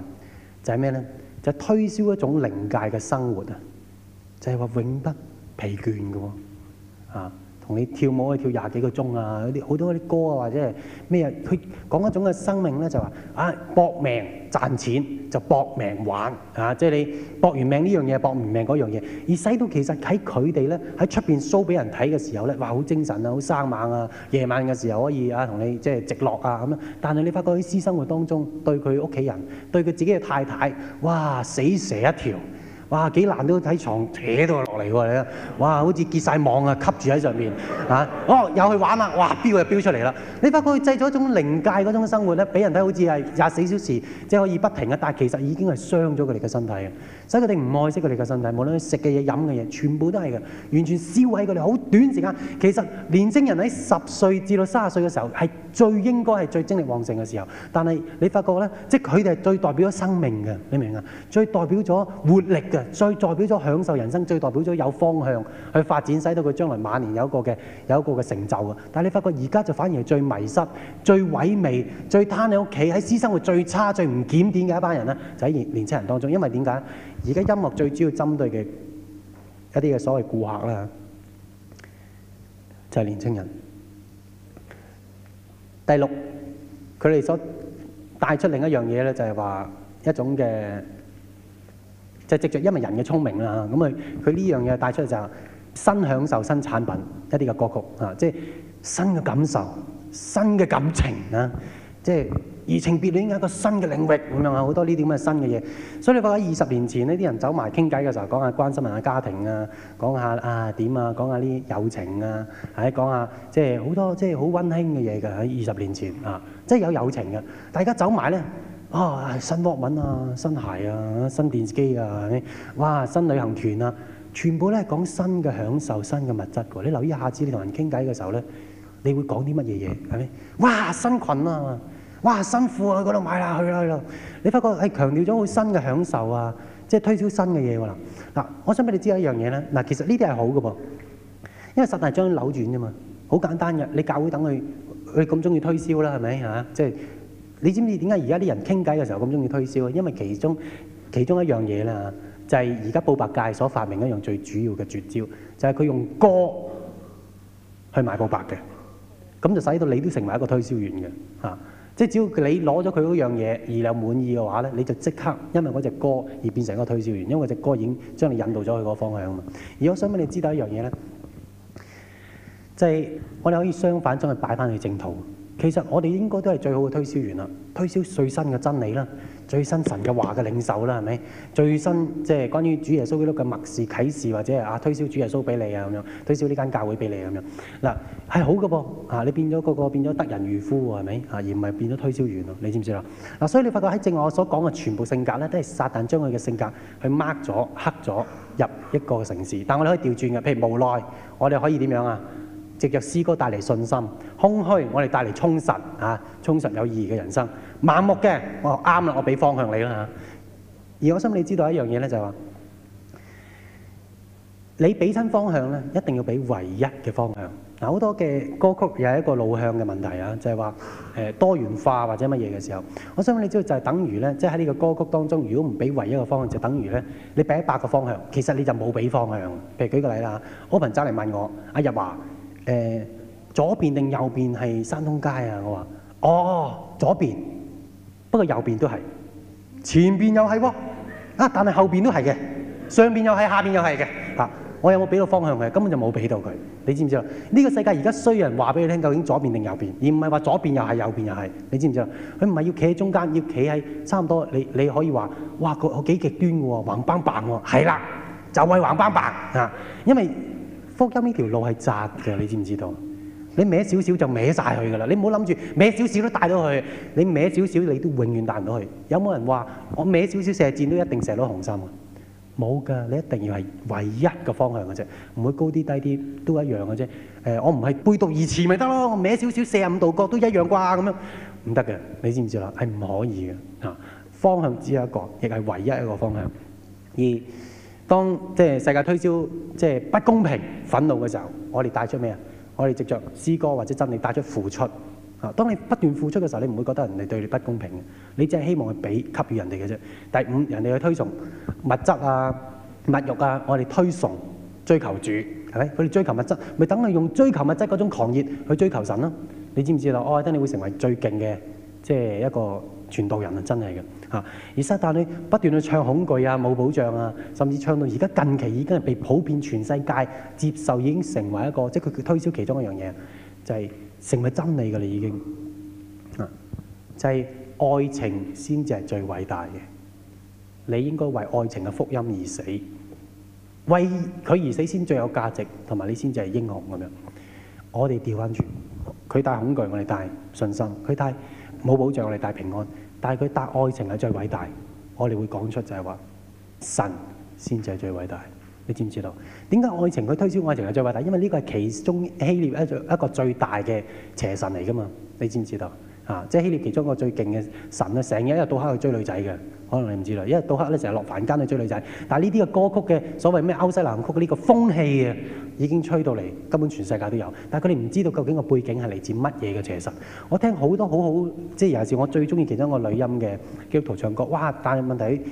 就係咩咧？就是、推銷一種靈界嘅生活啊！就係、是、話永不疲倦嘅喎，啊！同你跳舞可以跳廿幾個鐘啊！啲好多嗰啲歌啊，或者係咩啊？佢講一種嘅生命咧，就話啊，搏命賺錢就搏命玩啊！即係你搏完命呢樣嘢，搏唔命嗰樣嘢。而使到其實喺佢哋咧，喺出邊 show 俾人睇嘅時候咧，哇！好精神啊，好生猛啊！夜晚嘅時候可以啊，同你即係直落啊咁樣。但係你發覺喺私生活當中，對佢屋企人，對佢自己嘅太太，哇！死蛇一條。哇！幾難都喺床，扯到落嚟喎，你睇，哇！好似結晒網啊，吸住喺上面啊！哦，又去玩啦！哇！飆就飆出嚟啦！呢班佢製造一種靈界嗰種生活咧，俾人睇好似係廿四小時即係可以不停嘅，但係其實已經係傷咗佢哋嘅身體嘅。所以佢哋唔愛惜佢哋個身體，無論佢食嘅嘢、飲嘅嘢，全部都係嘅，完全燒毀佢哋。好短時間，其實年青人喺十歲至到三十歲嘅時候係最應該係最精力旺盛嘅時候。但係你發覺咧，即係佢哋係最代表咗生命嘅，你明唔明啊？最代表咗活力嘅，最代表咗享受人生，最代表咗有方向去發展，使到佢將來晚年有一個嘅有一個嘅成就嘅。但係你發覺而家就反而係最迷失、最萎靡、最攤喺屋企、喺私生活最差、最唔檢點嘅一班人咧，就喺年青人當中。因為點解？而家音樂最主要針對嘅一啲嘅所謂顧客啦，就係年青人。第六，佢哋所帶出另一樣嘢咧，就係話一種嘅，即係藉著因為人嘅聰明啦，咁啊，佢呢樣嘢帶出嚟就係新享受、新產品一啲嘅歌曲啊，即係新嘅感受、新嘅感情啊，即係。移情別戀，一個新嘅領域咁樣啊！好多呢啲咁嘅新嘅嘢，所以你覺得二十年前呢啲人走埋傾偈嘅時候，講下關心下家，家庭下啊，啊，講下啊點啊，講下啲友情啊，係講下即係好多即係好溫馨嘅嘢㗎。喺二十年前啊，即係、就是、有友情㗎，大家走埋咧啊，新鑊文啊，啊，新鞋啊，新電視機啊，哇，新旅行團啊，全部咧講新嘅享受、新嘅物質㗎。你留意下次你同人傾偈嘅時候咧，你會講啲乜嘢嘢係咪？哇，新裙啊！哇！辛苦啊，去嗰度買啦，去啦去啦。你發覺係強調咗好新嘅享受啊，即係推銷新嘅嘢喎啦。嗱，我想俾你知一樣嘢咧。嗱，其實呢啲係好嘅噃，因為實在將扭轉啫嘛。好簡單嘅，你教會等佢佢咁中意推銷啦，係咪啊？即係你知唔知點解而家啲人傾偈嘅時候咁中意推銷啊？因為其中其中一樣嘢啦，就係而家報白界所發明一樣最主要嘅絕招，就係佢用歌去買報白嘅，咁就使到你都成為一個推銷員嘅嚇。即係只要你攞咗佢嗰樣嘢而你滿意嘅話咧，你就即刻因為嗰隻歌而變成一個推銷員，因為隻歌已經將你引導咗去嗰方向啊嘛。而我想俾你知道一樣嘢咧，就係我哋可以相反將佢擺翻去正途。其實我哋應該都係最好嘅推銷員啦，推銷最新嘅真理啦。最新神嘅話嘅領袖啦，係咪？最新即係關於主耶穌基督嘅默示啟示，或者啊推銷主耶穌俾你啊咁樣，推銷呢間教會俾你咁樣。嗱，係好嘅噃，啊你變咗嗰個變咗得人如夫喎，係咪啊？而唔係變咗推銷員啊，你知唔知啦？嗱，所以你發覺喺正我所講嘅全部性格咧，都係撒但將佢嘅性格去 mark 咗、黑咗入一個城市。但係我哋可以調轉嘅，譬如無奈，我哋可以點樣啊？藉著詩歌帶嚟信心，空虛我哋帶嚟充實啊！充實有意義嘅人生，盲目嘅我啱啦，我俾方向你啦嚇。而我想你知道一樣嘢咧，就係話你俾親方向咧，一定要俾唯一嘅方向嗱。好多嘅歌曲有一個路向嘅問題啊，就係話誒多元化或者乜嘢嘅時候，我想你知道就係等於咧，即係喺呢個歌曲當中，如果唔俾唯一嘅方向，就等於咧你俾一百個方向，其實你就冇俾方向。譬如舉個例啦，Open 周嚟問我阿、啊、日華。誒、欸、左邊定右邊係山東街啊？我話，哦，左邊，不過右邊都係，前邊又係喎，啊但係後邊都係嘅，上邊又係，下邊又係嘅，啊我有冇俾到方向佢？根本就冇俾到佢，你知唔知啊？呢、這個世界而家需要人話俾你聽，究竟左邊定右邊，而唔係話左邊又係右邊又係，你知唔知啊？佢唔係要企喺中間，要企喺差唔多，你你可以話，哇佢好幾極端喎，橫斑白喎，係啦，就係、是、橫斑白啊，因為。福音呢條路係窄嘅，你知唔知道？你歪少少就歪曬佢㗎啦！你唔好諗住歪少少都帶到佢，你歪少少你都永遠帶唔到佢。有冇人話我歪少少射箭都一定射到紅心啊？冇㗎，你一定要係唯一個方向嘅啫，唔會高啲低啲都一樣嘅啫。誒，我唔係背道而馳咪得咯，我歪少少四十五度角都一樣啩咁樣，唔得嘅，你知唔知啦？係唔可以嘅啊，方向只有一個，亦係唯一一個方向。二當即係世界推銷即係、就是、不公平、憤怒嘅時候，我哋帶出咩啊？我哋藉着詩歌或者真理帶出付出。啊，當你不斷付出嘅時候，你唔會覺得人哋對你不公平嘅。你只係希望去俾給，給予人哋嘅啫。第五，人哋去推崇物質啊、物欲啊，我哋推崇追求主，係咪？佢哋追求物質，咪等你用追求物質嗰種狂熱去追求神咯、啊？你知唔知道？我覺得你會成為最勁嘅，即、就、係、是、一個傳道人啊！真係嘅。而撒但呢不斷去唱恐懼啊、冇保障啊，甚至唱到而家近期已經係被普遍全世界接受，已經成為一個即係佢推銷其中一樣嘢，就係、是、成為真理嘅啦已經。啊！就係、是、愛情先至係最偉大嘅，你應該為愛情嘅福音而死，為佢而死先最有價值，同埋你先至係英雄咁樣。我哋掉返轉，佢帶恐懼，我哋帶信心；佢帶冇保障，我哋帶平安。但係佢答愛情係最偉大，我哋會講出就係話神先至係最偉大，你知唔知道？點解愛情佢推銷愛情係最偉大？因為呢個係其中希臘一一個最大嘅邪神嚟㗎嘛，你知唔知道？啊！即係希臘其中一個最勁嘅神咧，成日一日到黑去追女仔嘅，可能你唔知啦。一日到黑咧，成日落凡間去追女仔。但係呢啲嘅歌曲嘅所謂咩歐西蘭曲呢個風氣啊，已經吹到嚟，根本全世界都有。但係佢哋唔知道究竟個背景係嚟自乜嘢嘅其實。我聽很多很好多好好，即係尤其是我最中意其中一個女音嘅基督徒唱歌，哇！但係問題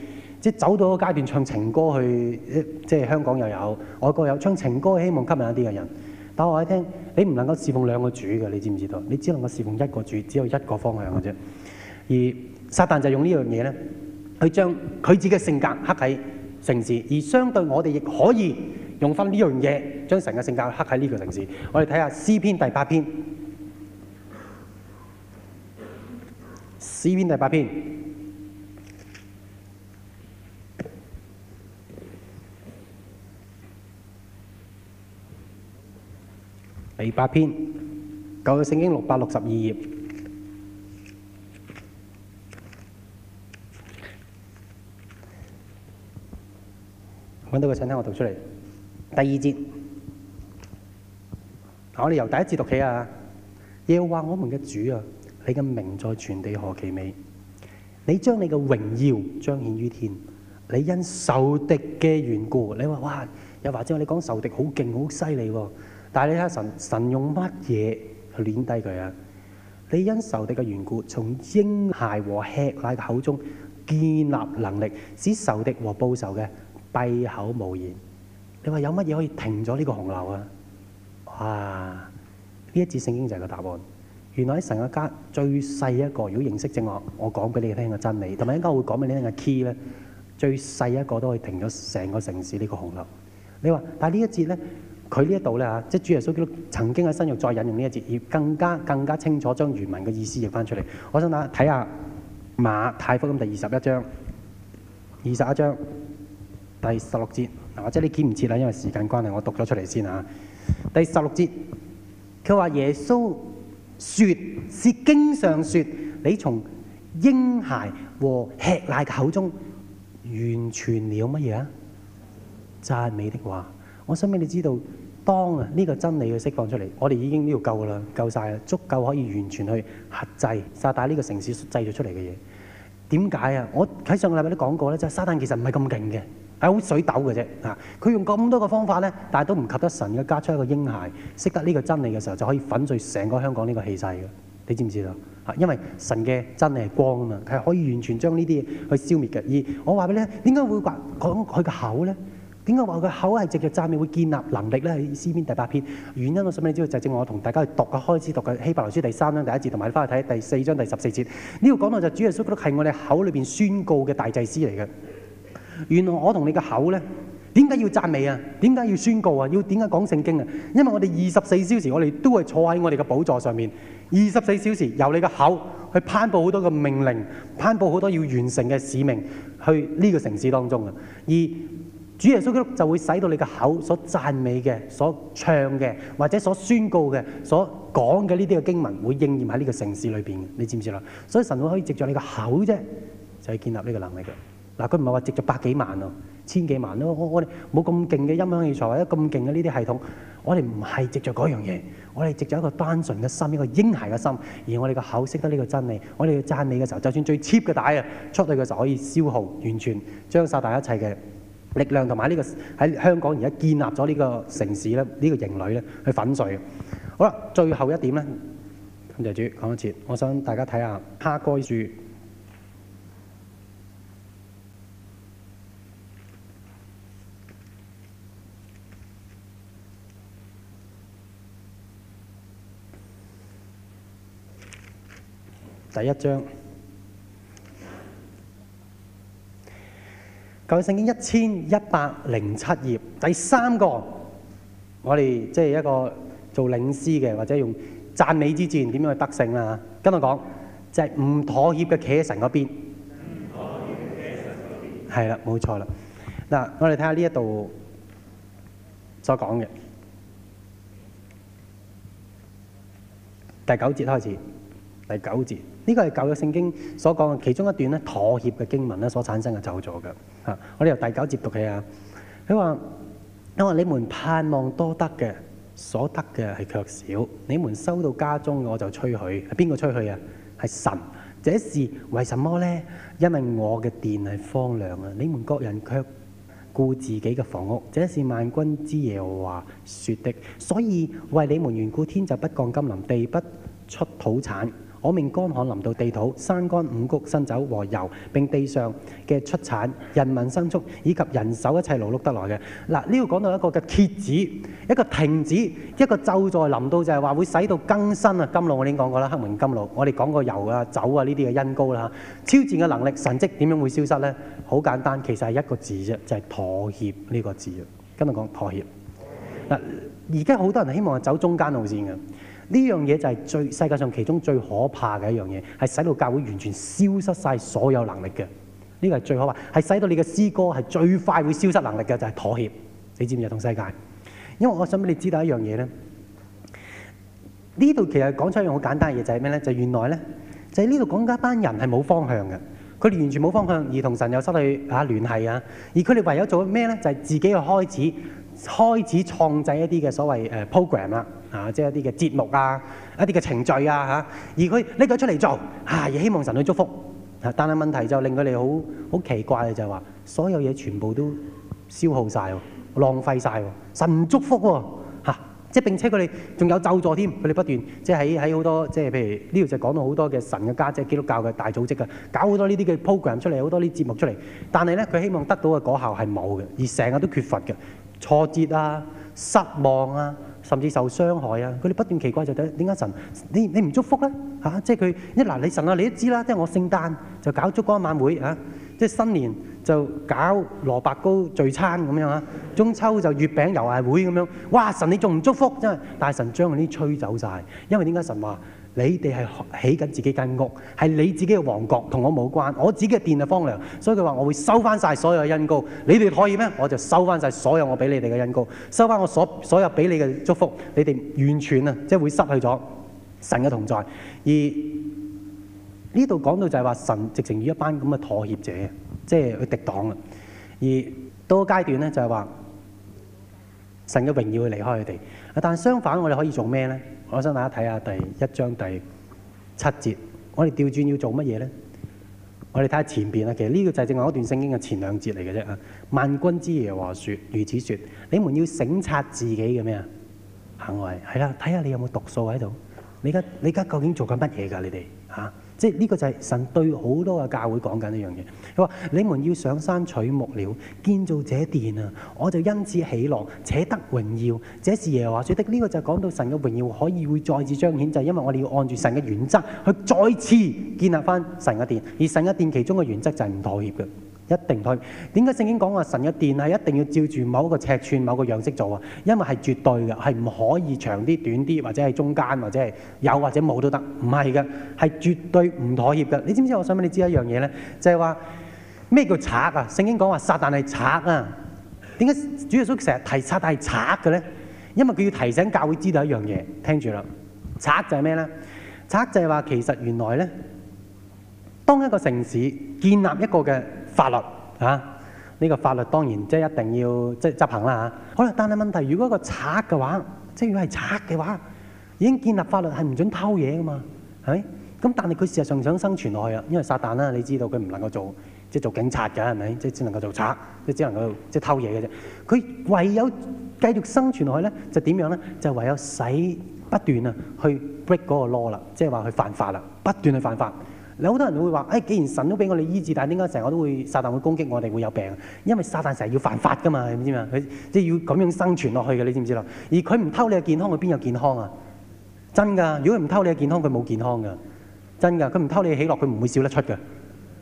即係走到個階段唱情歌去，即係香港又有外國有唱情歌，希望吸引一啲嘅人。但我話你聽，你唔能夠侍奉兩個主嘅，你知唔知道？你只能夠侍奉一個主，只有一個方向嘅啫。而撒旦就用呢樣嘢咧，去將佢自己嘅性格刻喺城市，而相對我哋亦可以用返呢樣嘢，將神嘅性格刻喺呢個城市。我哋睇下詩篇第八篇，詩篇第八篇。第八篇，舊嘅聖經六百六十二頁，揾到個請聽我讀出嚟。第二節，我哋由第一節讀起啊。耶和華我們嘅主啊，你嘅名在全地何其美！你將你嘅榮耀彰顯於天。你因受敵嘅緣故，你話哇，又或者我哋講受敵好勁，好犀利喎。但係你睇下神神用乜嘢去捻低佢啊？你因仇敵嘅緣故，從嬰孩和吃奶嘅口中建立能力，使仇敵和報仇嘅閉口無言。你話有乜嘢可以停咗呢個洪流啊？哇！呢一節聖經就係個答案。原來喺神嘅家最細一個，如果認識正我，我講俾你聽嘅真理，同埋應該我會講俾你聽嘅 key 咧，最細一個都可以停咗成個城市呢個洪流。你話，但係呢一節咧？佢呢一度咧嚇，即係主耶穌基督曾經喺新約再引用呢一節，而更加更加清楚將原文嘅意思譯翻出嚟。我想睇下馬太福音第二十一章，二十一章第十六節嗱，或者你見唔切啦，因為時間關係，我讀咗出嚟先嚇。第十六節，佢話耶穌説：是經常説你從嬰孩和吃奶的口中完全了乜嘢啊？讚美的話。我想俾你知道，當啊呢個真理嘅釋放出嚟，我哋已經呢度夠啦，夠晒啦，足夠可以完全去核制撒旦呢個城市製造出嚟嘅嘢。點解啊？我喺上個禮拜都講過咧，就係、是、撒旦其實唔係咁勁嘅，係好水斗嘅啫。啊，佢用咁多個方法咧，但係都唔及得神嘅。加出一個嬰孩，識得呢個真理嘅時候，就可以粉碎成個香港呢個氣勢嘅。你知唔知道啊？因為神嘅真理係光啊，佢係可以完全將呢啲嘢去消滅嘅。而我話俾你聽，點解會講佢個口咧？點解話佢口係直接讚美會建立能力咧？喺詩篇第八篇原因，我想唔想你知道就正我同大家去讀嘅開始讀嘅希伯來書第三章第一節，同埋你翻去睇第四章第十四節呢個講到就主耶穌覺得係我哋口裏邊宣告嘅大祭司嚟嘅。原來我同你嘅口咧，點解要讚美啊？點解要宣告啊？要點解講聖經啊？因為我哋二十四小時，我哋都係坐喺我哋嘅寶座上面，二十四小時由你嘅口去頒布好多個命令，頒布好多要完成嘅使命，去呢個城市當中啊，而。主耶穌基督就會使到你個口所讚美嘅、所唱嘅或者所宣告嘅、所講嘅呢啲嘅經文會應驗喺呢個城市裏邊嘅，你知唔知啦？所以神會可以藉着你個口啫，就係建立呢個能力嘅嗱。佢唔係話藉著百幾萬哦、千幾萬咯，我我哋冇咁勁嘅音響器材或者咁勁嘅呢啲系統，我哋唔係藉着嗰樣嘢，我哋藉著一個單純嘅心、一個嬰孩嘅心，而我哋個口識得呢個真理，我哋讚美嘅時候，就算最 cheap 嘅帶啊，出去嘅時候可以消耗完全將曬大一切嘅。力量同埋呢個喺香港而家建立咗呢個城市咧，呢個營壘咧，去粉碎。好啦，最後一點咧，謝謝主講一次，我想大家睇下《哈該書》第一章。佢聖經一千一百零七頁，第三個我哋即係一個做領詩嘅，或者用讚美之戰點樣去得勝啦吓，跟我講就係唔妥協嘅企喺神嗰邊，係啦，冇錯啦。嗱，我哋睇下呢一度所講嘅第九節開始，第九節。呢個係舊約聖經所講嘅其中一段咧，妥協嘅經文咧所產生嘅咒詛嘅啊！我哋由第九節讀起啊。佢話：，因為你們盼望多得嘅所得嘅係卻少，你們收到家中我就吹許，邊個吹許啊？係神。這是為什麼呢？因為我嘅殿係荒涼啊！你們各人卻顧自己嘅房屋，這是萬軍之耶和華說的。所以為你們緣故天就不降甘霖，地不出土產。我命乾旱臨到地土，山干五谷新酒和油，並地上嘅出產，人民生畜以及人手一切勞碌得來嘅嗱，呢個講到一個嘅截止，一個停止，一個就在臨到就係話會使到更新啊甘露我已經講過啦，黑門甘露，我哋講過油啊酒啊呢啲嘅恩膏啦超戰嘅能力神蹟點樣會消失呢？好簡單，其實係一個字啫，就係、是、妥協呢個字今日住講妥協而家好多人希望走中間路線嘅。呢樣嘢就係最世界上其中最可怕嘅一樣嘢，係使到教會完全消失晒所有能力嘅。呢、這個係最可怕，係使到你嘅詩歌係最快會消失能力嘅就係、是、妥協。你知唔知同世界？因為我想俾你知道一樣嘢咧，呢度其實講出一樣好簡單嘅嘢，就係咩咧？就係原來咧，就喺呢度講緊一班人係冇方向嘅，佢哋完全冇方向，而同神又失去啊聯繫啊，而佢哋唯有做咩咧？就係、是、自己去開始。開始創製一啲嘅所謂誒 program 啦，啊，即係一啲嘅節目啊，一啲嘅程序啊嚇。而佢拎咗出嚟做，啊，而希望神去祝福，但係問題就令佢哋好好奇怪嘅就係話，所有嘢全部都消耗曬，浪費曬，神祝福喎。即係並且佢哋仲有咒詛添，佢哋不斷即係喺喺好多即係譬如呢度就講到好多嘅神嘅家，即係基督教嘅大組織啊，搞好多呢啲嘅 program 出嚟，好多呢啲節目出嚟，但係咧佢希望得到嘅果效係冇嘅，而成日都缺乏嘅。挫折啊、失望啊，甚至受傷害啊，佢哋不斷奇怪就點？點解神你你唔祝福咧嚇、啊？即係佢一嗱，你神啊，你都知啦，即係我聖誕就搞燭光晚會嚇、啊，即係新年就搞蘿蔔糕聚餐咁樣啊，中秋就月餅遊藝會咁樣，哇！神你仲唔祝福？真係，大神將嗰啲吹走晒，因為點解神話？你哋係起緊自己間屋，係你自己嘅王國，同我冇關。我自己嘅殿係荒涼，所以佢話：我會收翻晒所有嘅恩膏。你哋妥協咩？我就收翻晒所有我俾你哋嘅恩膏，收翻我所所有俾你嘅祝福。你哋完全啊，即係會失去咗神嘅同在。而呢度講到就係話神直情與一班咁嘅妥協者，即係去敵擋啊！而到個階段咧，就係話神嘅榮耀會離開佢哋。但係相反，我哋可以做咩咧？我想大家睇下第一章第七節，我哋調轉要做乜嘢咧？我哋睇下前邊啊，其實呢個就係正話一段聖經嘅前兩節嚟嘅啫啊！萬軍之耶和華說：如此說，你們要省察自己嘅咩啊？行為係啦，睇下你有冇毒素喺度？你而家你而家究竟做緊乜嘢㗎？你哋嚇？啊。即係呢個就係神對好多嘅教會講緊一樣嘢，佢話：你們要上山取木料，建造這殿啊！我就因此喜樂，且得榮耀。這是耶和華說的。呢個就講到神嘅榮耀可以會再次彰顯，就係、是、因為我哋要按住神嘅原則去再次建立翻神嘅殿，而神嘅殿其中嘅原則就係唔妥協嘅。一定去，點解聖經講話神嘅殿係一定要照住某一個尺寸、某個樣式做啊？因為係絕對嘅，係唔可以長啲、短啲，或者係中間，或者係有或者冇都得。唔係嘅，係絕對唔妥協嘅。你知唔知我想俾你知一樣嘢咧？就係話咩叫賊啊？聖經講話撒但係賊啊？點解主耶穌成日提撒但係賊嘅咧？因為佢要提醒教會知道一樣嘢。聽住啦，賊就係咩咧？賊就係話其實原來咧，當一個城市建立一個嘅法律啊，呢個法律當然即係一定要即係執行啦嚇。好啦，但係問題，如果個賊嘅話，即係如果係賊嘅話，已經建立法律係唔准偷嘢噶嘛，係咪？咁但係佢事實上想生存落去啊，因為撒旦啦，你知道佢唔能夠做即係做警察㗎，係咪？即係只能夠做賊，即係只能夠即係偷嘢嘅啫。佢唯有繼續生存落去咧，就點樣咧？就唯有使不斷啊，去 break 嗰個 law 啦，即係話去犯法啦，不斷去犯法。你好多人會話，哎，既然神都給我哋醫治，但係點解成日我都會撒旦會攻擊我哋，會有病？因為撒旦成日要犯法㗎嘛，係咪先啊？佢即要咁樣生存落去㗎，你知唔知道？而佢唔偷你嘅健康，佢邊有健康啊？真噶，如果佢唔偷你嘅健康，佢冇健康㗎，真噶。佢唔偷你嘅喜樂，佢唔會笑得出嘅。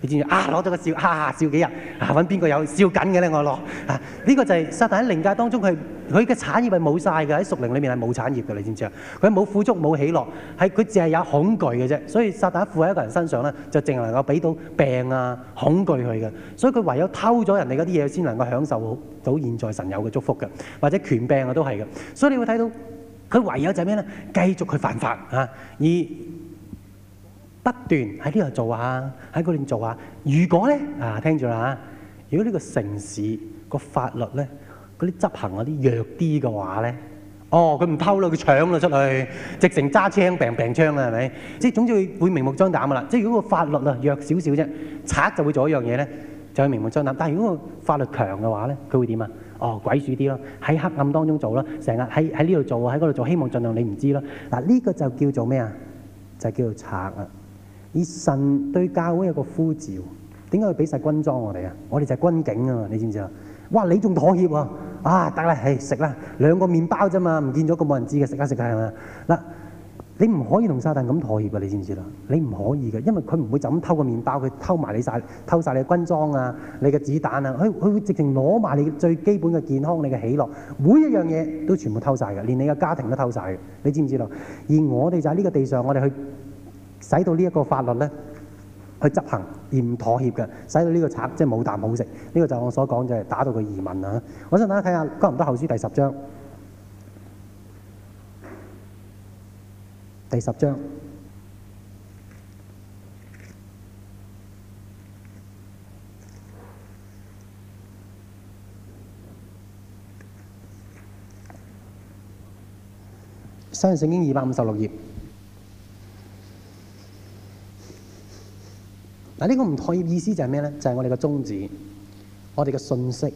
你知唔知啊？攞咗個笑啊，笑幾日啊？揾邊個有笑緊嘅咧？我落，啊！呢個就係撒旦。喺靈界當中，佢佢嘅產業係冇晒嘅。喺屬靈裡面係冇產業嘅，你知唔知啊？佢冇富足，冇喜樂，係佢淨係有恐懼嘅啫。所以撒旦附喺一個人身上咧，就淨係能夠俾到病啊、恐懼佢嘅。所以佢唯有偷咗人哋嗰啲嘢先能夠享受到現在神有嘅祝福嘅，或者權柄啊都係嘅。所以你會睇到佢唯有就係咩咧？繼續去犯法啊！而不斷喺呢度做啊，喺嗰邊做啊。如果咧啊，聽住啦吓，如果呢個城市個法律咧嗰啲執行啊啲弱啲嘅話咧，哦，佢唔偷啦，佢搶啦出去，直情揸槍掟掟槍啦係咪？即係總之會明目張膽㗎啦。即係如果個法律啊弱少少啫，賊就會做一樣嘢咧，就會明目張膽。但係如果個法律強嘅話咧，佢會點啊？哦，鬼鼠啲咯，喺黑暗當中做咯，成日喺喺呢度做喺嗰度做，希望盡量你唔知咯。嗱、這、呢個就叫做咩啊？就叫做賊啊！以神對教會有一個呼召，點解佢俾晒軍裝我哋啊？我哋就係軍警啊！你知唔知啊？哇！你仲妥協啊！啊得啦，係食啦，兩個麵包咋嘛？唔見咗個冇人知嘅食下食下係咪？嗱，你唔可以同沙旦咁妥協噶，啊，你知唔知啦？你唔可以嘅，因為佢唔會就咁偷個麵包，佢偷埋你晒，偷晒你嘅軍裝啊，你嘅子彈啊，佢佢會直情攞埋你最基本嘅健康，你嘅喜樂，每一樣嘢都全部偷晒嘅，連你嘅家庭都偷晒嘅，你知唔知道？而我哋就喺呢個地上，我哋去。使到呢個個法律呢去執行而唔妥協嘅，使到呢個賊即係冇啖好食。呢，這個就係我所講就係打到個移民。我想大家睇下《哥林多後書》第十章，第十章《新《聖經》二百五十六頁。嗱，呢個唔妥協嘅意思就係咩咧？就係、是、我哋嘅宗旨，我哋嘅信息，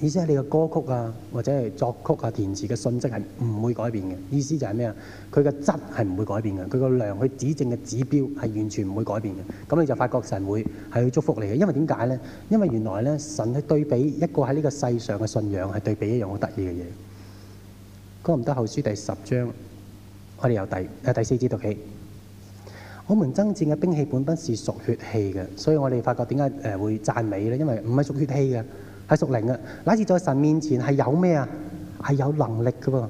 意思係你嘅歌曲啊，或者係作曲啊、填詞嘅信息係唔會改變嘅。意思就係咩啊？佢嘅質係唔會改變嘅，佢個量、佢指正嘅指標係完全唔會改變嘅。咁你就發覺神會係去祝福你嘅，因為點解咧？因為原來咧，神去對比一個喺呢個世上嘅信仰，係對比一樣好得意嘅嘢。哥林多後書第十章，我哋由第第四節讀起。我們爭戰嘅兵器本不是屬血氣嘅，所以我哋發覺點解誒會讚美呢？因為唔係屬血氣嘅，係屬靈嘅。乃至在神面前係有咩啊？係有能力嘅噃，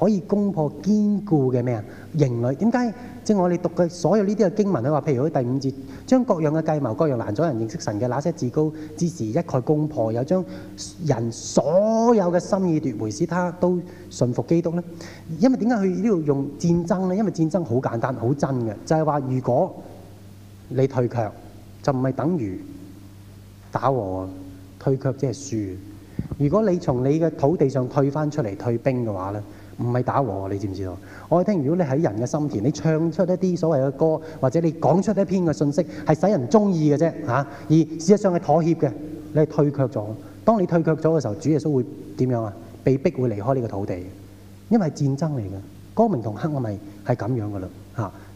可以攻破堅固嘅咩啊？營壘。點解？即係我哋讀嘅所有呢啲嘅經文，佢話譬如喺第五節，將各樣嘅計謀、各樣攔阻人認識神嘅那些自高之事一概攻破，又將人所有嘅心意奪回，使他都順服基督咧。因為點解佢呢度用戰爭咧？因為戰爭好簡單、好真嘅，就係話如果你退卻，就唔係等於打和；退卻即係輸。如果你從你嘅土地上退翻出嚟退兵嘅話咧。唔係打和，你知唔知道？我聽，如果你喺人嘅心田，你唱出一啲所謂嘅歌，或者你講出一篇嘅信息，係使人鍾意嘅啫。而事實上係妥協嘅，你係退卻咗。當你退卻咗嘅時候，主耶穌會點樣啊？被迫會離開呢個土地，因為係戰爭嚟嘅，光明同黑暗咪係咁樣嘅嘞。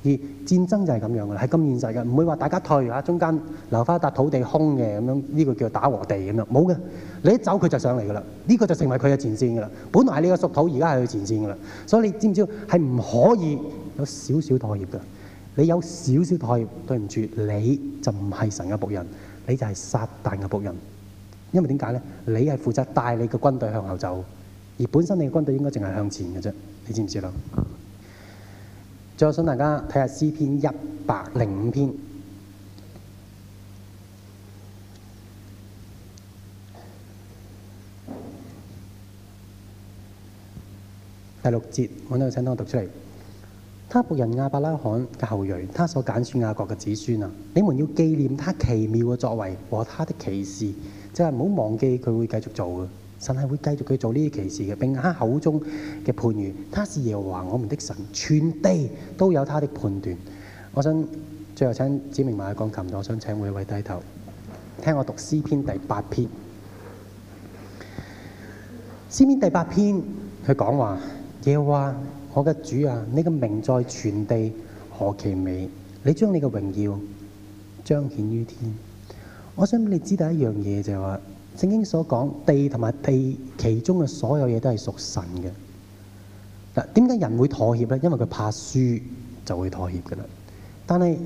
而戰爭就係咁樣噶啦，係咁現實嘅，唔會話大家退嚇，中間留翻一笪土地空嘅咁樣，呢個叫做打和地咁樣，冇嘅。你一走佢就上嚟噶啦，呢個就成為佢嘅前線噶啦。本來係你嘅屬土，而家係佢前線噶啦。所以你知唔知道？係唔可以有少少妥協噶。你有少少妥協，對唔住，你就唔係神嘅僕人，你就係撒但嘅僕人。因為點解咧？你係負責帶你嘅軍隊向後走，而本身你嘅軍隊應該淨係向前嘅啫。你知唔知啦？最後想大家睇下詩篇一百零五篇第六節，我呢度請幫我讀出嚟。他僕人亞伯拉罕嘅後裔，他所揀選亞國嘅子孫啊！你們要紀念他奇妙嘅作為和他的奇事，就係唔好忘記佢會繼續做嘅。神係會繼續去做呢啲職事嘅，並喺口中嘅判語，他是耶和華我們的神，全地都有他的判斷。我想最後請指明埋個鋼琴，我想請每一位低頭聽我讀詩篇第八篇。詩篇第八篇佢講話：耶和華我嘅主啊，你嘅名在全地何其美！你將你嘅榮耀彰顯於天。我想俾你知道一樣嘢就係話。聖經所講地同埋地其中嘅所有嘢都係屬神嘅嗱，點解人會妥協咧？因為佢怕輸就會妥協噶啦。但係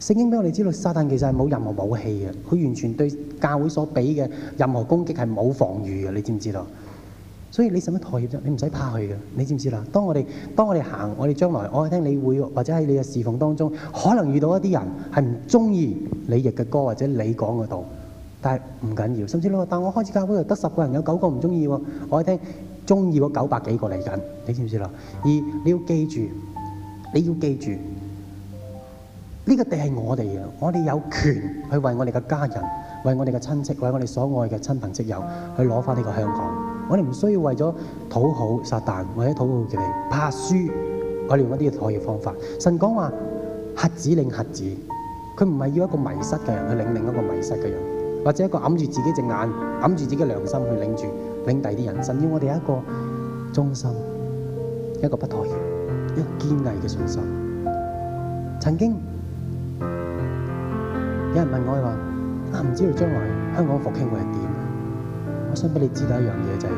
聖經俾我哋知道，撒旦其實係冇任何武器嘅，佢完全對教會所畀嘅任何攻擊係冇防禦嘅，你知唔知道？所以你使乜妥協啫？你唔使怕佢嘅，你知唔知啦？當我哋當我哋行，我哋將來，我聽你會或者喺你嘅侍奉當中，可能遇到一啲人係唔中意你譯嘅歌或者你講嘅道。但係唔緊要，甚至你話，但我開始教會又得十個人，有九個唔中意喎。我聽中意嗰九百幾個嚟緊，你知唔知咯？而你要記住，你要記住，呢個地係我哋嘅，我哋有權去為我哋嘅家人、為我哋嘅親戚、為我哋所愛嘅親朋戚友去攞翻呢個香港。我哋唔需要為咗討好撒旦，或者討好佢哋，怕輸，我哋用一啲妥協的方法。神講話：核子領核子，佢唔係要一個迷失嘅人去領另一個迷失嘅人。或者一個揞住自己隻眼，揞住自己嘅良心去領住領第啲人生。要我哋一個忠心，一個不妥協，一個堅毅嘅信心。曾經有人問我話：啊，唔知道將來香港復興會係點？我想俾你知道一樣嘢就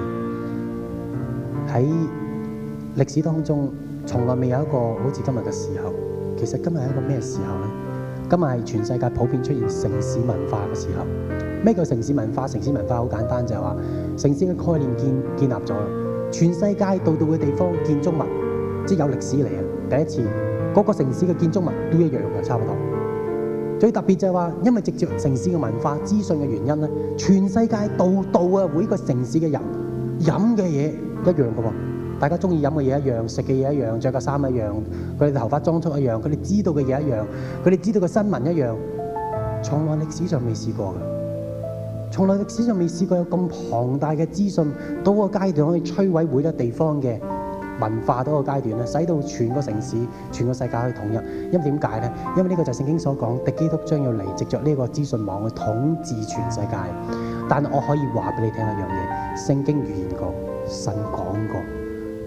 係喺歷史當中，從來未有一個好似今日嘅時候。其實今日係一個咩時候咧？今日係全世界普遍出現城市文化嘅時候。咩叫城市文化？城市文化好簡單，就係話城市嘅概念建建立咗啦。全世界到度嘅地方建築物，即係、就是、有歷史嚟嘅，第一次各個城市嘅建築物都一樣嘅，差唔多。最特別就係話，因為直接城市嘅文化資訊嘅原因咧，全世界到度啊，每個城市嘅人飲嘅嘢一樣嘅喎。大家中意飲嘅嘢一樣，食嘅嘢一樣，着嘅衫一樣，佢哋頭髮裝束一樣，佢哋知道嘅嘢一樣，佢哋知道嘅新聞一樣，從來歷史上未試過嘅，從來歷史上未試過有咁龐大嘅資訊到個階段可以摧毀每個地方嘅文化到個階段咧，使到全個城市、全個世界去統一。因為點解咧？因為呢個就係聖經所講，敵基督將要嚟藉着呢一個資訊網去統治全世界。但我可以話俾你聽一樣嘢，聖經預言過，神講過。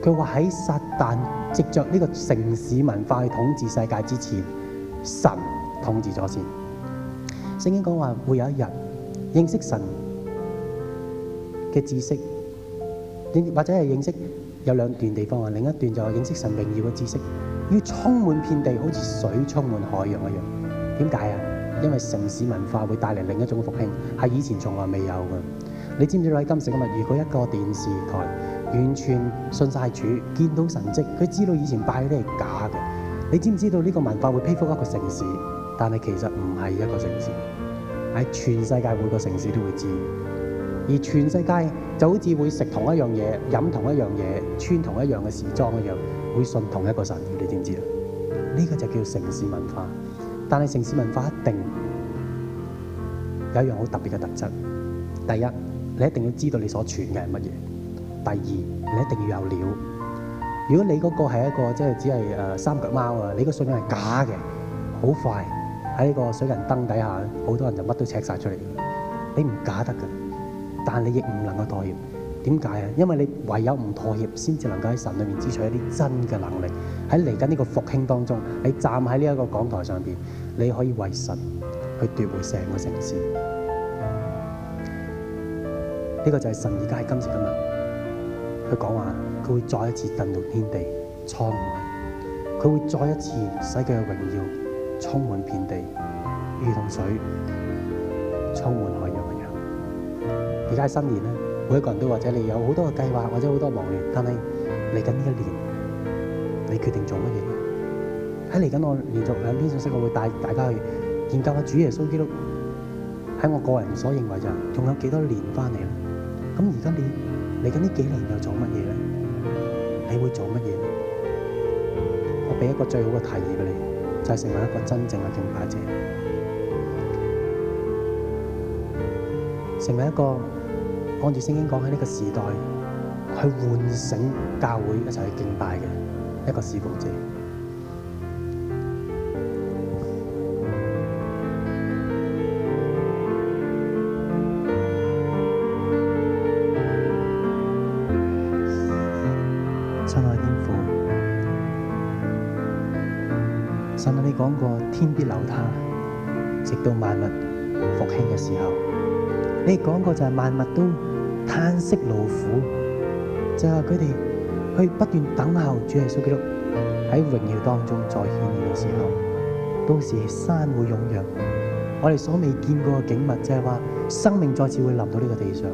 佢話喺撒但藉着呢個城市文化去統治世界之前，神統治咗先。聖經講話會有一日認識神嘅知識，應或者係認識有兩段地方啊。另一段就係認識神榮耀嘅知識，要充滿遍地，好似水充滿海洋一樣。點解啊？因為城市文化會帶嚟另一種復興，係以前從來未有嘅。你知唔知道喺今時今日，如果一個電視台，完全信晒主，見到神跡，佢知道以前拜啲係假嘅。你知唔知道呢個文化會披覆一個城市，但係其實唔係一個城市，喺全世界每個城市都會知。而全世界就好似會食同一樣嘢、飲同一樣嘢、穿同一樣嘅時裝一樣，會信同一個神。你知唔知啊？呢個就叫城市文化。但係城市文化一定有一樣好特別嘅特質。第一，你一定要知道你所傳嘅係乜嘢。第二，你一定要有料。如果你嗰個係一個即係只係誒、呃、三腳貓啊，你個信仰係假嘅，好快喺呢個水銀燈底下，好多人就乜都赤晒出嚟。你唔假得㗎，但係你亦唔能夠妥協。點解啊？因為你唯有唔妥協，先至能夠喺神裏面汲取一啲真嘅能力。喺嚟緊呢個復興當中，你站喺呢一個講台上邊，你可以為神去奪回成個城市。呢、這個就係神而家喺今時今日。佢講話，佢會再一次震動天地蒼，佢會再一次使佢嘅榮耀充滿遍地，如同水充滿海洋咁樣。而家新年啦，每一個人都或者你有好多嘅計劃，或者好多忙亂，但係嚟緊呢一年，你決定做乜嘢咧？喺嚟緊，我連續兩篇信息，我會帶大家去研究下主耶穌基督喺我個人所認為就仲有幾多年翻嚟咧？咁而家你？你咁呢幾年又做乜嘢呢？你會做乜嘢咧？我俾一個最好嘅提議俾你，就係、是、成為一個真正嘅敬拜者，成為一個按住聖經講喺呢個時代去喚醒教會一齊去敬拜嘅一個事奉者。嘅時候，你講過就係萬物都嘆息勞苦，就係佢哋去不斷等候主耶穌基督喺榮耀當中再顯現嘅時候，到時山會踴躍，我哋所未見過嘅景物就係話生命再次會臨到呢個地上，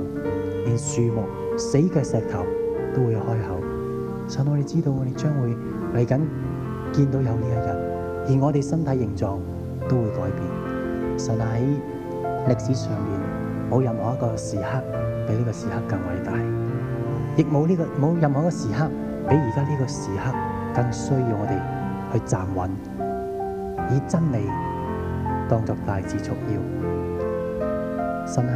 連樹木、死嘅石頭都會開口，神，我哋知道我哋將會嚟緊見到有呢一日，而我哋身體形狀都會改變，神喺。歷史上面冇任何一個時刻比呢個時刻更偉大，亦冇有任何一個時刻比而家呢個時刻更需要、這個、我哋去站穩，以真理當作大志束腰，深刻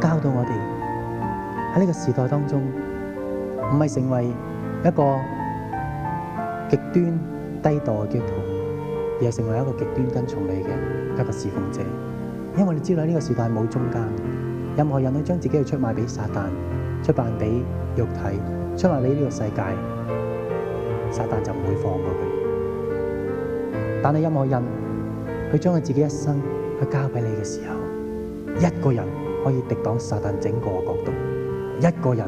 教到我哋喺呢個時代當中，唔係成為一個極端低度嘅基督徒，而係成為一個極端跟從你嘅一個侍奉者。因為你知道呢個時代冇中間，任何人去將自己去出賣俾撒旦，出賣俾肉體，出賣俾呢個世界，撒旦就唔會放過佢。但係任何人，去將佢自己一生去交俾你嘅時候，一個人可以敵擋撒旦整個國度，一個人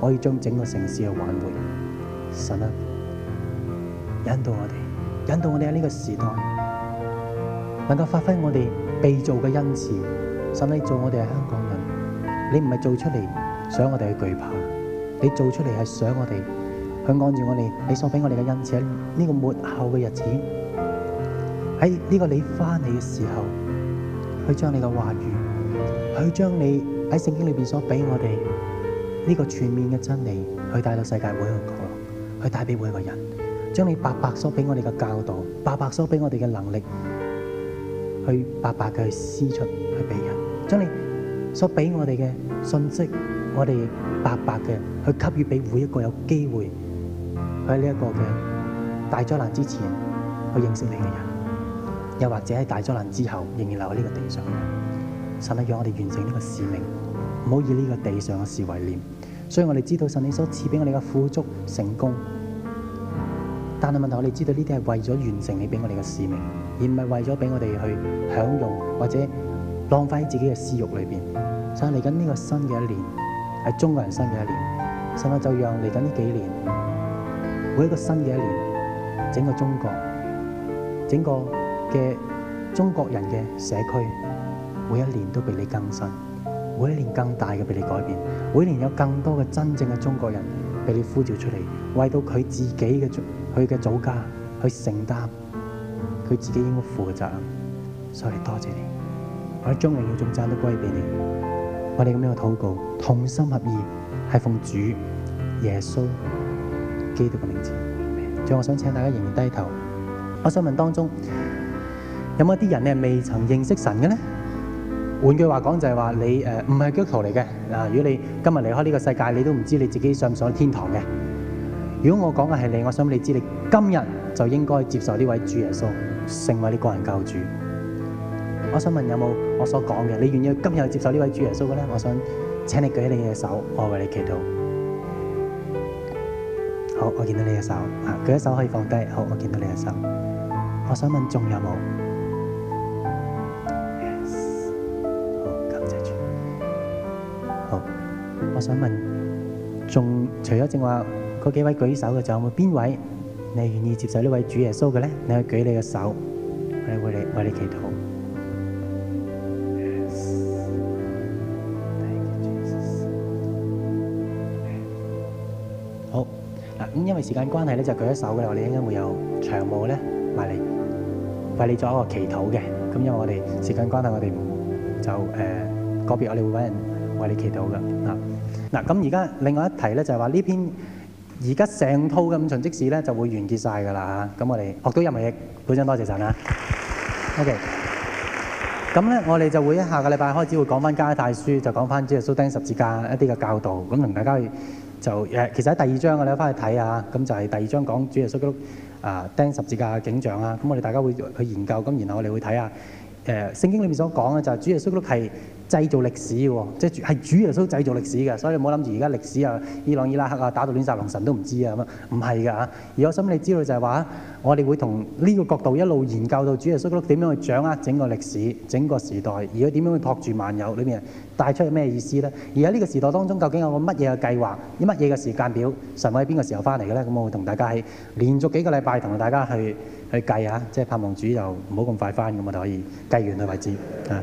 可以將整個城市去挽回。神啊，引導我哋，引導我哋喺呢個時代能夠發揮我哋被造嘅恩賜，使你做我哋係香港人，你唔係做出嚟，想我哋去懼怕，你做出嚟係想我哋去按住我哋，你所俾我哋嘅恩賜喺呢個末後嘅日子，喺呢個你翻嚟嘅時候，去將你嘅話語，去將你喺聖經裏邊所俾我哋呢個全面嘅真理，去帶到世界每一個角落，去帶俾每一個人，將你白白所俾我哋嘅教導，白白所俾我哋嘅能力。去白白嘅去施出去俾人，將你所俾我哋嘅信息，我哋白白嘅去給予俾每一個有機會去喺呢一個嘅大災難之前去認識你嘅人，又或者喺大災難之後仍然留喺呢個地上嘅人，神啊，讓我哋完成呢個使命，唔好以呢個地上嘅事為念。所以我哋知道神你所賜俾我哋嘅富足成功。但係問題，我哋知道呢啲係為咗完成你俾我哋嘅使命，而唔係為咗俾我哋去享用或者浪費喺自己嘅私欲裏面。所以嚟緊呢個新嘅一年，係中國人新嘅一年，所以就讓嚟緊呢幾年，每一個新嘅一年，整個中國，整個嘅中國人嘅社區，每一年都俾你更新，每一年更大嘅俾你改變，每一年有更多嘅真正嘅中國人俾你呼召出嚟。為到佢自己嘅佢嘅祖家去承擔佢自己應該負嘅責任，所以多謝你，我哋將來要將讚都歸俾你。我哋咁樣嘅禱告，同心合意，係奉主耶穌基督嘅名字。再，我想請大家仍然低頭。我想問當中有冇一啲人咧，未曾認識神嘅咧？換句話講就係話你，誒唔係基督徒嚟嘅嗱。如果你今日離開呢個世界，你都唔知你自己上唔上天堂嘅。如果我講嘅係你，我想你知，你今日就應該接受呢位主耶穌，成為你個人救主。我想問有冇我所講嘅？你願意今日接受呢位主耶穌嘅咧？我想請你舉你嘅手，我為你祈禱。好，我見到你嘅手，啊，舉一手可以放低。好，我見到你嘅手。我想問有有，仲有冇？Yes。好，感謝主。好，我想問，仲除咗正話。嗰幾位舉手嘅，就有冇邊位你係願意接受呢位主耶穌嘅咧？你去舉你嘅手，我哋為你為你祈禱。好嗱，因為時間關係咧，就舉一手嘅話，你應該會有場務咧嚟為你做一個祈禱嘅。咁因為我哋時間關係，我哋就誒個別，我哋會揾人為你祈禱嘅嗱嗱。咁而家另外一題咧，就係話呢篇。而家成套嘅五旬職事咧就會完結晒㗎啦嚇，咁我哋學到任何嘢，古生多謝晒啦。 OK，咁咧我哋就會下個禮拜開始會講翻加拉太書，就講翻主耶穌釘十字架一啲嘅教導，咁同大家去就誒，其實喺第二章我哋都翻去睇下。咁就係第二章講主耶穌啊釘十字架嘅景象啊，咁我哋大家會去研究，咁然後我哋會睇下誒聖、呃、經裏面所講嘅，就係主耶穌係。製造歷史喎，即係主主耶穌製造歷史嘅，所以唔好諗住而家歷史啊，伊朗伊拉克啊打到亂晒龍神都唔知啊咁啊，唔係㗎嚇。而我心裏知道就係話，我哋會同呢個角度一路研究到主耶穌點樣去掌握整個歷史、整個時代，而佢點樣去託住萬有裏面帶出去咩意思呢？而喺呢個時代當中，究竟有個乜嘢嘅計劃、乜嘢嘅時間表，神會喺邊個時候翻嚟嘅呢？咁我會同大家喺連續幾個禮拜同大家去去計啊，即係盼望主又唔好咁快翻咁我就可以計完嘅為止啊。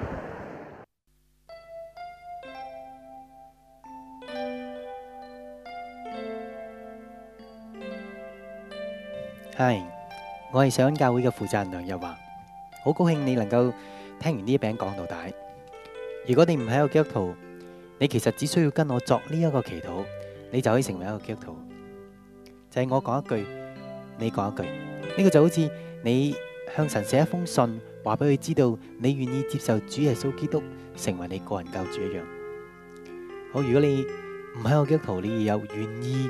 我係上教會嘅負責人梁日華，好高興你能夠聽完呢一餅講到大。如果你唔喺個基督徒，你其實只需要跟我作呢一個祈禱，你就可以成為一個基督徒。就係我講一句，你講一句，呢個就好似你向神寫一封信，話俾佢知道你願意接受主耶穌基督成為你個人救主一樣。好，如果你唔喺個基督徒，你又願意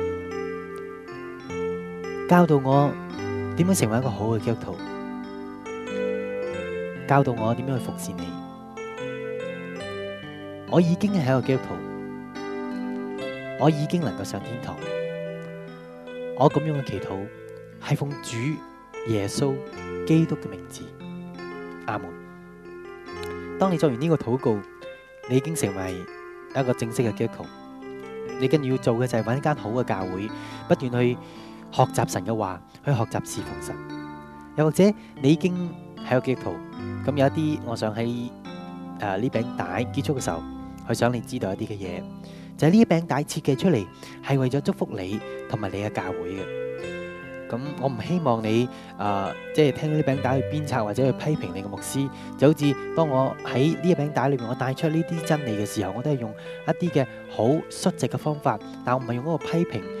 教到我點樣成為一個好嘅基督徒，教到我點樣去服侍你。我已經係一個基督徒，我已經能夠上天堂。我咁樣嘅祈禱係奉主耶穌基督嘅名字，阿門。當你做完呢個禱告，你已經成為一個正式嘅基督徒。你跟住要做嘅就係揾一間好嘅教會，不斷去。學習神嘅話，去學習侍奉神。又或者你已經係個基督徒，咁有一啲，我想喺誒呢餅帶結束嘅時候，去想你知道一啲嘅嘢，就係呢餅帶設計出嚟係為咗祝福你同埋你嘅教會嘅。咁我唔希望你誒，即係聽呢餅帶去鞭策或者去批評你嘅牧師。就好似當我喺呢一餅帶裏面，我帶出呢啲真理嘅時候，我都係用一啲嘅好率直嘅方法，但係我唔係用嗰個批評。